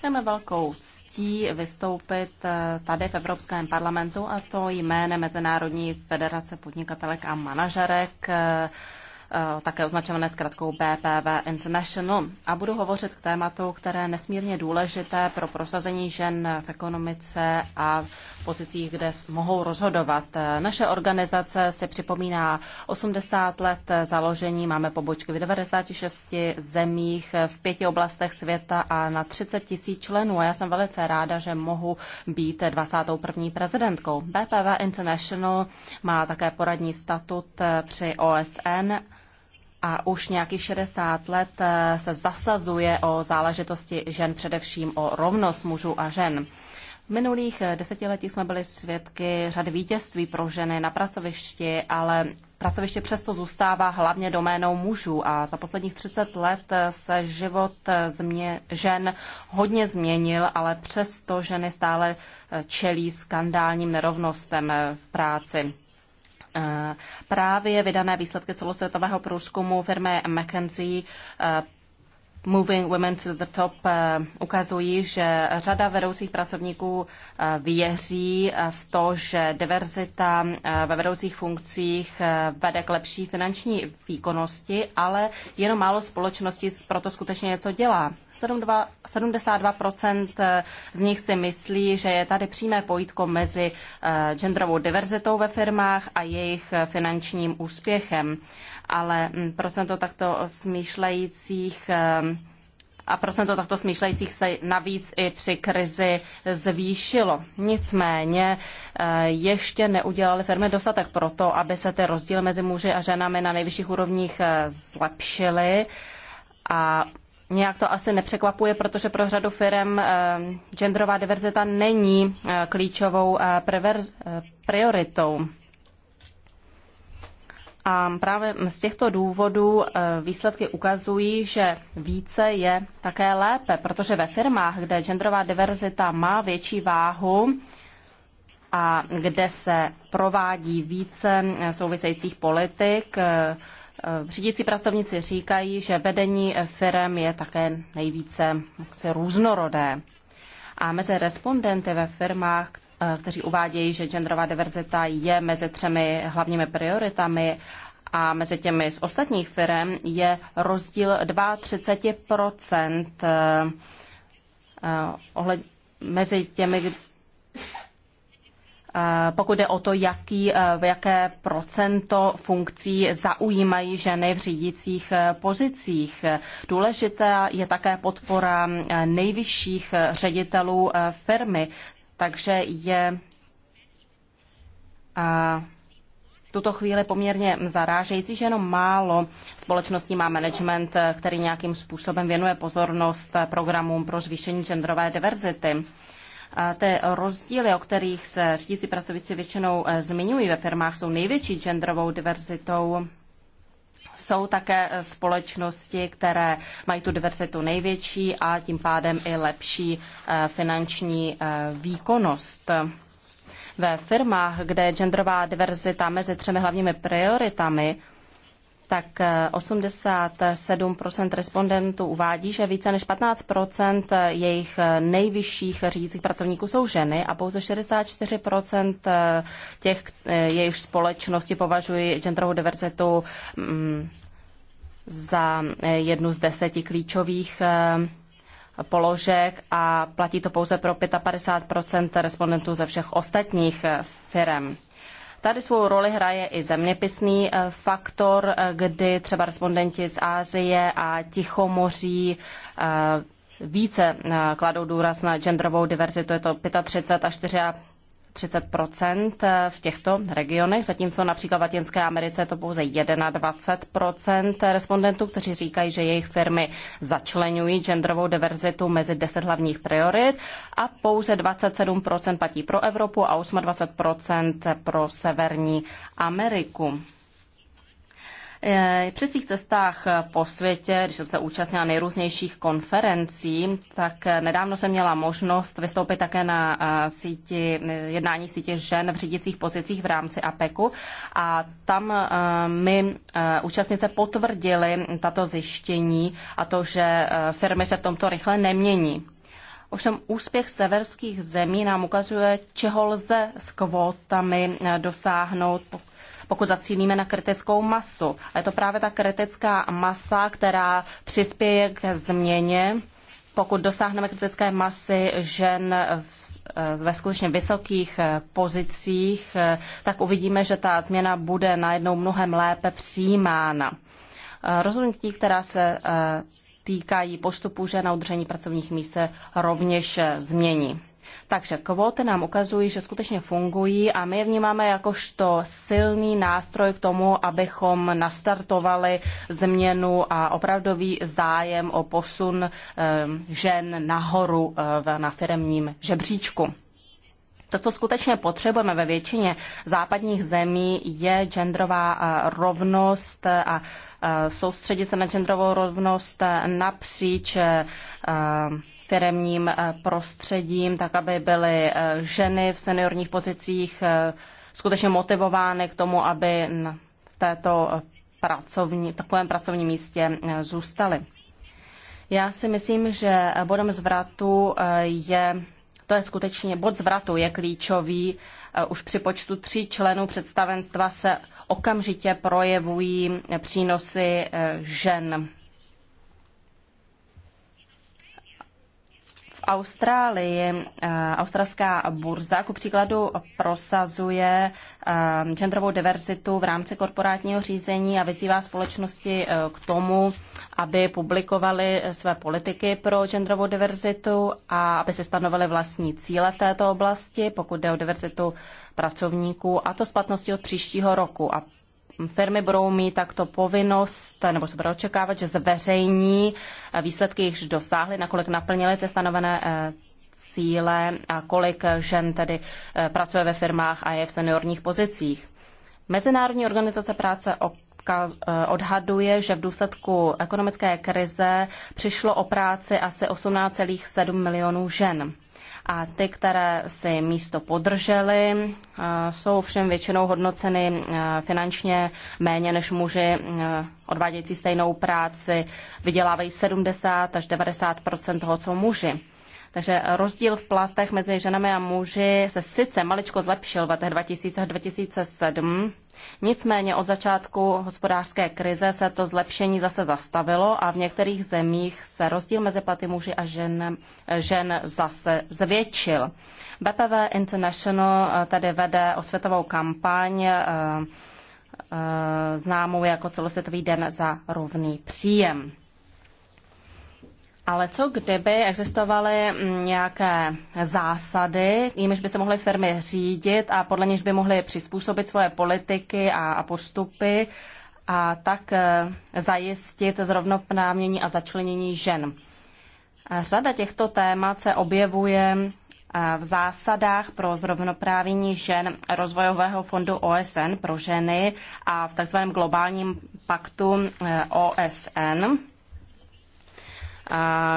Máme velkou ctí vystoupit eh, tady v Evropském parlamentu a to jméne Mezinárodní federace podnikatelek a manažerek eh, eh, také označované zkratkou BPV International. A budu hovořit k tématu, které je nesmírně důležité pro prosazení žen v ekonomice a pozicích, kde mohou rozhodovat. Eh, naše organizace se připomíná 80 let založení, máme pobočky v 96 zemích, eh, v pěti oblastech světa a na 30 tisíc členů. A já jsem velice ráda, že mohu být 21. prezidentkou. BPV International má také poradní statut eh, při OSN a už nějakých 60 let se zasazuje o záležitosti žen, především o rovnost mužů a žen minulých eh, desetiletí jsme byli svědky řady vítězství pro ženy na pracovišti, ale pracoviště přesto zůstává hlavně doménou mužů a za posledních 30 let eh, se život eh, změ- žen hodně změnil, ale přesto ženy stále čelí skandálním nerovnostem v práci. Právě vydané výsledky celosvětového průzkumu firmy McKinsey Moving Women to the Top eh, ukazují, že řada vedoucích pracovníků eh, věří eh, v to, že diverzita ve vedoucích funkcích vede k lepší finanční výkonnosti, ale jenom málo společností proto skutečně něco dělá. 72% eh, z nich si myslí, že je tady přímé pojítko mezi eh, genderovou diverzitou ve firmách a jejich eh, finančním úspěchem. Ale hm, procento takto smýšlejících a procento takto smýšlejících se navíc i při krizi zvýšilo. Nicméně ještě neudělali firmy dostatek pro to, aby se ty rozdíly mezi muži a ženami na nejvyšších úrovních zlepšily a Nějak to asi nepřekvapuje, protože pro řadu firm eh, genderová diverzita není eh, klíčovou eh, prioritou. A právě z těchto důvodů výsledky ukazují, že více je také lépe, protože ve firmách, kde genderová diverzita má větší váhu a kde se provádí více souvisejících politik, Eh, řídící pracovníci říkají, že vedení firm je také nejvíce různorodé. A mezi respondenty ve firmách, eh, kteří uvádějí, že genderová diverzita je mezi třemi hlavními prioritami a mezi těmi z ostatních firm je rozdíl 32 eh, ohled, mezi těmi, Eh, pokud jde o to, jaký, eh, jaké procento funkcí zaujímají ženy v řídících eh, pozicích. Důležitá je také podpora nejvyšších ředitelů firmy, takže je tuto chvíli poměrně zarážející, že jenom málo společností má management, který nějakým způsobem věnuje pozornost programům pro zvýšení genderové diverzity ty rozdíly, o kterých se řídící pracovníci většinou eh, zmiňují ve firmách, jsou největší genderovou diverzitou. Jsou také eh, společnosti, které mají tu diversitu největší a tím pádem i lepší eh, finanční výkonnost. Ve firmách, kde je genderová diverzita mezi třemi hlavními prioritami, tak 87% eh, respondentů uvádí, že více než 15% jejich eh, nejvyšších řídících pracovníků jsou ženy a pouze 64% eh, těch, jejich společnosti považují genderovou diverzitu mm, za jednu z deseti klíčových položek a platí to pouze pro 55 respondentů ze všech ostatních firm. Tady svou roli hraje i zeměpisný eh, faktor, eh, kdy třeba respondenti z Ázie a Tichomoří eh, více kladou důraz na genderovou diverzitu, je to 35 až 30 eh, v těchto regionech, zatímco například v Latinské Americe je to pouze 21 respondentů, kteří říkají, že jejich firmy začlenují genderovou diverzitu mezi 10 hlavních priorit a pouze 27 platí pro Evropu a 28 pro Severní Ameriku. Eh, při svých cestách eh, po světě, když jsem se účastnila nejrůznějších konferencí, tak eh, nedávno jsem měla možnost vystoupit také na síti, jednání sítě žen v řídicích pozicích v rámci APEKu a tam mi účastnice potvrdili tato zjištění a to, že firmy se v tomto rychle nemění. Ovšem úspěch severských zemí nám ukazuje, čeho lze s kvótami dosáhnout, pokud zacílíme na kritickou masu. A je to právě ta kritická masa, která přispěje k změně, pokud dosáhneme kritické masy žen v eh, ve skutečně vysokých eh, pozicích, eh, tak uvidíme, že ta změna bude najednou mnohem lépe přijímána. Rozhodnutí, která se týkají postupu žen na udržení pracovních míst, se rovněž změní. Takže kvóty nám ukazují, že skutečně fungují a my je vnímáme jakožto silný nástroj k tomu, abychom nastartovali změnu a opravdový zájem o posun eh, žen nahoru eh, na firmním žebříčku. To, co skutečně potřebujeme ve většině západních zemí, je genderová eh, rovnost a soustředit se na genderovou rovnost napříč firemním eh, prostředím, tak aby byly eh, ženy v seniorních pozicích eh, skutečně motivovány k tomu, aby v této pracovní, v takovém pracovním místě zůstaly. Já si myslím, že bodem zvratu je, to je skutečně, bod zvratu je klíčový. Už při počtu tří členů představenstva se okamžitě projevují přínosy žen Austrálii eh, australská burza ku příkladu prosazuje eh, genderovou diverzitu v rámci korporátního řízení a vyzývá společnosti eh, k tomu, aby publikovali své politiky pro genderovou diverzitu a aby se stanovili vlastní cíle v této oblasti, pokud jde o diverzitu pracovníků, a to s platností od příštího roku. A firmy budou mít takto povinnost, nebo se bude očekávat, že zveřejní výsledky, jichž dosáhly, nakolik naplnily ty stanovené eh, cíle a kolik žen tedy eh, pracuje ve firmách a je v seniorních pozicích. Mezinárodní organizace práce eh, odhaduje, že v důsledku ekonomické krize přišlo o práci asi 18,7 milionů žen a ty, které si místo podržely, eh, jsou všem většinou hodnoceny eh, finančně méně než muži eh, odvádějící stejnou práci, vydělávají 70 až 90 toho, co muži. Takže rozdíl v platech mezi ženami a muži se sice maličko zlepšil v letech 2000 až 2007, nicméně od začátku hospodářské krize se to zlepšení zase zastavilo a v některých zemích se rozdíl mezi platy muži a žen, žen zase zvětšil. BPV International eh, tady vede osvětovou kampaň eh, eh, známou jako celosvětový den za rovný příjem. Ale co kdyby existovaly nějaké zásady, jimiž by se mohly firmy řídit a podle něž by mohly přizpůsobit svoje politiky a, postupy a tak eh, zajistit zrovnoprávnění a začlenění žen? Řada těchto témat se objevuje eh, v zásadách pro zrovnoprávnění žen rozvojového fondu OSN pro ženy a v tzv. globálním paktu eh, OSN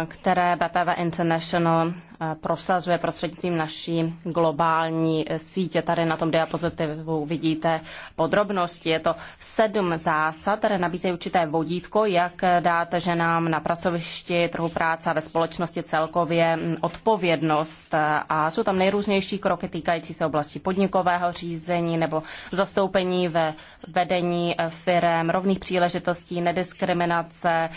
které BPV International eh, prosazuje prostřednictvím naší globální sítě. Tady na tom diapozitivu vidíte podrobnosti. Je to sedm zásad, které nabízejí určité vodítko, jak dát ženám na pracovišti, trhu práce a ve společnosti celkově mm, odpovědnost. A jsou tam nejrůznější kroky týkající se oblasti podnikového řízení nebo zastoupení ve vedení firem, rovných příležitostí, nediskriminace,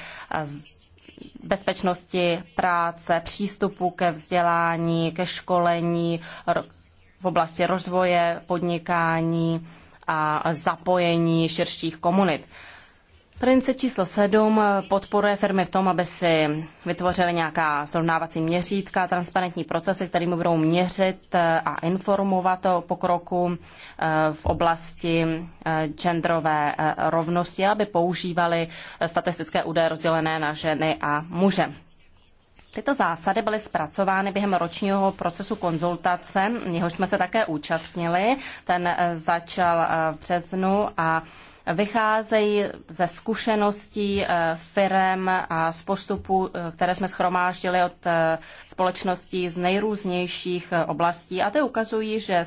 bezpečnosti práce, přístupu ke vzdělání, ke školení, v oblasti rozvoje, podnikání a zapojení širších komunit. Prince číslo 7 podporuje firmy v tom, aby si vytvořily nějaká srovnávací měřítka, transparentní procesy, kterými budou měřit eh, a informovat o pokroku eh, v oblasti eh, genderové rovnosti, aby používali statistické údaje rozdělené na ženy a muže. Tyto zásady byly zpracovány během ročního procesu konzultace, jehož jsme se také účastnili. Ten začal v březnu a vycházejí ze zkušeností eh, firem a z postupů, eh, které jsme schromáždili od eh, společností z nejrůznějších oblastí a ty ukazují, že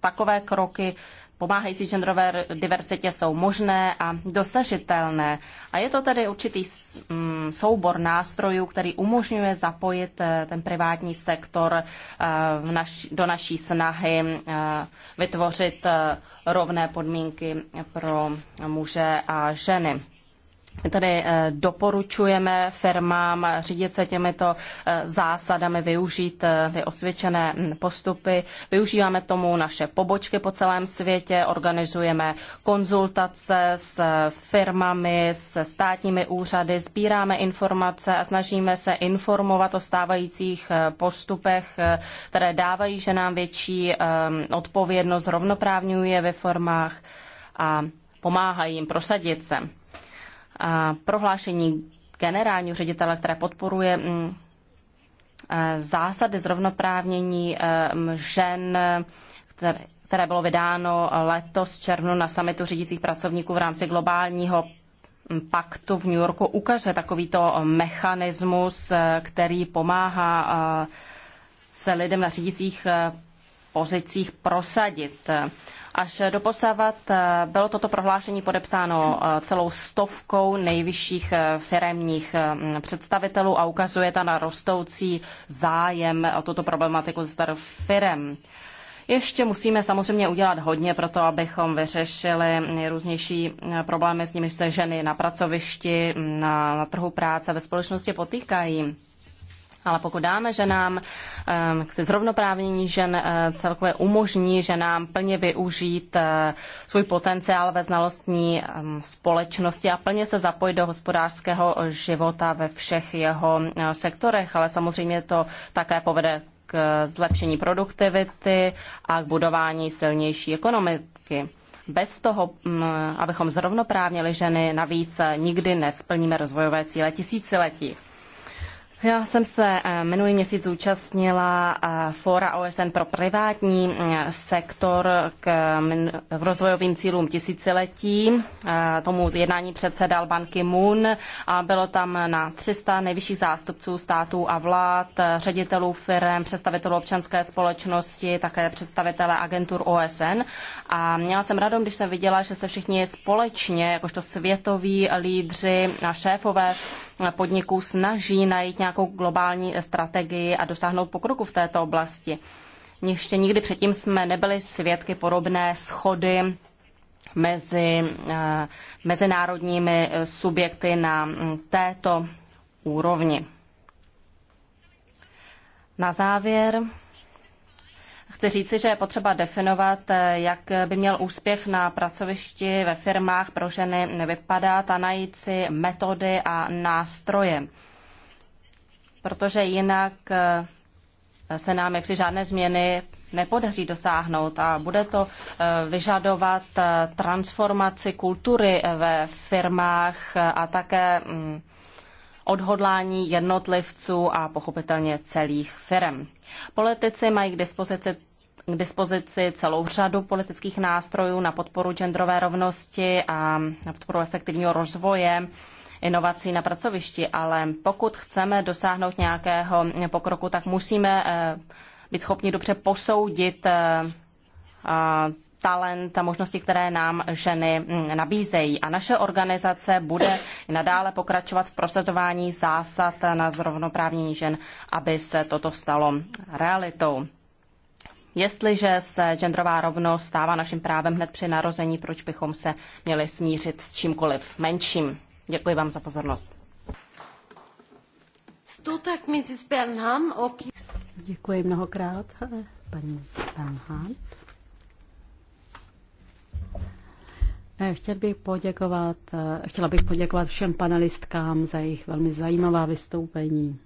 takové kroky pomáhající genderové diverzitě jsou možné a dosažitelné. A je to tedy určitý mm, soubor nástrojů, který umožňuje zapojit eh, ten privátní sektor eh, do naší snahy eh, vytvořit rovné podmínky pro muže a ženy. Tady eh, doporučujeme firmám řídit se těmito eh, zásadami, využít eh, ty osvědčené hm, postupy. Využíváme tomu naše pobočky po celém světě, organizujeme konzultace s firmami, se státními úřady, sbíráme informace a snažíme se informovat o stávajících postupech, které dávají ženám větší ehm, odpovědnost, rovnoprávňují je ve formách a pomáhají jim prosadit se prohlášení generálního ředitele, které podporuje mm, e, zásady zrovnoprávnění e, žen, které, bylo vydáno letos červnu na samitu řídících pracovníků v rámci globálního paktu v New Yorku, ukazuje takovýto mechanismus, e, který pomáhá se lidem na řídících pozicích prosadit. Až doposavat eh, bylo toto prohlášení podepsáno eh, celou stovkou nejvyšších eh, firemních představitelů a ukazuje ta na rostoucí zájem o tuto problematiku ze starých firem. Ještě musíme samozřejmě udělat hodně pro to, abychom vyřešili nejrůznější problémy, s nimiž se ženy na pracovišti, na, na trhu práce ve společnosti potýkají ale pokud dáme ženám eh, se zrovnoprávnění žen eh, celkově umožní ženám plně využít eh, svůj potenciál ve znalostní ehm, společnosti a plně se zapojit do hospodářského života ve všech jeho sektorech, ale samozřejmě to také povede k zlepšení produktivity a k budování silnější ekonomiky. Bez toho, mm, abychom zrovnoprávnili ženy, navíc nikdy nesplníme rozvojové cíle tisíciletí. Já jsem se eh, minulý měsíc zúčastnila eh, Fóra OSN pro privátní mm, sektor k mm, rozvojovým cílům tisíciletí. Eh, tomu jednání předsedal Ban Ki-moon a bylo tam na 300 nejvyšších zástupců států a vlád, ředitelů firm, představitelů občanské společnosti, také představitelé agentur OSN. A měla jsem radom, když jsem viděla, že se všichni společně, jakožto světoví lídři a šéfové podniků snaží najít nějakou globální strategii a dosáhnout pokroku v této oblasti. Ještě nikdy předtím jsme nebyli svědky podobné schody mezi eh, mezinárodními subjekty na této úrovni. Na závěr Chci říci, že je potřeba definovat, eh, jak by měl úspěch na pracovišti ve firmách pro ženy vypadat a najít si metody a nástroje. Protože jinak eh, se nám jaksi žádné změny nepodaří dosáhnout a bude to eh, vyžadovat transformaci kultury ve firmách a také mm, odhodlání jednotlivců a pochopitelně celých firm. Politici mají k dispozici k dispozici celou řadu politických nástrojů na podporu genderové rovnosti a na podporu efektivního rozvoje inovací na pracovišti, ale pokud chceme dosáhnout nějakého pokroku, tak musíme eh, být schopni dobře posoudit eh, talent a možnosti, které nám ženy mm, nabízejí. A naše organizace bude nadále pokračovat v prosazování zásad na zrovnoprávnění žen, aby se toto stalo realitou. Jestliže se genderová rovnost stává naším právem hned při narození, proč bychom se měli smířit s čímkoliv menším? Děkuji vám za pozornost. Tak, Mrs. Bernham, Děkuji mnohokrát, paní Bernhardt. Chtěl bych poděkovat, chtěla bych poděkovat všem panelistkám za jejich velmi zajímavá vystoupení.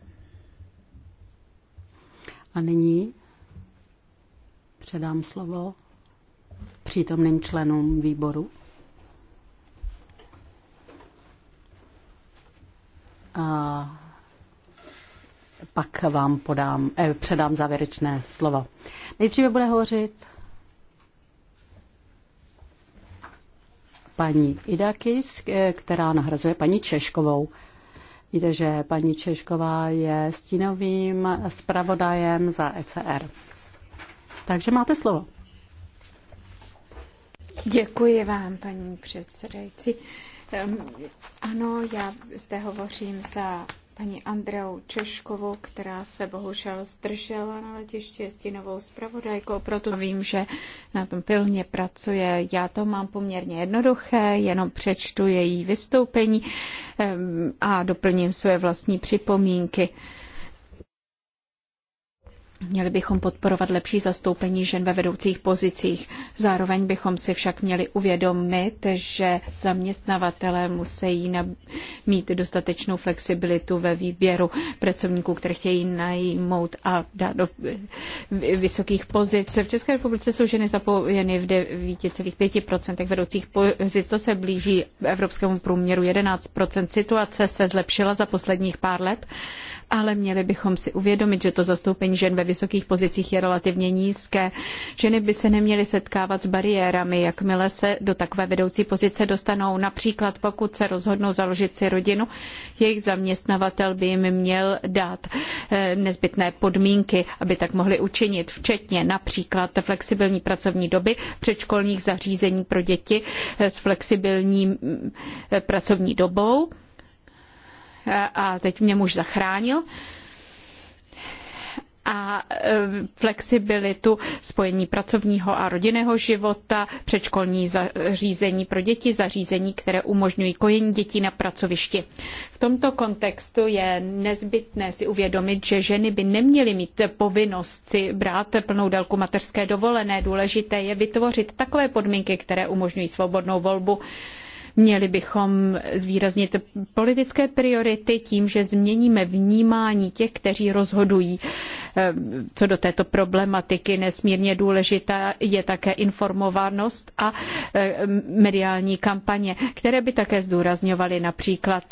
A nyní Předám slovo přítomným členům výboru. A pak vám podám, eh, předám závěrečné slovo. Nejdříve bude hovořit paní Idakis, eh, která nahrazuje paní Češkovou. Víte, že paní Češková je stínovým zpravodajem za ECR. Takže máte slovo. Děkuji vám, paní předsedající. Um, ano, já zde hovořím za paní Andreou Češkovou, která se bohužel zdržela na letiště s novou zpravodajkou, proto vím, že na tom pilně pracuje. Já to mám poměrně jednoduché, jenom přečtu její vystoupení a doplním své vlastní připomínky. Měli bychom podporovat lepší zastoupení žen ve vedoucích pozicích. Zároveň bychom si však měli uvědomit, že zaměstnavatele musí mít dostatečnou flexibilitu ve výběru pracovníků, které chtějí najmout a dát do vysokých pozic. V České republice jsou ženy zapojeny v 9,5% vedoucích pozic. To se blíží evropskému průměru 11%. Situace se zlepšila za posledních pár let, ale měli bychom si uvědomit, že to zastoupení žen ve vysokých pozicích je relativně nízké. Ženy by se neměly setkávat s bariérami, jakmile se do takové vedoucí pozice dostanou. Například pokud se rozhodnou založit si rodinu, jejich zaměstnavatel by jim měl dát eh, nezbytné podmínky, aby tak mohli učinit, včetně například flexibilní pracovní doby, předškolních zařízení pro děti eh, s flexibilní eh, pracovní dobou. A teď mě muž zachránil a e, flexibilitu spojení pracovního a rodinného života, předškolní zařízení pro děti, zařízení, které umožňují kojení dětí na pracovišti. V tomto kontextu je nezbytné si uvědomit, že ženy by neměly mít povinnost si brát plnou délku mateřské dovolené. Důležité je vytvořit takové podmínky, které umožňují svobodnou volbu. Měli bychom zvýraznit politické priority tím, že změníme vnímání těch, kteří rozhodují Eh, co do této problematiky. Nesmírně důležitá je také informovanost a eh, mediální kampaně, které by také zdůrazňovaly například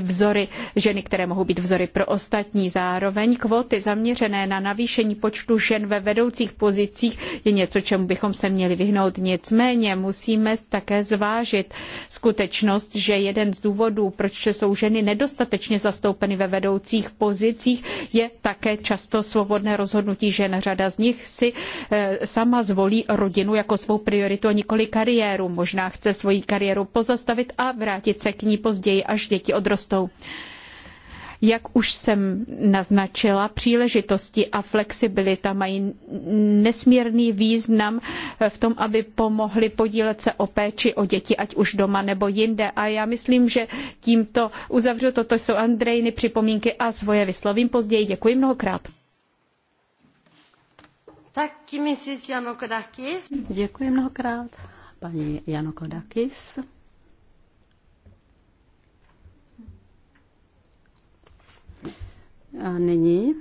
vzory ženy, které mohou být vzory pro ostatní. Zároveň kvóty zaměřené na navýšení počtu žen ve vedoucích pozicích je něco, čemu bychom se měli vyhnout. Nicméně musíme také zvážit skutečnost, že jeden z důvodů, proč jsou ženy nedostatečně zastoupeny ve vedoucích pozicích, je také často svobodné rozhodnutí žen. Řada z nich si eh, sama zvolí rodinu jako svou prioritu a nikoli kariéru. Možná chce svoji kariéru pozastavit a vrátit se k ní později, až děti odrostou. Jak už jsem naznačila, příležitosti a flexibilita mají nesmírný význam v tom, aby pomohli podílet se o péči o děti, ať už doma nebo jinde. A já myslím, že tímto uzavřu. Toto jsou Andrejny připomínky a svoje vyslovím později. Děkuji mnohokrát. Taky Mrs. Janokodakis. Děkuji mnohokrát, paní Janokodakis. A nyní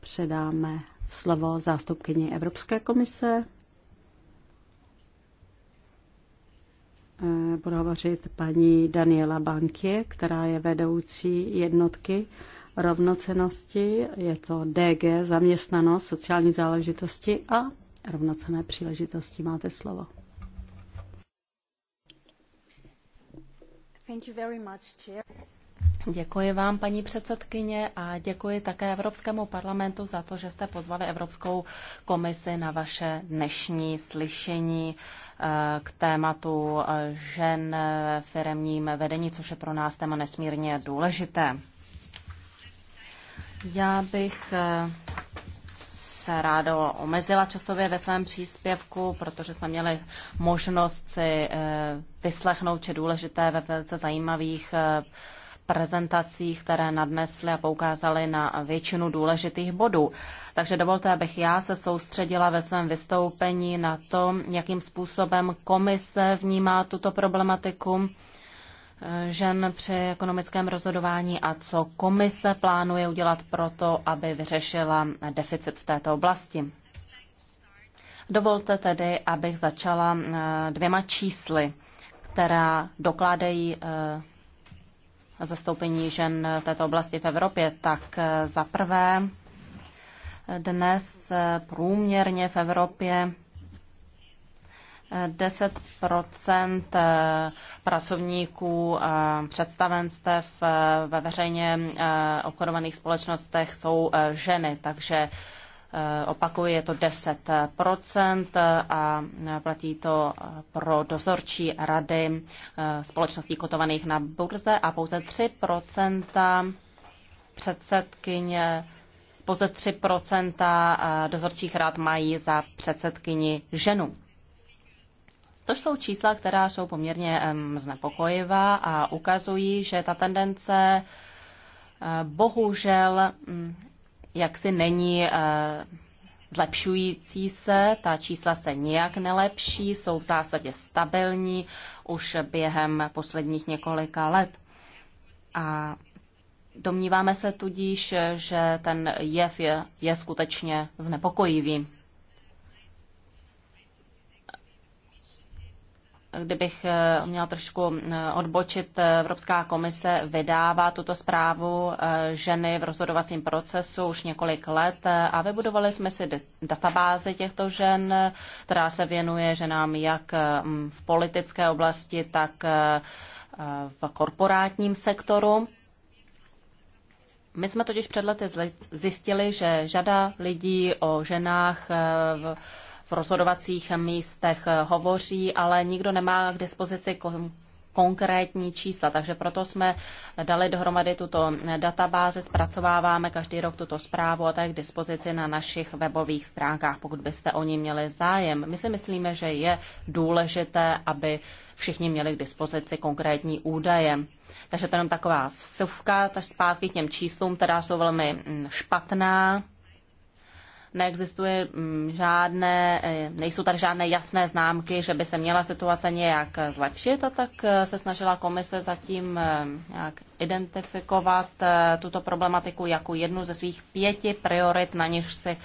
předáme slovo zástupkyni Evropské komise. Eh, bude hovořit paní Daniela Bankie, která je vedoucí jednotky rovnocenosti, je to DG, zaměstnanost, sociální záležitosti a rovnocené příležitosti. Máte slovo. Thank you very much, Chair. Děkuji vám, paní předsedkyně, a děkuji také Evropskému parlamentu za to, že jste pozvali Evropskou komisi na vaše dnešní slyšení eh, k tématu eh, žen firemním vedení, což je pro nás téma nesmírně důležité. Já bych eh, se rádo omezila časově ve svém příspěvku, protože jsme měli možnost si eh, vyslechnout či důležité ve velice zajímavých eh, prezentacích, které nadnesly a poukázaly na většinu důležitých bodů. Takže dovolte, abych já se soustředila ve svém vystoupení na to, jakým způsobem komise vnímá tuto problematiku žen při ekonomickém rozhodování a co komise plánuje udělat proto, aby vyřešila deficit v této oblasti. Dovolte tedy, abych začala eh, dvěma čísly, která dokládají eh, zastoupení žen v této oblasti v Evropě. Tak eh, za prvé, dnes průměrně v Evropě 10 eh, pracovníků představenstev eh, ve veřejně eh, obchodovaných společnostech jsou ženy, takže opakuje je to 10 a platí to pro dozorčí rady společností kotovaných na burze a pouze 3 předsedkyně pouze 3 dozorčích rád mají za předsedkyni ženu. Což jsou čísla, která jsou poměrně znepokojivá a ukazují, že ta tendence eh, bohužel mm, jaksi není eh, zlepšující se, ta čísla se nijak nelepší, jsou v zásadě stabilní už během posledních několika let. A domníváme se tudíž, že ten jev je, je skutečně znepokojivý. kdybych eh, měla trošku eh, odbočit, eh, Evropská komise vydává tuto zprávu ženy v rozhodovacím procesu už několik let a vybudovali jsme si databázi těchto žen, která se věnuje ženám jak v politické oblasti, tak v korporátním sektoru. My jsme totiž před lety zjistili, že žada lidí o ženách v v rozhodovacích místech hovoří, ale nikdo nemá k dispozici konkrétní čísla. Takže proto jsme dali dohromady tuto databázi, zpracováváme každý rok tuto zprávu a ta je k dispozici na našich webových stránkách, pokud byste o ní měli zájem. My si myslíme, že je důležité, aby všichni měli k dispozici konkrétní údaje. Takže to je taková vsuvka, tak zpátky k těm číslům, která jsou velmi mm, špatná, neexistuje mm, žádné, eh, nejsou tady žádné jasné známky, že by se měla situace nějak zlepšit a tak eh, se snažila komise zatím eh, nějak identifikovat tuto problematiku jako jednu ze svých pěti priorit, na niž si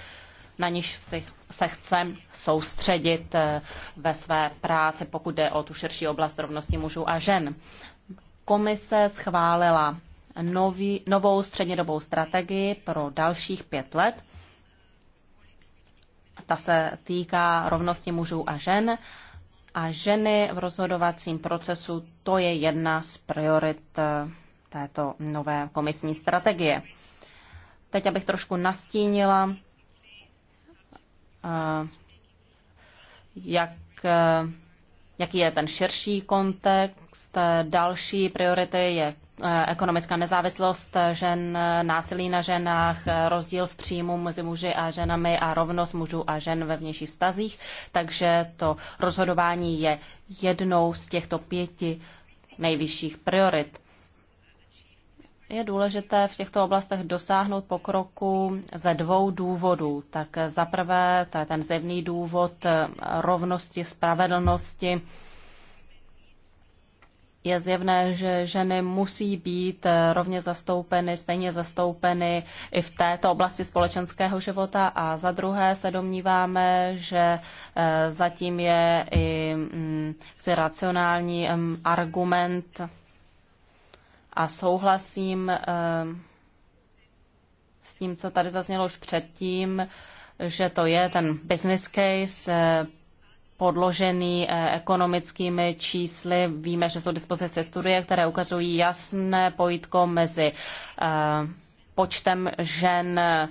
na niž si, se chce soustředit ve své práci, pokud jde o tu širší oblast rovnosti mužů a žen. Komise schválila nový, novou střednědobou strategii pro dalších pět let ta se týká rovnosti mužů a žen a ženy v rozhodovacím procesu, to je jedna z priorit eh, této nové komisní strategie. Teď, abych trošku nastínila, eh, jak, eh, jaký je ten širší kontext, Eh, další priority je eh, ekonomická nezávislost žen, eh, násilí na ženách, rozdíl v příjmu mezi muži a ženami a rovnost mužů a žen ve vnějších vztazích. Takže to rozhodování je jednou z těchto pěti nejvyšších priorit. Je důležité v těchto oblastech dosáhnout pokroku ze dvou důvodů. Tak za prvé, to je ten zevný důvod rovnosti, spravedlnosti, je zjevné, že ženy musí být eh, rovně zastoupeny, stejně zastoupeny i v této oblasti společenského života. A za druhé se domníváme, že eh, zatím je i mm, si racionální argument a souhlasím s tím, co tady zaznělo už předtím, že to je ten business case eh, podložený eh, ekonomickými čísly. Víme, že jsou dispozice studie, které ukazují jasné pojitko mezi eh, počtem žen eh,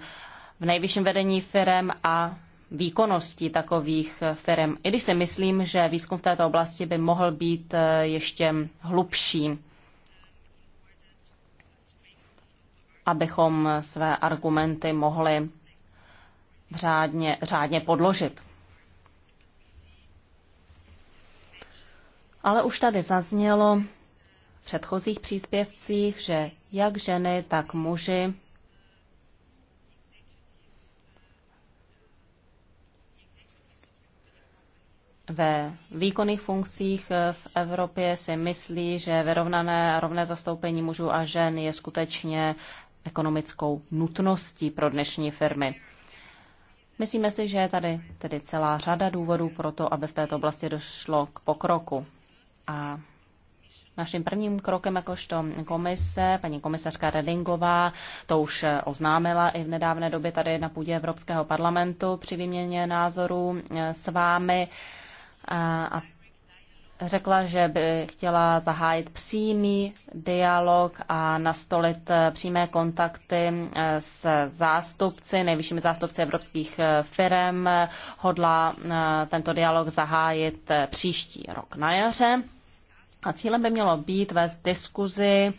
v nejvyšším vedení firm a výkonností takových firm. I když si myslím, že výzkum v této oblasti by mohl být ještě hlubší, abychom své argumenty mohli řádně, řádně podložit. Ale už tady zaznělo v předchozích příspěvcích, že jak ženy, tak muži ve výkonných funkcích v Evropě si myslí, že vyrovnané a rovné zastoupení mužů a žen je skutečně ekonomickou nutností pro dnešní firmy. Myslíme si, že je tady tedy celá řada důvodů pro to, aby v této oblasti došlo k pokroku. A Naším prvním krokem jakožto komise, paní komisařka Redingová, to už oznámila i v nedávné době tady na půdě Evropského parlamentu při výměně názorů eh, s vámi. A řekla, že by chtěla zahájit přímý dialog a nastolit eh, přímé kontakty eh, s zástupci, nejvyššími zástupci evropských eh, firm. Hodla tento dialog zahájit příští rok na jaře. A cílem by mělo být vést diskuzi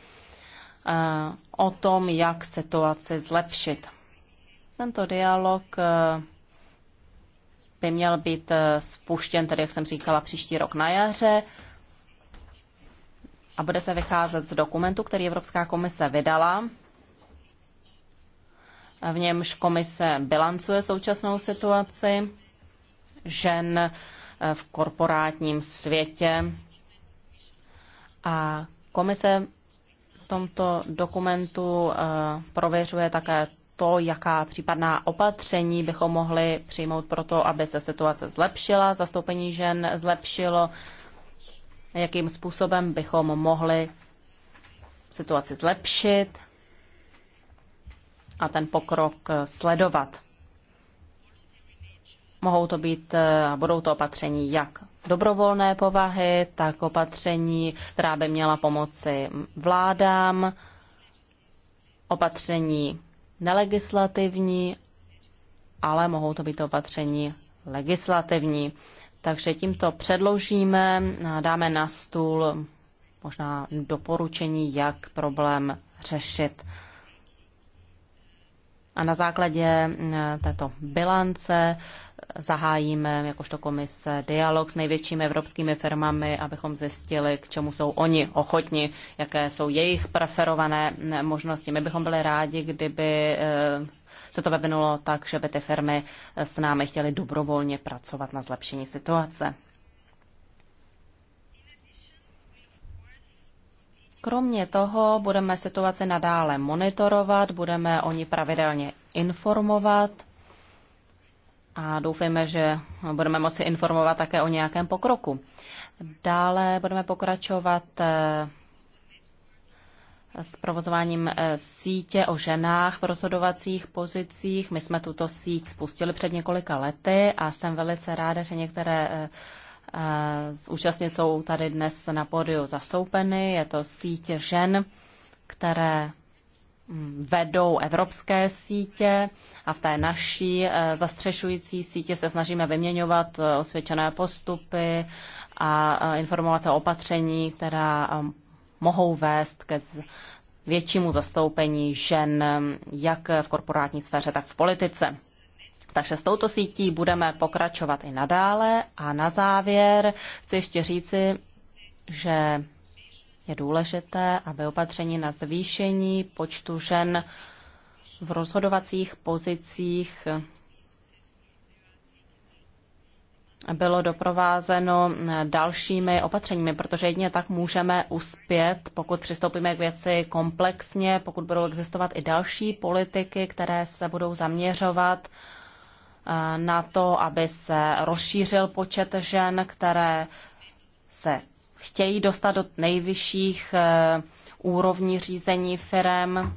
o tom, jak situaci zlepšit. Tento dialog by měl být eh, spuštěn, tedy jak jsem říkala, příští rok na jaře a bude se vycházet z dokumentu, který Evropská komise vydala. V němž komise bilancuje současnou situaci žen eh, v korporátním světě a komise v tomto dokumentu eh, prověřuje také to, jaká případná opatření bychom mohli přijmout pro to, aby se situace zlepšila, zastoupení žen zlepšilo, jakým způsobem bychom mohli situaci zlepšit a ten pokrok sledovat. Mohou to být, budou to opatření jak dobrovolné povahy, tak opatření, která by měla pomoci vládám, opatření nelegislativní, ale mohou to být opatření legislativní. Takže tímto předložíme, dáme na stůl možná doporučení, jak problém řešit. A na základě eh, této bilance zahájíme jakožto komise dialog s největšími evropskými firmami, abychom zjistili, k čemu jsou oni ochotni, jaké jsou jejich preferované možnosti. My bychom byli rádi, kdyby eh, se to vyvinulo tak, že by ty firmy s námi chtěly dobrovolně pracovat na zlepšení situace. Kromě toho budeme situaci nadále monitorovat, budeme o ní pravidelně informovat a doufejme, že budeme moci informovat také o nějakém pokroku. Dále budeme pokračovat eh, s provozováním eh, sítě o ženách v rozhodovacích pozicích. My jsme tuto síť spustili před několika lety a jsem velice ráda, že některé eh, z účastnic jsou tady dnes na pódiu zastoupeny. Je to síť žen, které vedou evropské sítě a v té naší eh, zastřešující sítě se snažíme vyměňovat eh, osvědčené postupy a eh, informovat se o opatření, která mohou vést ke většímu zastoupení žen jak v korporátní sféře, tak v politice. Takže s touto sítí budeme pokračovat i nadále. A na závěr chci ještě říci, že je důležité, aby opatření na zvýšení počtu žen v rozhodovacích pozicích bylo doprovázeno dalšími opatřeními, protože jedině tak můžeme uspět, pokud přistoupíme k věci komplexně, pokud budou existovat i další politiky, které se budou zaměřovat eh, na to, aby se rozšířil počet žen, které se chtějí dostat do nejvyšších eh, úrovní řízení firem.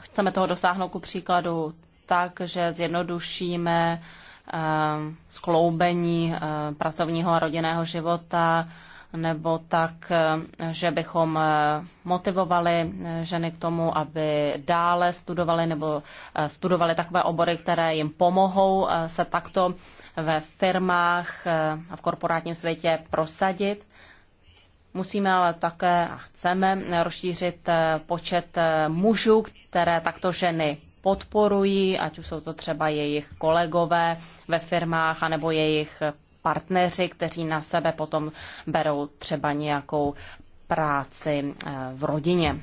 Chceme toho dosáhnout ku příkladu tak, že zjednodušíme eh, skloubení eh, pracovního a rodinného života, nebo tak, eh, že bychom eh, motivovali eh, ženy k tomu, aby dále studovali nebo studovali takové obory, které jim pomohou se takto ve firmách a v korporátním světě prosadit. Musíme ale také a chceme rozšířit počet mužů, které takto ženy podporují, ať už jsou to třeba jejich kolegové ve firmách, anebo jejich partneři, kteří na sebe potom berou třeba nějakou práci eh, v rodině.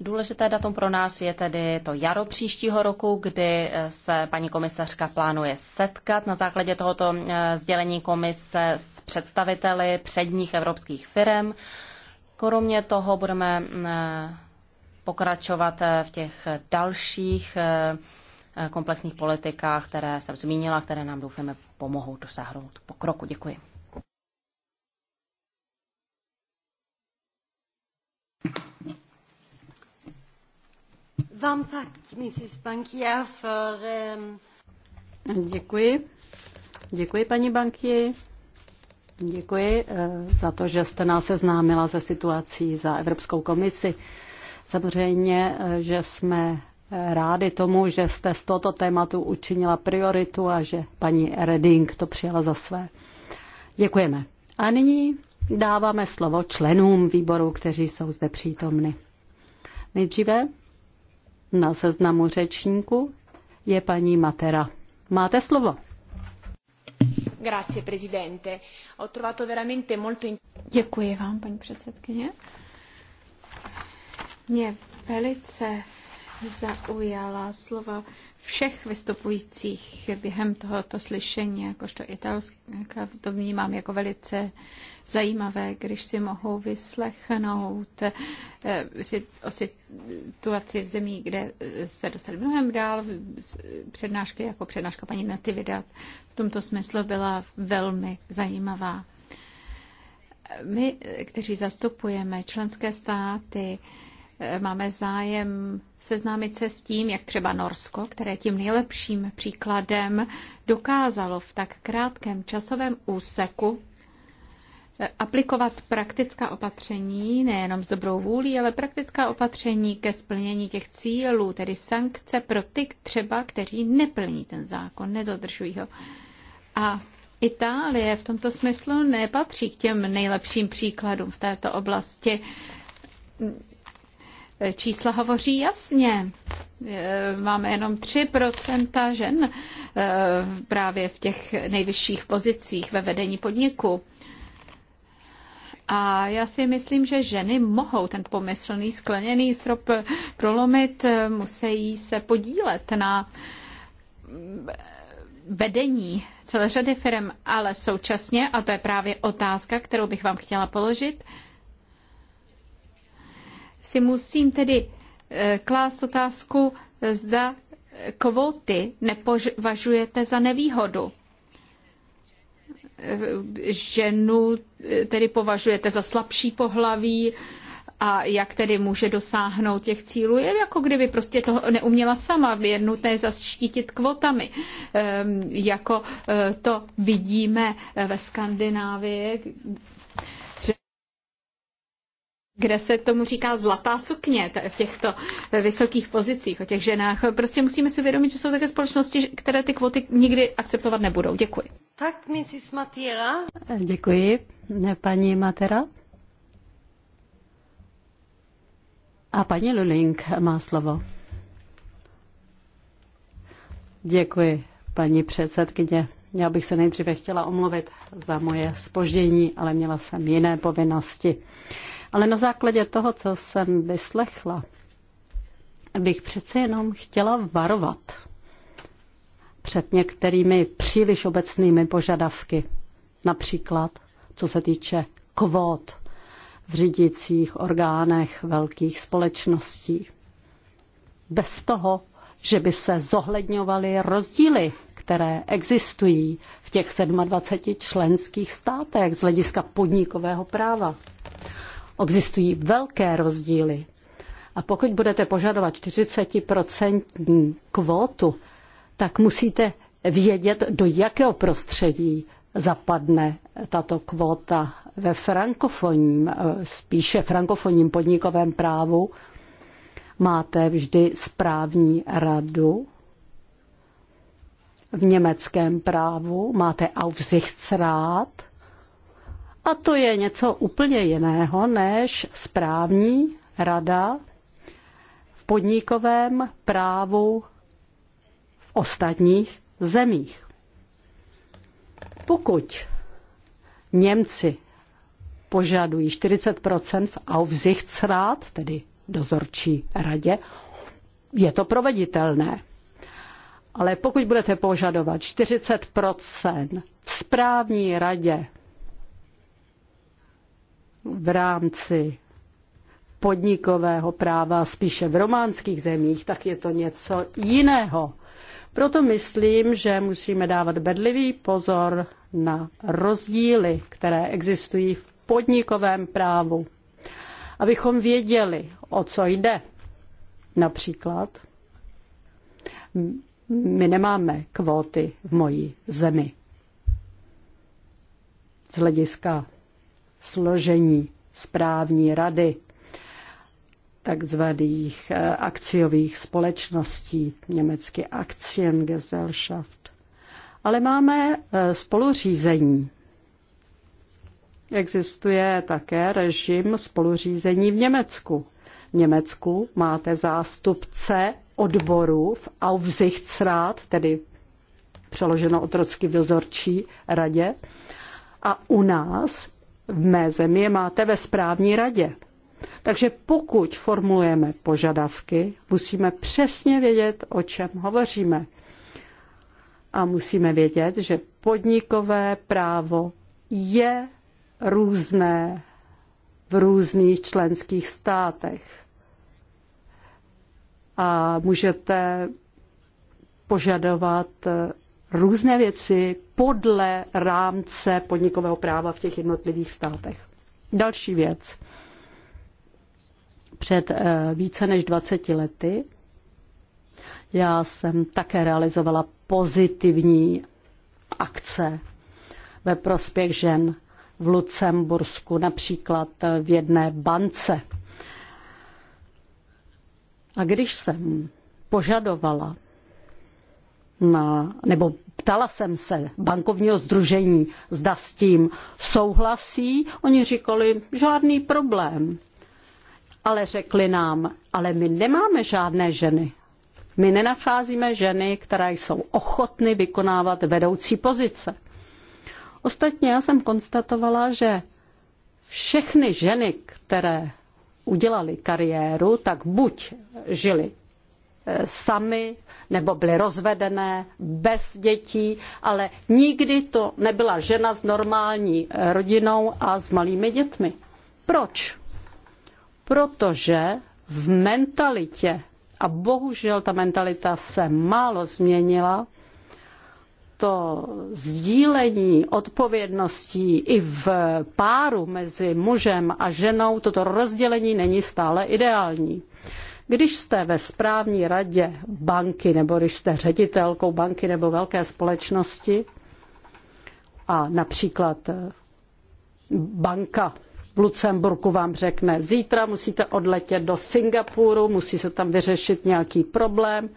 Důležité datum pro nás je tedy to jaro příštího roku, kdy eh, se paní komisařka plánuje setkat na základě tohoto eh, sdělení komise s představiteli předních evropských firm. Kromě toho budeme pokračovat eh, v těch eh, dalších eh, komplexních politikách, které jsem zmínila, které nám doufáme pomohou dosáhnout pokroku. Děkuji. Vám tak, Mrs. Bankia, for, um... Děkuji. Děkuji, paní Banky. Děkuji za to, že jste nás seznámila se situací za Evropskou komisi. Samozřejmě, že jsme rádi tomu, že jste z tohoto tématu učinila prioritu a že paní Reding to přijala za své. Děkujeme. A nyní dáváme slovo členům výboru, kteří jsou zde přítomny. Nejdříve na seznamu řečníku je paní Matera. Máte slovo. Grazie, presidente. Ho trovato veramente molto... Děkuji vám, paní předsedkyně. Mě velice zaujala slova všech vystupujících během tohoto slyšení, jakožto italská, to vnímám jako velice zajímavé, když si mohou vyslechnout eh, o situaci v zemí, kde se dostali mnohem dál, přednášky jako přednáška paní Natividat v tomto smyslu byla velmi zajímavá. My, kteří zastupujeme členské státy, Máme zájem seznámit se s tím, jak třeba Norsko, které tím nejlepším příkladem dokázalo v tak krátkém časovém úseku eh, aplikovat praktická opatření, nejenom s dobrou vůlí, ale praktická opatření ke splnění těch cílů, tedy sankce pro ty třeba, kteří neplní ten zákon, nedodržují ho. A Itálie v tomto smyslu nepatří k těm nejlepším příkladům v této oblasti. Eh, čísla hovoří jasně. Eh, máme jenom 3% žen eh, právě v těch nejvyšších pozicích ve vedení podniku. A já si myslím, že ženy mohou ten pomyslný skleněný strop prolomit, musí se podílet na mm, vedení celé řady firm, ale současně, a to je právě otázka, kterou bych vám chtěla položit, si musím tedy eh, klást otázku, eh, zda kvóty nepovažujete za nevýhodu. Eh, ženu tedy považujete za slabší pohlaví a jak tedy může dosáhnout těch cílů. Je jako kdyby prostě to neuměla sama, je nutné zaštítit kvotami, ehm, jako to vidíme ve Skandinávii, kde se tomu říká zlatá sukně v těchto vysokých pozicích o těch ženách. Prostě musíme si uvědomit, že jsou také společnosti, které ty kvóty nikdy akceptovat nebudou. Děkuji. Tak, Mrs. Matera. Děkuji, paní Matera. A paní Luling má slovo. Děkuji, paní předsedkyně. Já bych se nejdříve chtěla omluvit za moje spoždění, ale měla jsem jiné povinnosti. Uh, ale na základě toho, co jsem vyslechla, bych přece jenom chtěla varovat před některými příliš obecnými požadavky. Například, co se týče kvót v řídících orgánech velkých společností. Bez toho, že by se zohledňovaly rozdíly, které existují v těch 27 členských státech z hlediska podnikového práva existují velké rozdíly. A pokud budete požadovat 40% kvótu, tak musíte vědět, do jakého prostředí zapadne tato kvóta ve frankofonním, spíše frankofonním podnikovém právu. Máte vždy správní radu v německém právu, máte Aufsichtsrat, a to je něco úplně jiného než správní rada v podnikovém právu v ostatních zemích. Pokud Němci požadují 40 v Aufsichtsrat, tedy dozorčí radě, je to proveditelné. Ale pokud budete požadovat 40 v správní radě v rámci podnikového práva spíše v románských zemích, tak je to něco jiného. Proto myslím, že musíme dávat bedlivý pozor na rozdíly, které existují v podnikovém právu, abychom věděli, o co jde. Například, my nemáme kvóty v mojí zemi. Z hlediska složení správní rady takzvaných eh, akciových společností, německy Aktiengesellschaft. Ale máme eh, spoluřízení. Existuje také režim spoluřízení v Německu. V Německu máte zástupce odborů v Aufsichtsrat, tedy přeloženo otrocky v dozorčí radě. A u nás v mé zemi máte ve správní radě. Takže pokud formulujeme požadavky, musíme přesně vědět, o čem hovoříme. A musíme vědět, že podnikové právo je různé v různých členských státech. A můžete požadovat různé věci podle rámce podnikového práva v těch jednotlivých státech. Další věc. Před eh, více než 20 lety já jsem také realizovala pozitivní akce ve prospěch žen v Lucembursku, například v jedné bance. A když jsem požadovala na, nebo ptala jsem se bankovního združení, zda s tím souhlasí. Oni říkali, žádný problém. Ale řekli nám, ale my nemáme žádné ženy. My nenacházíme ženy, které jsou ochotny vykonávat vedoucí pozice. Ostatně já jsem konstatovala, že všechny ženy, které udělali kariéru, tak buď žili eh, sami nebo byly rozvedené bez dětí, ale nikdy to nebyla žena s normální eh, rodinou a s malými dětmi. Proč? Protože v mentalitě, a bohužel ta mentalita se málo změnila, to sdílení odpovědností i v páru mezi mužem a ženou, toto rozdělení není stále ideální. Když jste ve správní radě banky nebo když jste ředitelkou banky nebo velké společnosti a například eh, banka v Lucemburku vám řekne, zítra musíte odletět do Singapuru, musí se tam vyřešit nějaký problém,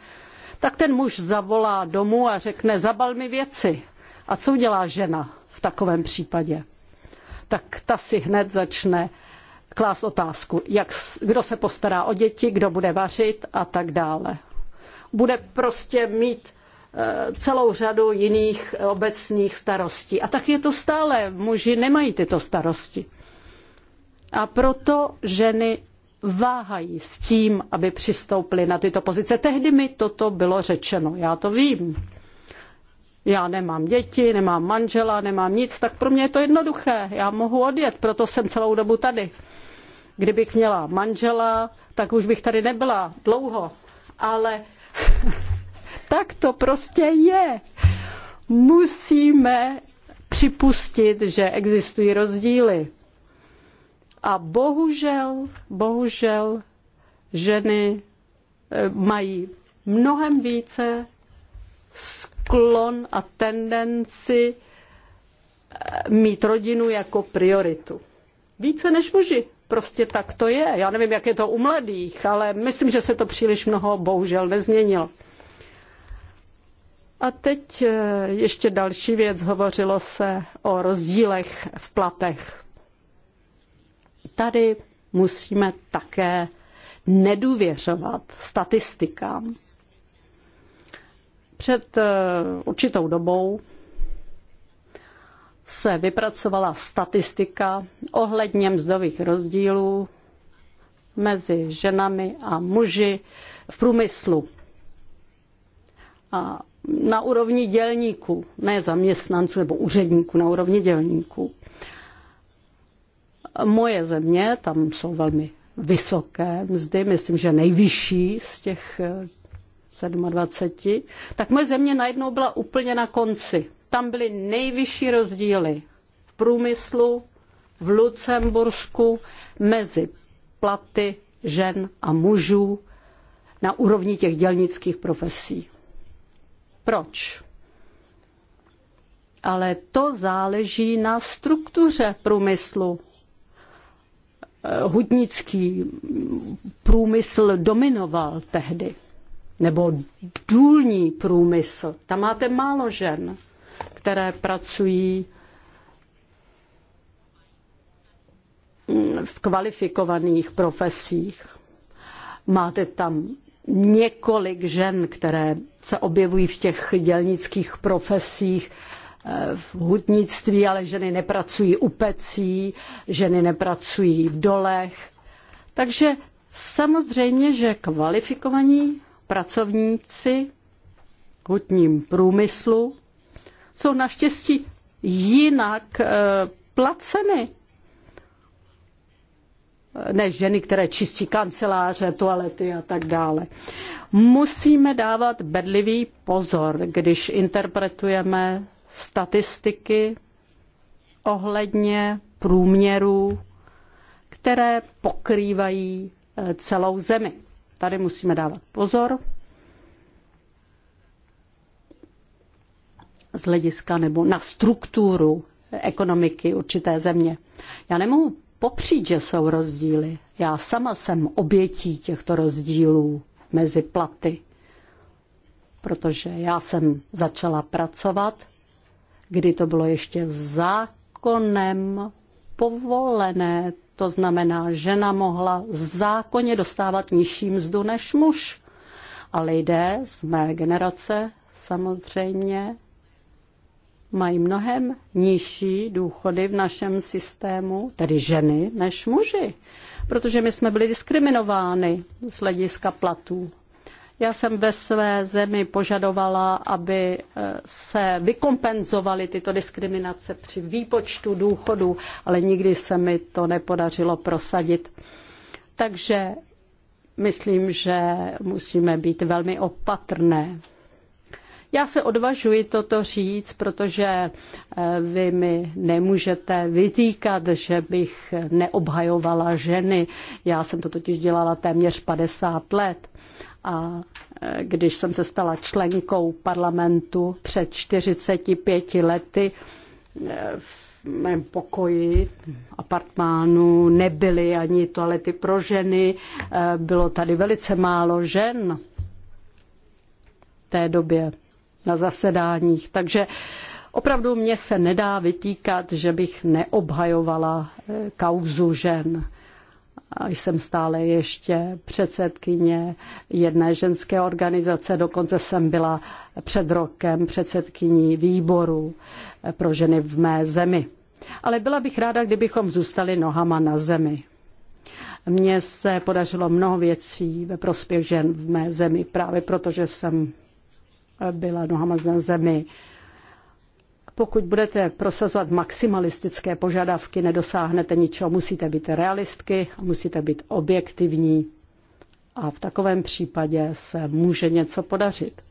tak ten muž zavolá domů a řekne, zabal mi věci. A co udělá žena v takovém případě? Tak ta si hned začne klást otázku, jak, kdo se postará o děti, kdo bude vařit a tak dále. Bude prostě mít e, celou řadu jiných obecných starostí. A tak je to stále. Muži nemají tyto starosti. A proto ženy váhají s tím, aby přistoupily na tyto pozice. Tehdy mi toto bylo řečeno, já to vím já nemám děti, nemám manžela, nemám nic, tak pro mě je to jednoduché. Já mohu odjet, proto jsem celou dobu tady. Kdybych měla manžela, tak už bych tady nebyla dlouho. Ale tak to prostě je. Musíme připustit, že existují rozdíly. A bohužel, bohužel, ženy eh, mají mnohem více sklon a tendenci eh, mít rodinu jako prioritu. Více než muži. Prostě tak to je. Já nevím, jak je to u mladých, ale myslím, že se to příliš mnoho bohužel nezměnilo. A teď eh, ještě další věc. Hovořilo se o rozdílech v platech. Tady musíme také nedůvěřovat statistikám. Před eh, určitou dobou se vypracovala statistika ohledně mzdových rozdílů mezi ženami a muži v průmyslu. A na úrovni dělníků, ne zaměstnanců nebo úředníků, na úrovni dělníků. Moje země, tam jsou velmi vysoké mzdy, myslím, že nejvyšší z těch eh, 27, tak moje země najednou byla úplně na konci. Tam byly nejvyšší rozdíly v průmyslu, v Lucembursku mezi platy žen a mužů na úrovni těch dělnických profesí. Proč? Ale to záleží na struktuře průmyslu. Eh, hudnický průmysl dominoval tehdy nebo důlní průmysl. Tam máte málo žen, které pracují mm, v kvalifikovaných profesích. Máte tam několik žen, které se objevují v těch dělnických profesích, eh, v hutnictví, ale ženy nepracují u pecí, ženy nepracují v dolech. Takže samozřejmě, že kvalifikovaní pracovníci v hutním průmyslu jsou naštěstí jinak eh, placeny než ženy, které čistí kanceláře, toalety a tak dále. Musíme dávat bedlivý pozor, když interpretujeme statistiky ohledně průměrů, které pokrývají eh, celou zemi. Tady musíme dávat pozor z hlediska nebo na strukturu ekonomiky určité země. Já nemohu popřít, že jsou rozdíly. Já sama jsem obětí těchto rozdílů mezi platy, protože já jsem začala pracovat, kdy to bylo ještě zákonem povolené to znamená, žena mohla zákonně dostávat nižší mzdu než muž. A lidé z mé generace samozřejmě mají mnohem nižší důchody v našem systému, tedy ženy, než muži. Protože my jsme byli diskriminovány z hlediska platů. Já jsem ve své zemi požadovala, aby eh, se vykompenzovaly tyto diskriminace při výpočtu důchodu, ale nikdy se mi to nepodařilo prosadit. Takže myslím, že musíme být velmi opatrné. Já se odvažuji toto říct, protože eh, vy mi nemůžete vytýkat, že bych neobhajovala ženy. Já jsem to totiž dělala téměř 50 let a e, když jsem se stala členkou parlamentu před 45 lety, e, v mém pokoji, apartmánu nebyly ani toalety pro ženy, e, bylo tady velice málo žen v té době na zasedáních, takže opravdu mě se nedá vytýkat, že bych neobhajovala kauzu žen jsem stále ještě předsedkyně jedné ženské organizace, dokonce jsem byla před rokem předsedkyní výboru pro ženy v mé zemi. Ale byla bych ráda, kdybychom zůstali nohama na zemi. Mně se podařilo mnoho věcí ve prospěch žen v mé zemi, právě protože jsem byla nohama na zemi. Pokud budete prosazovat maximalistické požadavky, nedosáhnete ničeho. Musíte být realistky a musíte být objektivní. A v takovém případě se může něco podařit.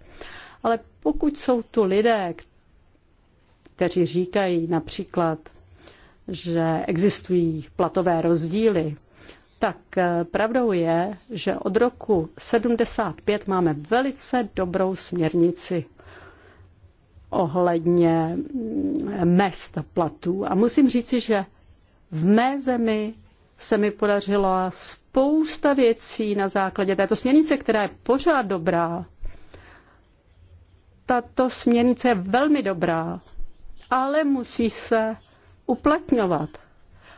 Ale pokud jsou tu lidé, kteří říkají například, že existují platové rozdíly, tak eh, pravdou je, že od roku 75 máme velice dobrou směrnici ohledně mm, mest platů. A musím říci, že v mé zemi se mi podařilo spousta věcí na základě této směrnice, která je pořád dobrá. Tato směrnice je velmi dobrá, ale musí se uplatňovat.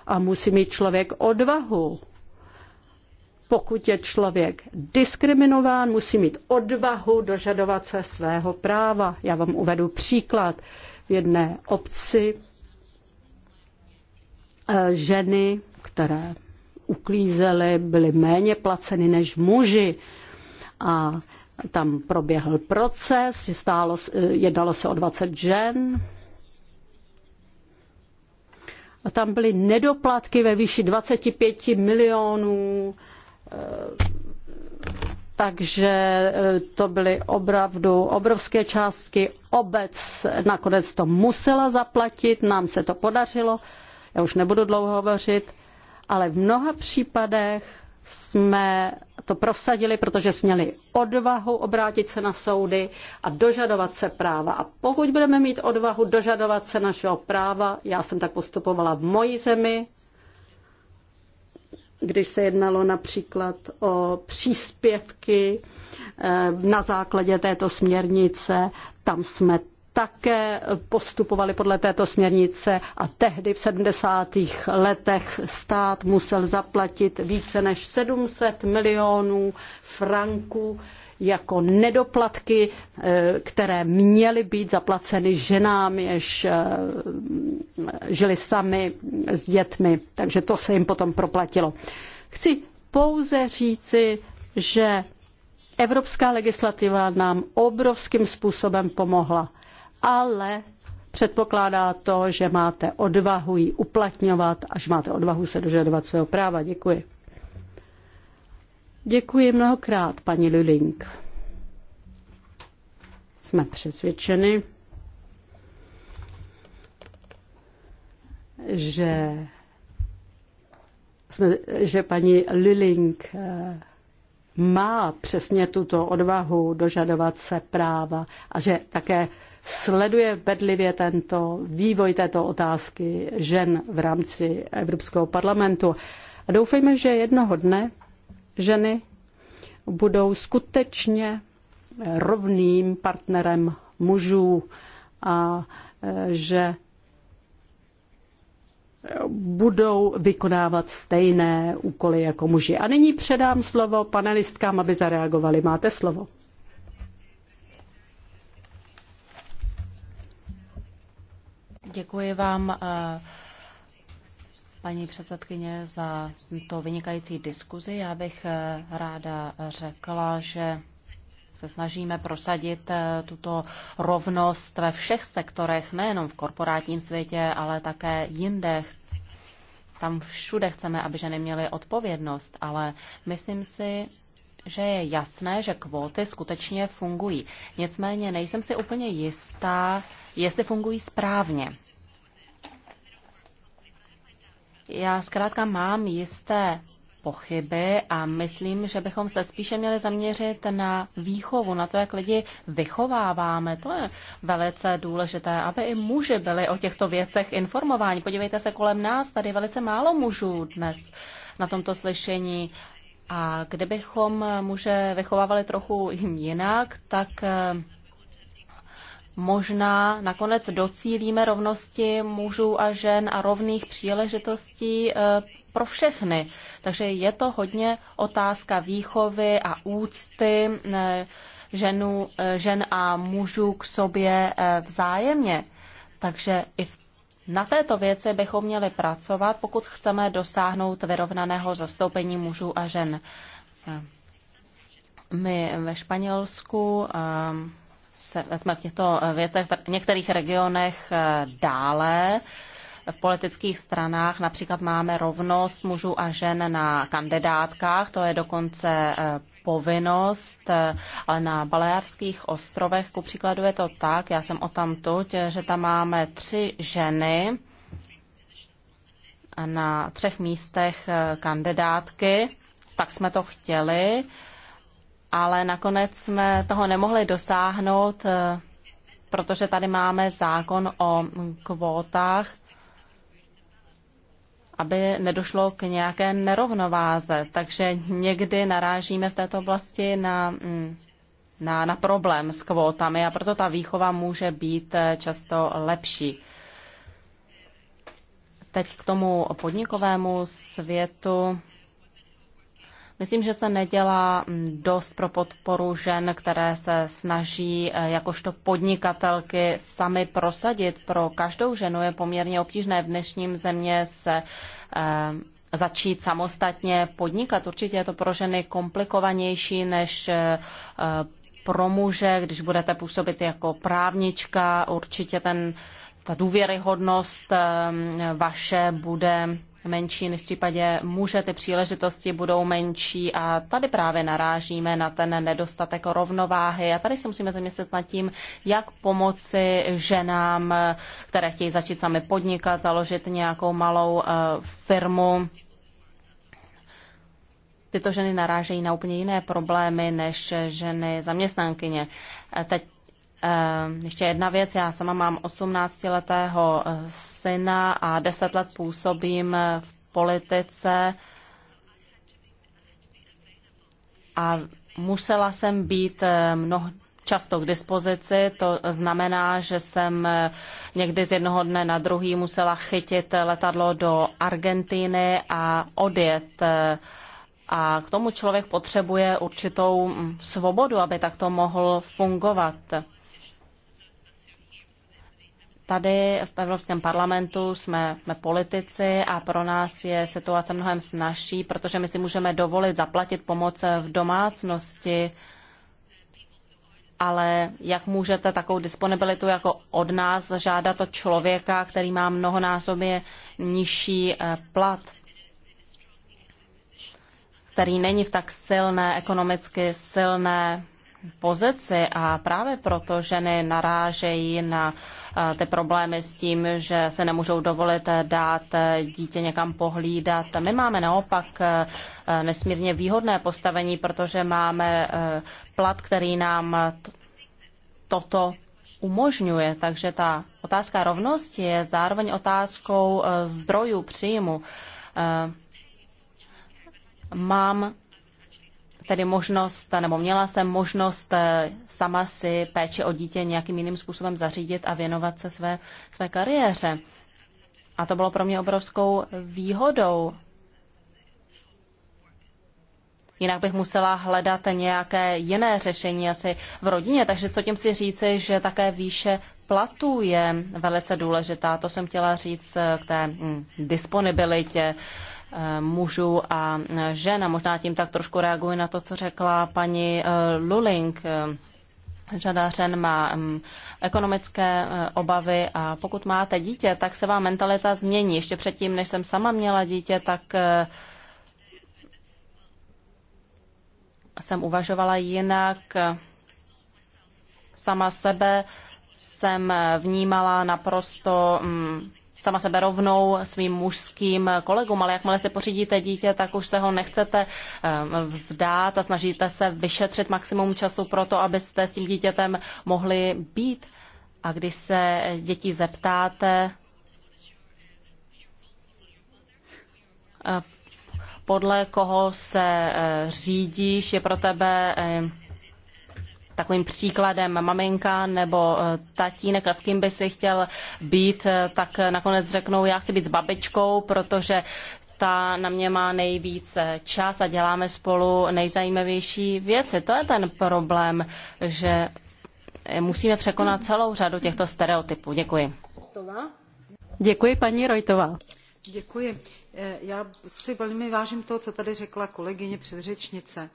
A musí mít člověk odvahu pokud je člověk diskriminován, musí mít odvahu dožadovat se svého práva. Já vám uvedu příklad. V jedné obci eh, ženy, které uklízely, byly méně placeny než muži. A tam proběhl proces, stálo, eh, jednalo se o 20 žen. A tam byly nedoplatky ve výši 25 milionů takže eh, to byly opravdu obrovské částky. Obec nakonec to musela zaplatit, nám se to podařilo. Já už nebudu dlouho hovořit, ale v mnoha případech jsme to prosadili, protože jsme měli odvahu obrátit se na soudy a dožadovat se práva. A pokud budeme mít odvahu dožadovat se našeho práva, já jsem tak postupovala v mojí zemi, když se jednalo například o příspěvky eh, na základě této směrnice, tam jsme také postupovali podle této směrnice a tehdy v 70. letech stát musel zaplatit více než 700 milionů franků jako nedoplatky, eh, které měly být zaplaceny ženám, jež eh, žili sami s dětmi, takže to se jim potom proplatilo. Chci pouze říci, že evropská legislativa nám obrovským způsobem pomohla, ale předpokládá to, že máte odvahu ji uplatňovat a že máte odvahu se dožadovat svého práva. Děkuji. Děkuji mnohokrát, paní Lulink. Jsme přesvědčeni, že, jsme, že paní Lulink eh, má přesně tuto odvahu dožadovat se práva a že také sleduje bedlivě tento vývoj této otázky žen v rámci Evropského parlamentu. A doufejme, že jednoho dne ženy budou skutečně rovným partnerem mužů a e, že budou vykonávat stejné úkoly jako muži. A nyní předám slovo panelistkám, aby zareagovali. Máte slovo. Děkuji vám e, paní předsedkyně, za to vynikající diskuzi. Já bych eh, ráda řekla, že se snažíme prosadit eh, tuto rovnost ve všech sektorech, nejenom v korporátním světě, ale také jinde. Tam všude chceme, aby ženy měly odpovědnost, ale myslím si, že je jasné, že kvóty skutečně fungují. Nicméně nejsem si úplně jistá, jestli fungují správně. Já zkrátka mám jisté pochyby a myslím, že bychom se spíše měli zaměřit na výchovu, na to, jak lidi vychováváme. To je velice důležité, aby i muži byli o těchto věcech informováni. Podívejte se kolem nás, tady je velice málo mužů dnes na tomto slyšení. A kdybychom muže vychovávali trochu jinak, tak eh, možná nakonec docílíme rovnosti mužů a žen a rovných příležitostí eh, pro všechny. Takže je to hodně otázka výchovy a úcty eh, ženu, eh, žen a mužů k sobě vzájemně. Takže i v na této věci bychom měli pracovat, pokud chceme dosáhnout vyrovnaného zastoupení mužů a žen. My ve Španělsku um, jsme v těchto eh, věcech v některých regionech eh, dále. V politických stranách například máme rovnost mužů a žen na kandidátkách, to je dokonce eh, povinnost, ale na Balearských ostrovech, ku příkladu je to tak, já jsem o tamtuť, že tam máme tři ženy na třech místech kandidátky, tak jsme to chtěli ale nakonec jsme toho nemohli dosáhnout, eh, protože tady máme zákon o kvótách, aby nedošlo k nějaké nerovnováze. Takže někdy narážíme v této oblasti na, mm, na, na problém s kvótami a proto ta výchova může být eh, často lepší. Teď k tomu podnikovému světu Myslím, že se nedělá mm, dost pro podporu žen, které se snaží eh, jakožto podnikatelky sami prosadit. Pro každou ženu je poměrně obtížné v dnešním země se eh, začít samostatně podnikat. Určitě je to pro ženy komplikovanější než eh, pro muže, když budete působit jako právnička, určitě ten, ta důvěryhodnost vaše bude menší než v případě muže, ty příležitosti budou menší a tady právě narážíme na ten nedostatek rovnováhy a tady se musíme zamyslet nad tím, jak pomoci ženám, které chtějí začít sami podnikat, založit nějakou malou eh, firmu. Tyto ženy narážejí na úplně jiné problémy než ženy zaměstnankyně. Teď Ehm, ještě jedna věc, já sama mám 18-letého eh, syna a 10 let působím eh, v politice a musela jsem být eh, mnoho, často k dispozici. To znamená, že jsem někdy z jednoho dne na druhý musela chytit letadlo do Argentiny a odjet a k tomu člověk potřebuje určitou svobodu, aby takto mohl fungovat. Tady v Evropském parlamentu jsme, jsme politici a pro nás je situace mnohem snažší, protože my si můžeme dovolit zaplatit pomoc v domácnosti, ale jak můžete takovou disponibilitu jako od nás žádat od člověka, který má mnohonásobně nižší eh, plat? který není v tak silné, ekonomicky silné pozici a právě proto ženy narážejí na eh, ty problémy s tím, že se nemůžou dovolit eh, dát eh, dítě někam pohlídat. My máme naopak nesmírně výhodné postavení, protože máme plat, který nám toto umožňuje. Takže ta otázka rovnosti je zároveň otázkou zdrojů příjmu mám tedy možnost, nebo měla jsem možnost eh, sama si péči o dítě nějakým jiným způsobem zařídit a věnovat se své, své kariéře. A to bylo pro mě obrovskou výhodou. Jinak bych musela hledat nějaké jiné řešení asi v rodině. Takže co tím chci říci, že také výše platů je velice důležitá. To jsem chtěla říct eh, k té hm, disponibilitě. Uh, Eh, mužů a žen. A možná tím tak trošku reaguji na to, co řekla paní eh, Luling. Eh, řada žen má mm, ekonomické obavy a pokud máte dítě, tak se vám mentalita změní. Ještě předtím, než jsem sama měla dítě, tak jsem uvažovala jinak. Sama sebe jsem vnímala naprosto mm, sama sebe rovnou svým mužským kolegům, ale jakmile si pořídíte dítě, tak už se ho nechcete ehm, vzdát a snažíte se vyšetřit maximum času pro to, abyste s tím dítětem mohli být. A když se děti zeptáte, ehm, podle koho se ehm, řídíš, je pro tebe takovým příkladem maminka nebo eh, tatínek a s kým by si chtěl být, eh, tak eh, nakonec řeknou, já chci být s babičkou, protože ta na mě má nejvíce čas a děláme spolu nejzajímavější věci. To je ten problém, že musíme překonat celou řadu těchto stereotypů. Děkuji. Děkuji, paní Rojtová. Děkuji. Já si velmi vážím toho, co tady řekla kolegyně předřečnice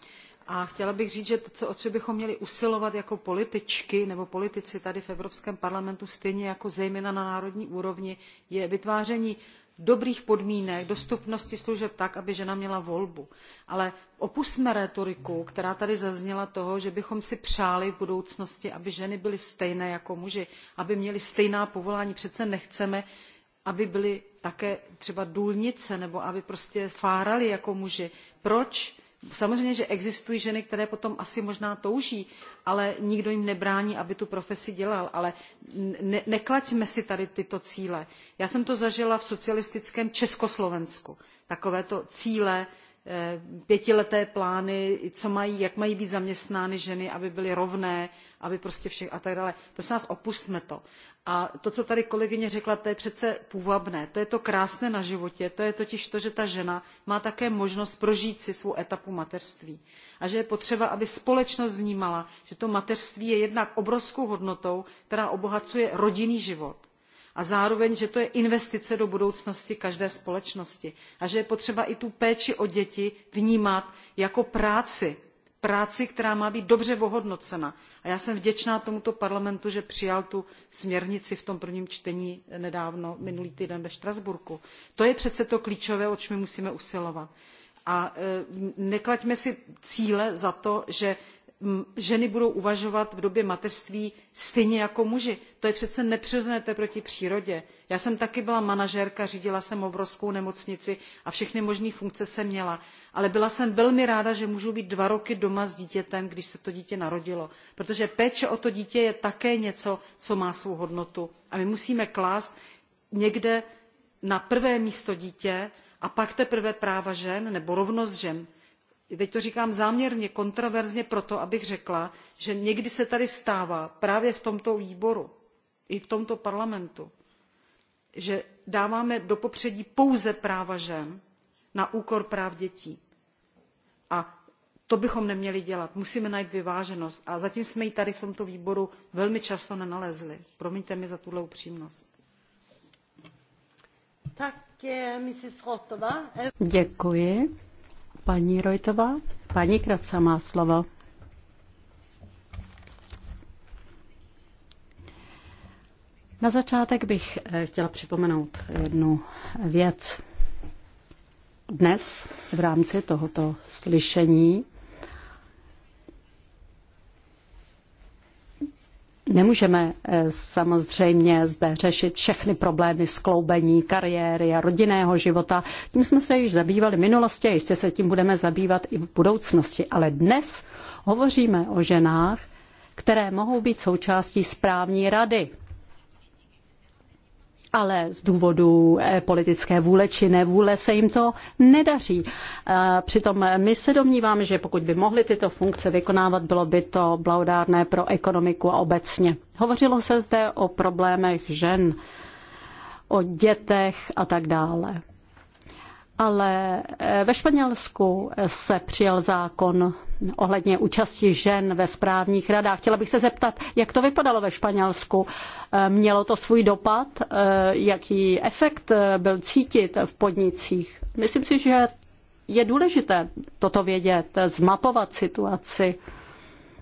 a chtěla bych říct, že to, co, o co bychom měli usilovat jako političky nebo politici tady v Evropském parlamentu, stejně jako zejména na národní úrovni, je vytváření dobrých podmínek, dostupnosti služeb tak, aby žena měla volbu. Ale opusme retoriku, která tady zazněla toho, že bychom si přáli v budoucnosti, aby ženy byly stejné jako muži, aby měly stejná povolání. Přece nechceme, aby byly také třeba důlnice nebo aby prostě fárali jako muži. Proč? Samozřejmě, že existují ženy, které potom asi možná touží, ale nikdo jim nebrání, aby tu profesi dělal. Ale ne, neklaďme si tady tyto cíle. Já jsem to zažila v socialistickém Československu. Takovéto cíle, Eh, pětileté plány, co mají, jak mají být zaměstnány ženy, aby byly rovné, aby prostě všech a tak dále. Prosím nás, opustme to. A to, co tady kolegyně řekla, to je přece půvabné. To je to krásné na životě. To je totiž to, že ta žena má také možnost prožít si svou etapu mateřství. A že je potřeba, aby společnost vnímala, že to mateřství je jednak obrovskou hodnotou, která obohacuje rodinný život a zároveň, že to je investice do budoucnosti každé společnosti a že je potřeba i tu péči o děti vnímat jako práci, práci, která má být dobře ohodnocena. A já jsem vděčná tomuto parlamentu, že přijal tu směrnici v tom prvním čtení nedávno, minulý týden ve Štrasburku. To je přece to klíčové, oč my musíme usilovat. A e, neklaďme si cíle za to, že ženy budou uvažovat v době mateřství stejně jako muži. to je přece nepřirozené to je proti přírodě. já jsem taky byla manažerka řídila jsem obrovskou nemocnici a všechny možné funkce jsem měla ale byla jsem velmi ráda že můžu být dva roky doma s dítětem když se to dítě narodilo protože péče o to dítě je také něco co má svou hodnotu a my musíme klást někde na prvé místo dítě a pak teprve práva žen nebo rovnost žen teď to říkám záměrně kontroverzně proto abych řekla že někdy se tady stává právě v tomto výboru i v tomto parlamentu že dáváme do popředí pouze práva žen na úkor práv dětí a to bychom neměli dělat musíme najít vyváženost a zatím jsme ji tady v tomto výboru velmi často nenalezli promiňte mi za tuhle upřímnost. Děkuji. Paní Rojtová, paní Kraca má slovo. Na začátek bych eh, chtěla připomenout jednu věc. Dnes v rámci tohoto slyšení Nemůžeme eh, samozřejmě zde řešit všechny problémy skloubení kariéry a rodinného života. Tím jsme se již zabývali v minulosti a jistě se tím budeme zabývat i v budoucnosti. Ale dnes hovoříme o ženách, které mohou být součástí správní rady ale z důvodu eh, politické vůle či nevůle se jim to nedaří. Eh, přitom my se domníváme, že pokud by mohli tyto funkce vykonávat, bylo by to blahodárné pro ekonomiku a obecně. Hovořilo se zde o problémech žen, o dětech a tak dále. Ale eh, ve Španělsku se přijal zákon ohledně účasti žen ve správních radách. Chtěla bych se zeptat, jak to vypadalo ve Španělsku. Eh, mělo to svůj dopad? Eh, jaký efekt eh, byl cítit v podnicích? Myslím si, že je důležité toto vědět, zmapovat situaci.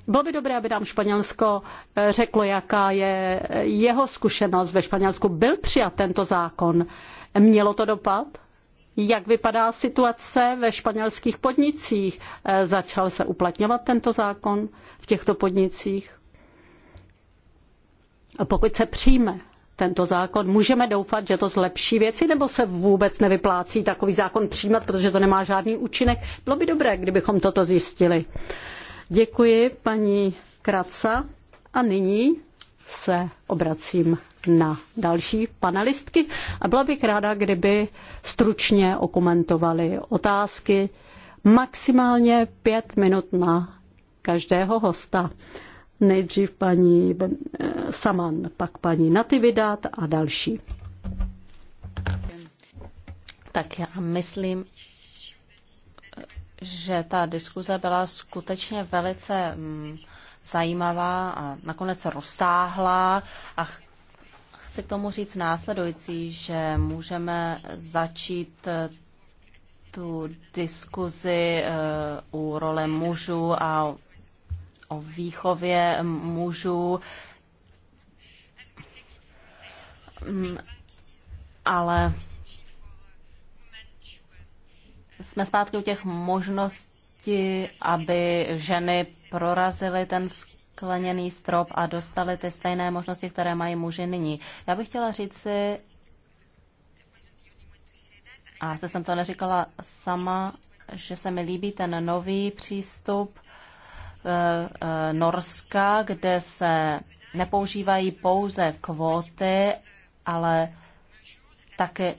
Bylo by dobré, aby nám Španělsko řeklo, jaká je jeho zkušenost ve Španělsku. Byl přijat tento zákon. Mělo to dopad? jak vypadá situace ve španělských podnicích. Eh, začal se uplatňovat tento zákon v těchto podnicích? A pokud se přijme tento zákon, můžeme doufat, že to zlepší věci, nebo se vůbec nevyplácí takový zákon přijímat, protože to nemá žádný účinek. Bylo by dobré, kdybychom toto zjistili. Děkuji, paní Kraca. A nyní se obracím na další panelistky a byla bych ráda, kdyby stručně okomentovali otázky maximálně pět minut na každého hosta. Nejdřív paní eh, Saman, pak paní Natividat a další. Tak já myslím, že ta diskuze byla skutečně velice mm, zajímavá a nakonec rozsáhlá a chci k tomu říct následující, že můžeme začít eh, tu diskuzi eh, u role mužů a o výchově mužů. Mm, ale jsme zpátky u těch možností, aby ženy prorazily ten skutečný skleněný strop a dostali ty stejné možnosti, které mají muži nyní. Já bych chtěla říct si, a se jsem to neříkala sama, že se mi líbí ten nový přístup eh, eh, Norska, kde se nepoužívají pouze kvóty, ale také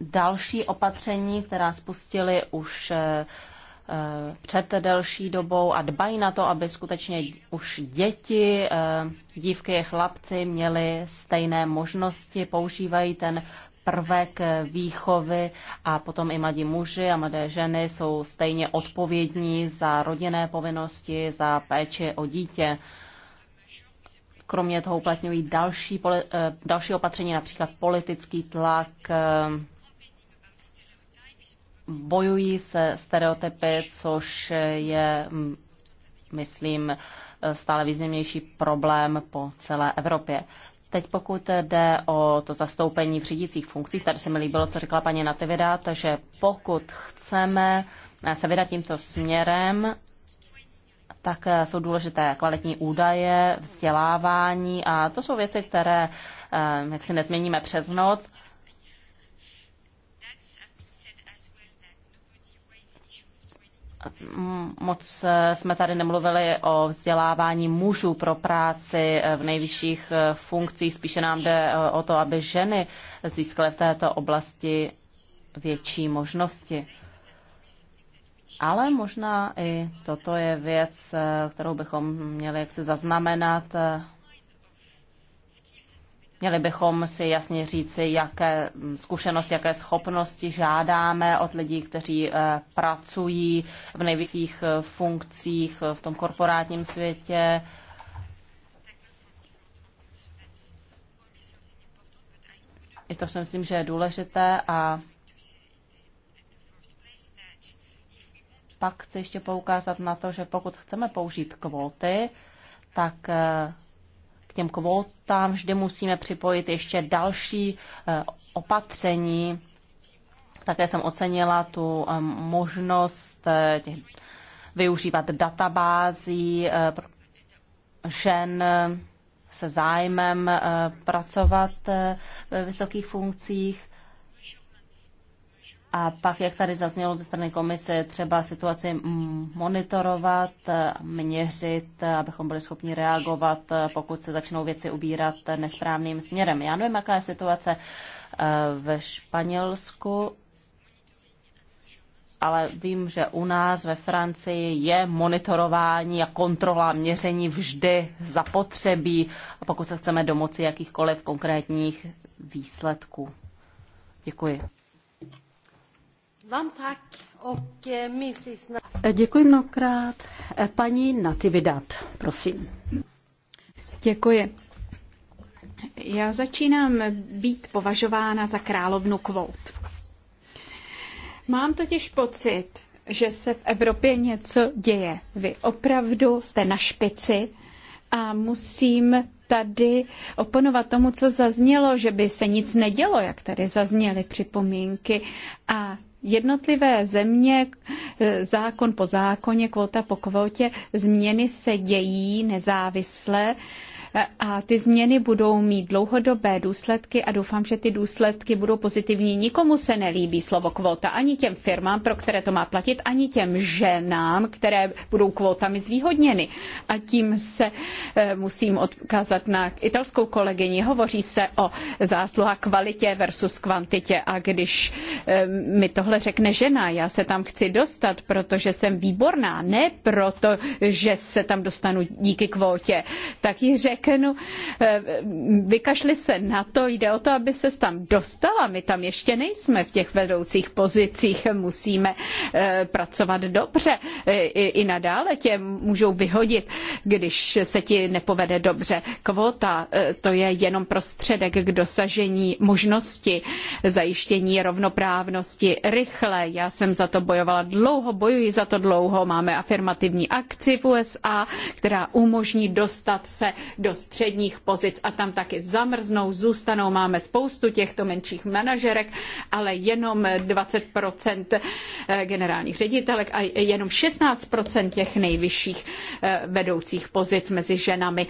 další opatření, která spustili už eh, Eh, před delší dobou a dbají na to, aby skutečně už děti, eh, dívky a chlapci měli stejné možnosti, používají ten prvek výchovy a potom i mladí muži a mladé ženy jsou stejně odpovědní za rodinné povinnosti, za péči o dítě. Kromě toho uplatňují další, eh, další opatření, například politický tlak, bojují se stereotypy, což je, mm, myslím, stále významnější problém po celé Evropě. Teď pokud jde o to zastoupení v řídících funkcích, tady se mi líbilo, co řekla paní Nativida, že pokud chceme se vydat tímto směrem, tak jsou důležité kvalitní údaje, vzdělávání a to jsou věci, které eh, jak si nezměníme přes noc, Moc eh, jsme tady nemluvili o vzdělávání mužů pro práci eh, v nejvyšších eh, funkcích. Spíše nám jde o to, aby ženy získaly v této oblasti větší možnosti. Ale možná i toto je věc, kterou bychom měli jaksi zaznamenat Měli bychom si jasně říci, jaké zkušenosti, jaké schopnosti žádáme od lidí, kteří eh, pracují v nejvyšších eh, funkcích eh, v tom korporátním světě. I to si myslím, že je důležité a pak chci ještě poukázat na to, že pokud chceme použít kvóty, tak těm kvótám vždy musíme připojit ještě další eh, opatření. Také jsem ocenila tu eh, možnost eh, těch využívat databází žen se zájmem pracovat ve vysokých funkcích. A pak, jak tady zaznělo ze strany komise, třeba situaci monitorovat, e, měřit, e, abychom byli schopni reagovat, e, pokud se začnou věci ubírat nesprávným směrem. Já nevím, jaká je situace ve Španělsku, ale vím, že u nás ve Francii je monitorování a kontrola měření vždy zapotřebí, pokud se chceme domoci jakýchkoliv konkrétních výsledků. Děkuji. Vám tak. Eh, děkuji mnohokrát. Eh, paní Natividad, prosím. Děkuji. Já začínám být považována za královnu kvót. Mám totiž pocit, že se v Evropě něco děje. Vy opravdu jste na špici a musím tady oponovat tomu, co zaznělo, že by se nic nedělo, jak tady zazněly připomínky. A jednotlivé země eh, zákon po zákoně, kvota po kvotě, změny se dějí nezávisle a ty změny budou mít dlouhodobé důsledky a doufám, že ty důsledky budou pozitivní. Nikomu se nelíbí slovo kvota, ani těm firmám, pro které to má platit, ani těm ženám, které budou kvotami zvýhodněny. A tím se eh, musím odkázat na italskou kolegyni. Hovoří se o zásluha kvalitě versus kvantitě a když eh, mi tohle řekne žena, já se tam chci dostat, protože jsem výborná, ne proto, že se tam dostanu díky kvótě, tak ji řeknu Durbekenu. Eh, vykašli se na to, jde o to, aby se tam dostala. My tam ještě nejsme v těch vedoucích pozicích, musíme eh, pracovat dobře. Eh, I nadále tě můžou vyhodit, když se ti nepovede dobře. Kvota to je jenom prostředek k dosažení možnosti zajištění rovnoprávnosti rychle. Já jsem za to bojovala dlouho, bojuji za to dlouho. Máme afirmativní akci v USA, která umožní dostat se do do středních pozic a tam taky zamrznou, zůstanou. Máme spoustu těchto menších manažerek, ale jenom 20% eh, generálních ředitelek a jenom 16% těch nejvyšších eh, vedoucích pozic mezi ženami.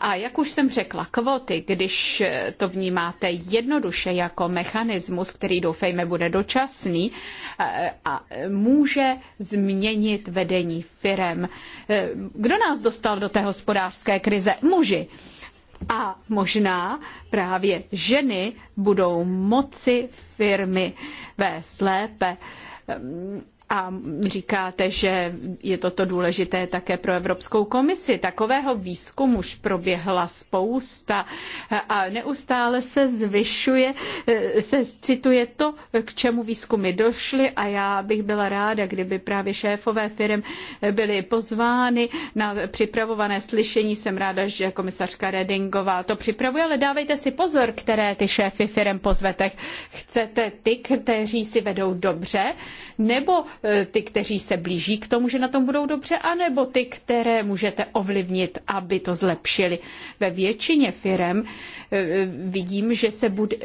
A jak už jsem řekla, kvóty, když eh, to vnímáte jednoduše jako mechanismus, který doufejme bude dočasný, a může změnit vedení firem. Kdo nás dostal do té hospodářské krize? Muži muži. A možná právě ženy budou moci firmy vést lépe a říkáte, že je toto důležité také pro Evropskou komisi. Takového výzkumu už proběhla spousta a neustále se zvyšuje, se cituje to, k čemu výzkumy došly a já bych byla ráda, kdyby právě šéfové firm byly pozvány na připravované slyšení. Jsem ráda, že komisařka Redingová to připravuje, ale dávejte si pozor, které ty šéfy firm pozvete. Chcete ty, kteří si vedou dobře, nebo Eh, ty, kteří se blíží k tomu, že na tom budou dobře, anebo ty, které můžete ovlivnit, aby to zlepšili. Ve většině firem vidím, že se bude,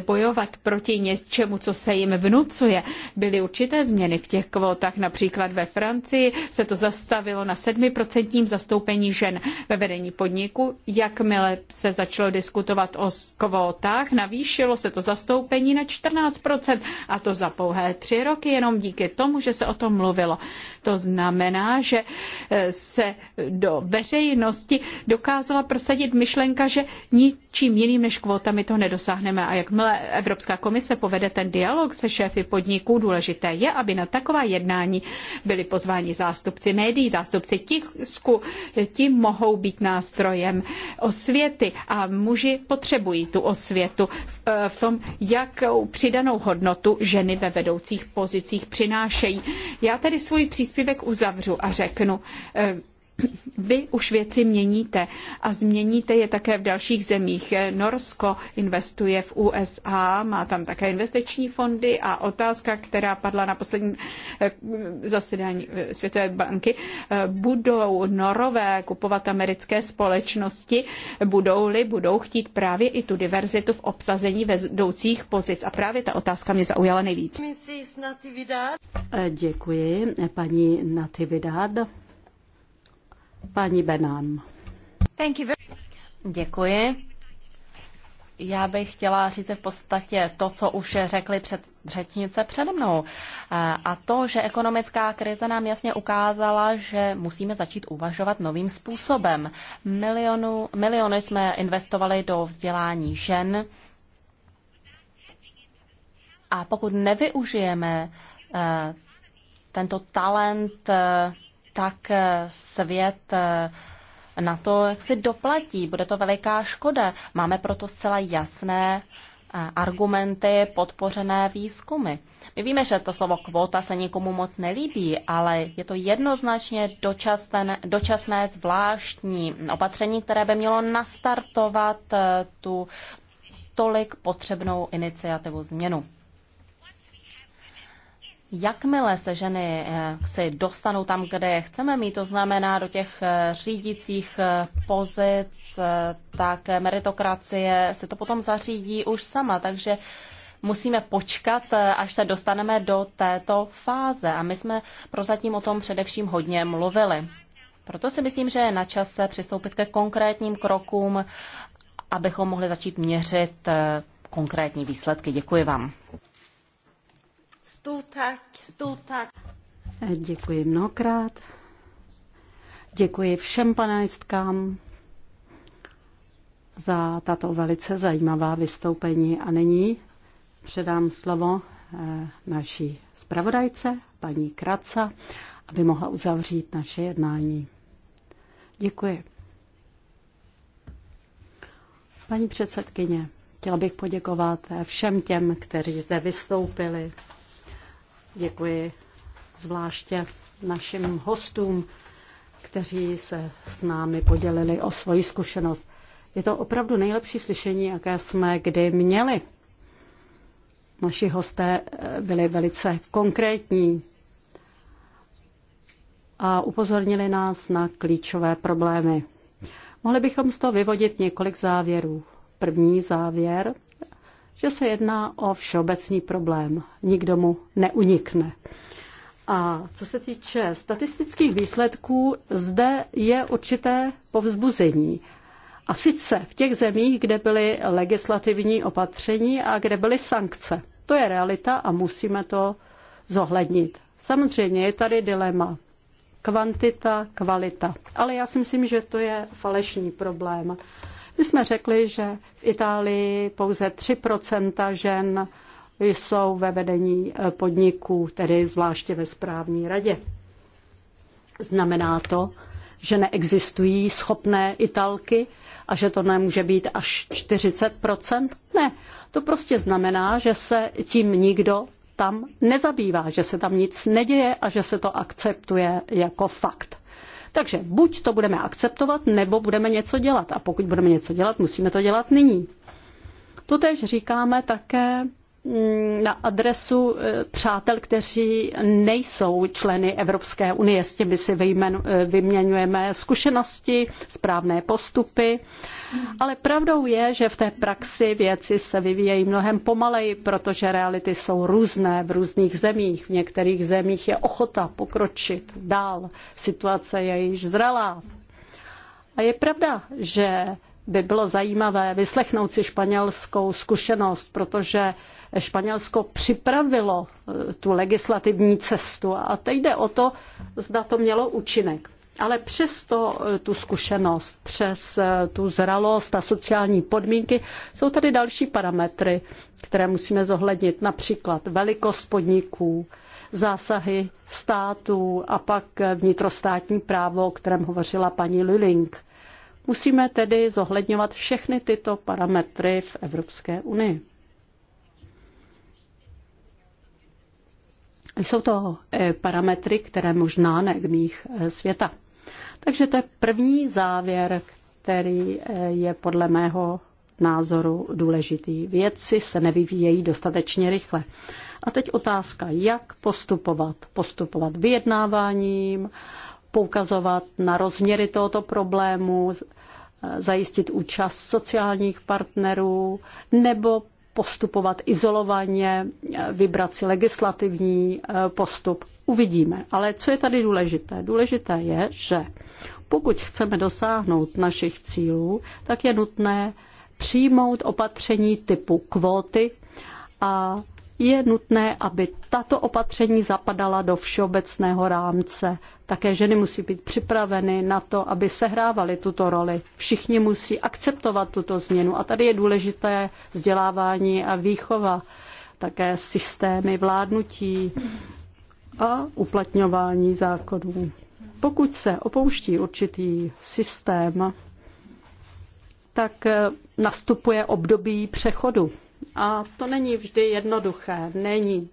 bojovat proti něčemu, co se jim vnucuje. Byly určité změny v těch kvótách, například ve Francii se to zastavilo na 7% zastoupení žen ve vedení podniku. Jakmile se začalo diskutovat o kvótách, navýšilo se to zastoupení na 14% a to za pouhé tři roky, jenom díky tomu, že se o tom mluvilo. To znamená, že eh, se do veřejnosti dokázala prosadit myšlenka, že nic Čím jiným než kvótami to nedosáhneme. A jakmile Evropská komise povede ten dialog se šéfy podniků, důležité je, aby na taková jednání byli pozváni zástupci médií, zástupci tisku. Ti mohou být nástrojem osvěty a muži potřebují tu osvětu v tom, jakou přidanou hodnotu ženy ve vedoucích pozicích přinášejí. Já tedy svůj příspěvek uzavřu a řeknu, eh, vy už věci měníte a změníte je také v dalších zemích. Norsko investuje v USA, má tam také investiční fondy a otázka, která padla na posledním eh, zasedání eh, Světové banky, eh, budou norové kupovat americké společnosti, budou-li, budou chtít právě i tu diverzitu v obsazení vedoucích pozic. A právě ta otázka mě zaujala nejvíc. Děkuji, paní Natividad. Paní Benám. Thank you very... Děkuji. Já bych chtěla říct v podstatě to, co už řekli před řečnice přede mnou. A to, že ekonomická krize nám jasně ukázala, že musíme začít uvažovat novým způsobem. Milionu, miliony jsme investovali do vzdělání žen. A pokud nevyužijeme eh, tento talent eh, tak eh, svět eh, na to, jak si doplatí. Bude to veliká škoda. Máme proto zcela jasné eh, argumenty podpořené výzkumy. My víme, že to slovo kvota se nikomu moc nelíbí, ale je to jednoznačně dočasné, dočasné zvláštní opatření, které by mělo nastartovat tu tolik potřebnou iniciativu změnu. Jakmile se ženy eh, se dostanou tam, kde je chceme mít, to znamená do těch eh, řídících eh, pozic, tak meritokracie se to potom zařídí už sama. Takže musíme počkat, až se dostaneme do této fáze. A my jsme prozatím o tom především hodně mluvili. Proto si myslím, že je na čase přistoupit ke konkrétním krokům, abychom mohli začít měřit konkrétní výsledky. Děkuji vám. Stort tack, stort eh, Děkuji mnohokrát. Děkuji všem panelistkám za tato velice zajímavá vystoupení. A nyní předám slovo eh, naší zpravodajce, paní Kraca, aby mohla uzavřít naše jednání. Děkuji. Paní předsedkyně, chtěla bych poděkovat eh, všem těm, kteří zde vystoupili. Děkuji zvláště našim hostům, kteří se s námi podělili o svoji zkušenost. Je to opravdu nejlepší slyšení, jaké jsme kdy měli. Naši hosté eh, byli velice konkrétní a upozornili nás na klíčové problémy. Mohli bychom z toho vyvodit několik závěrů. První závěr že se jedná o všeobecný problém. Nikdo mu neunikne. A co se týče statistických výsledků, zde je určité povzbuzení. A sice v těch zemích, kde byly legislativní opatření a kde byly sankce. To je realita a musíme to zohlednit. Samozřejmě je tady dilema. Kvantita, kvalita. Ale já si myslím, že to je falešný problém. My jsme řekli, že v Itálii pouze 3 žen jsou ve vedení eh, podniků, tedy zvláště ve správní radě. Znamená to, že neexistují schopné Italky a že to nemůže být až 40 Ne, to prostě znamená, že se tím nikdo tam nezabývá, že se tam nic neděje a že se to akceptuje jako fakt. Takže buď to budeme akceptovat, nebo budeme něco dělat. A pokud budeme něco dělat, musíme to dělat nyní. Totež říkáme také Mm, na adresu eh, přátel, kteří nejsou členy Evropské unie. S těmi si eh, vyměňujeme zkušenosti, správné postupy. Ale pravdou je, že v té praxi věci se vyvíjejí mnohem pomaleji, protože reality jsou různé v různých zemích. V některých zemích je ochota pokročit dál. Situace je již zralá. A je pravda, že by bylo zajímavé vyslechnout si španělskou zkušenost, protože Španělsko připravilo eh, tu legislativní cestu a teď jde o to, zda to mělo účinek. Ale přesto eh, tu zkušenost, přes eh, tu zralost a sociální podmínky jsou tady další parametry, které musíme zohlednit, například velikost podniků, zásahy států a pak vnitrostátní právo, o kterém hovořila paní Lulling. Musíme tedy zohledňovat všechny tyto parametry v Evropské unii. Jsou to eh, parametry, které možná neegmích eh, světa. Takže to je první závěr, který eh, je podle mého názoru důležitý. Věci se nevyvíjejí dostatečně rychle. A teď otázka, jak postupovat? Postupovat vyjednáváním, poukazovat na rozměry tohoto problému, zajistit účast sociálních partnerů nebo postupovat izolovaně, vybrat si legislativní eh, postup. Uvidíme. Ale co je tady důležité? Důležité je, že pokud chceme dosáhnout našich cílů, tak je nutné přijmout opatření typu kvóty a je nutné, aby tato opatření zapadala do všeobecného rámce. Také ženy musí být připraveny na to, aby sehrávaly tuto roli. Všichni musí akceptovat tuto změnu a tady je důležité vzdělávání a výchova, také systémy vládnutí a uplatňování zákonů. Pokud se opouští určitý systém, tak eh, nastupuje období přechodu. A to není vždy jednoduché. Není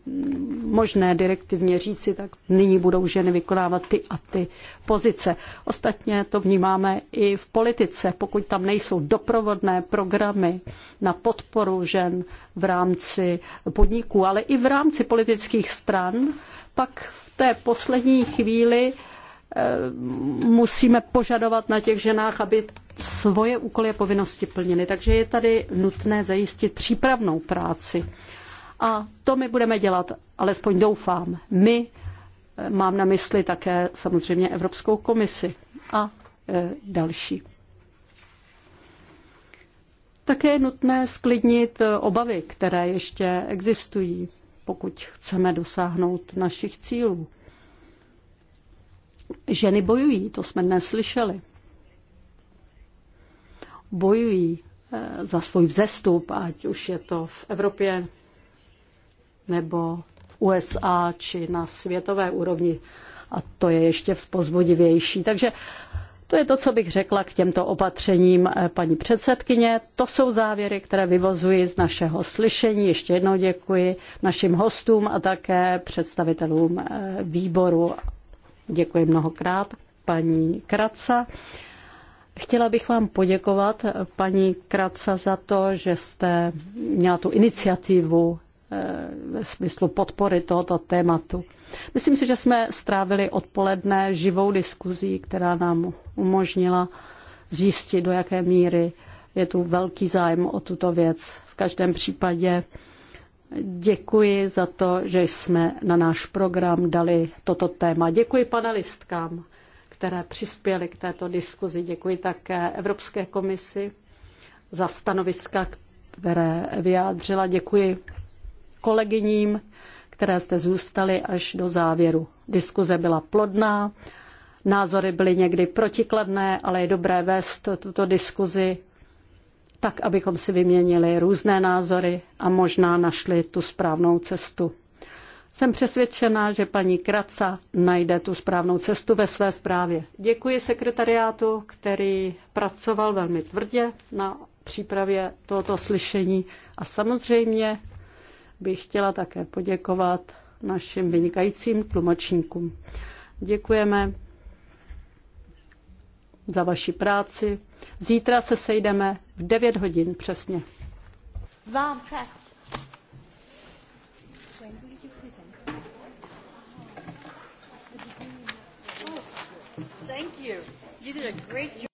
možné direktivně říci, tak nyní budou ženy vykonávat ty a ty pozice. Ostatně to vnímáme i v politice. Pokud tam nejsou doprovodné programy na podporu žen v rámci podniků, ale i v rámci politických stran, pak v té poslední chvíli eh, musíme požadovat na těch ženách, aby svoje úkoly a povinnosti plnili. Takže je tady nutné zajistit přípravnou práci. A to my budeme dělat, alespoň doufám. My eh, mám na mysli také samozřejmě Evropskou komisi a eh, další. Také je nutné sklidnit eh, obavy, které ještě existují, pokud chceme dosáhnout našich cílů. Ženy bojují, to jsme slyšeli bojují eh, za svůj vzestup, ať už je to v Evropě nebo v USA či na světové úrovni. A to je ještě vzpozbudivější. Takže to je to, co bych řekla k těmto opatřením eh, paní předsedkyně. To jsou závěry, které vyvozuji z našeho slyšení. Ještě jednou děkuji našim hostům a také představitelům eh, výboru. Děkuji mnohokrát paní Kraca. Chtěla bych vám poděkovat, paní Kratsa, za to, že jste měla tu iniciativu eh, ve smyslu podpory tohoto tématu. Myslím si, že jsme strávili odpoledne živou diskuzí, která nám umožnila zjistit, do jaké míry je tu velký zájem o tuto věc. V každém případě děkuji za to, že jsme na náš program dali toto téma. Děkuji panelistkám které přispěly k této diskuzi. Děkuji také Evropské komisi za stanoviska, které vyjádřila. Děkuji kolegyním, které jste zůstali až do závěru. Diskuze byla plodná, názory byly někdy protikladné, ale je dobré vést tuto diskuzi tak, abychom si vyměnili různé názory a možná našli tu správnou cestu. Jsem přesvědčená, že paní Kraca najde tu správnou cestu ve své zprávě. Děkuji sekretariátu, který pracoval velmi tvrdě na přípravě tohoto slyšení a samozřejmě bych chtěla také poděkovat našim vynikajícím tlumočníkům. Děkujeme za vaši práci. Zítra se sejdeme v 9 hodin přesně. Vám tak. You did a great job.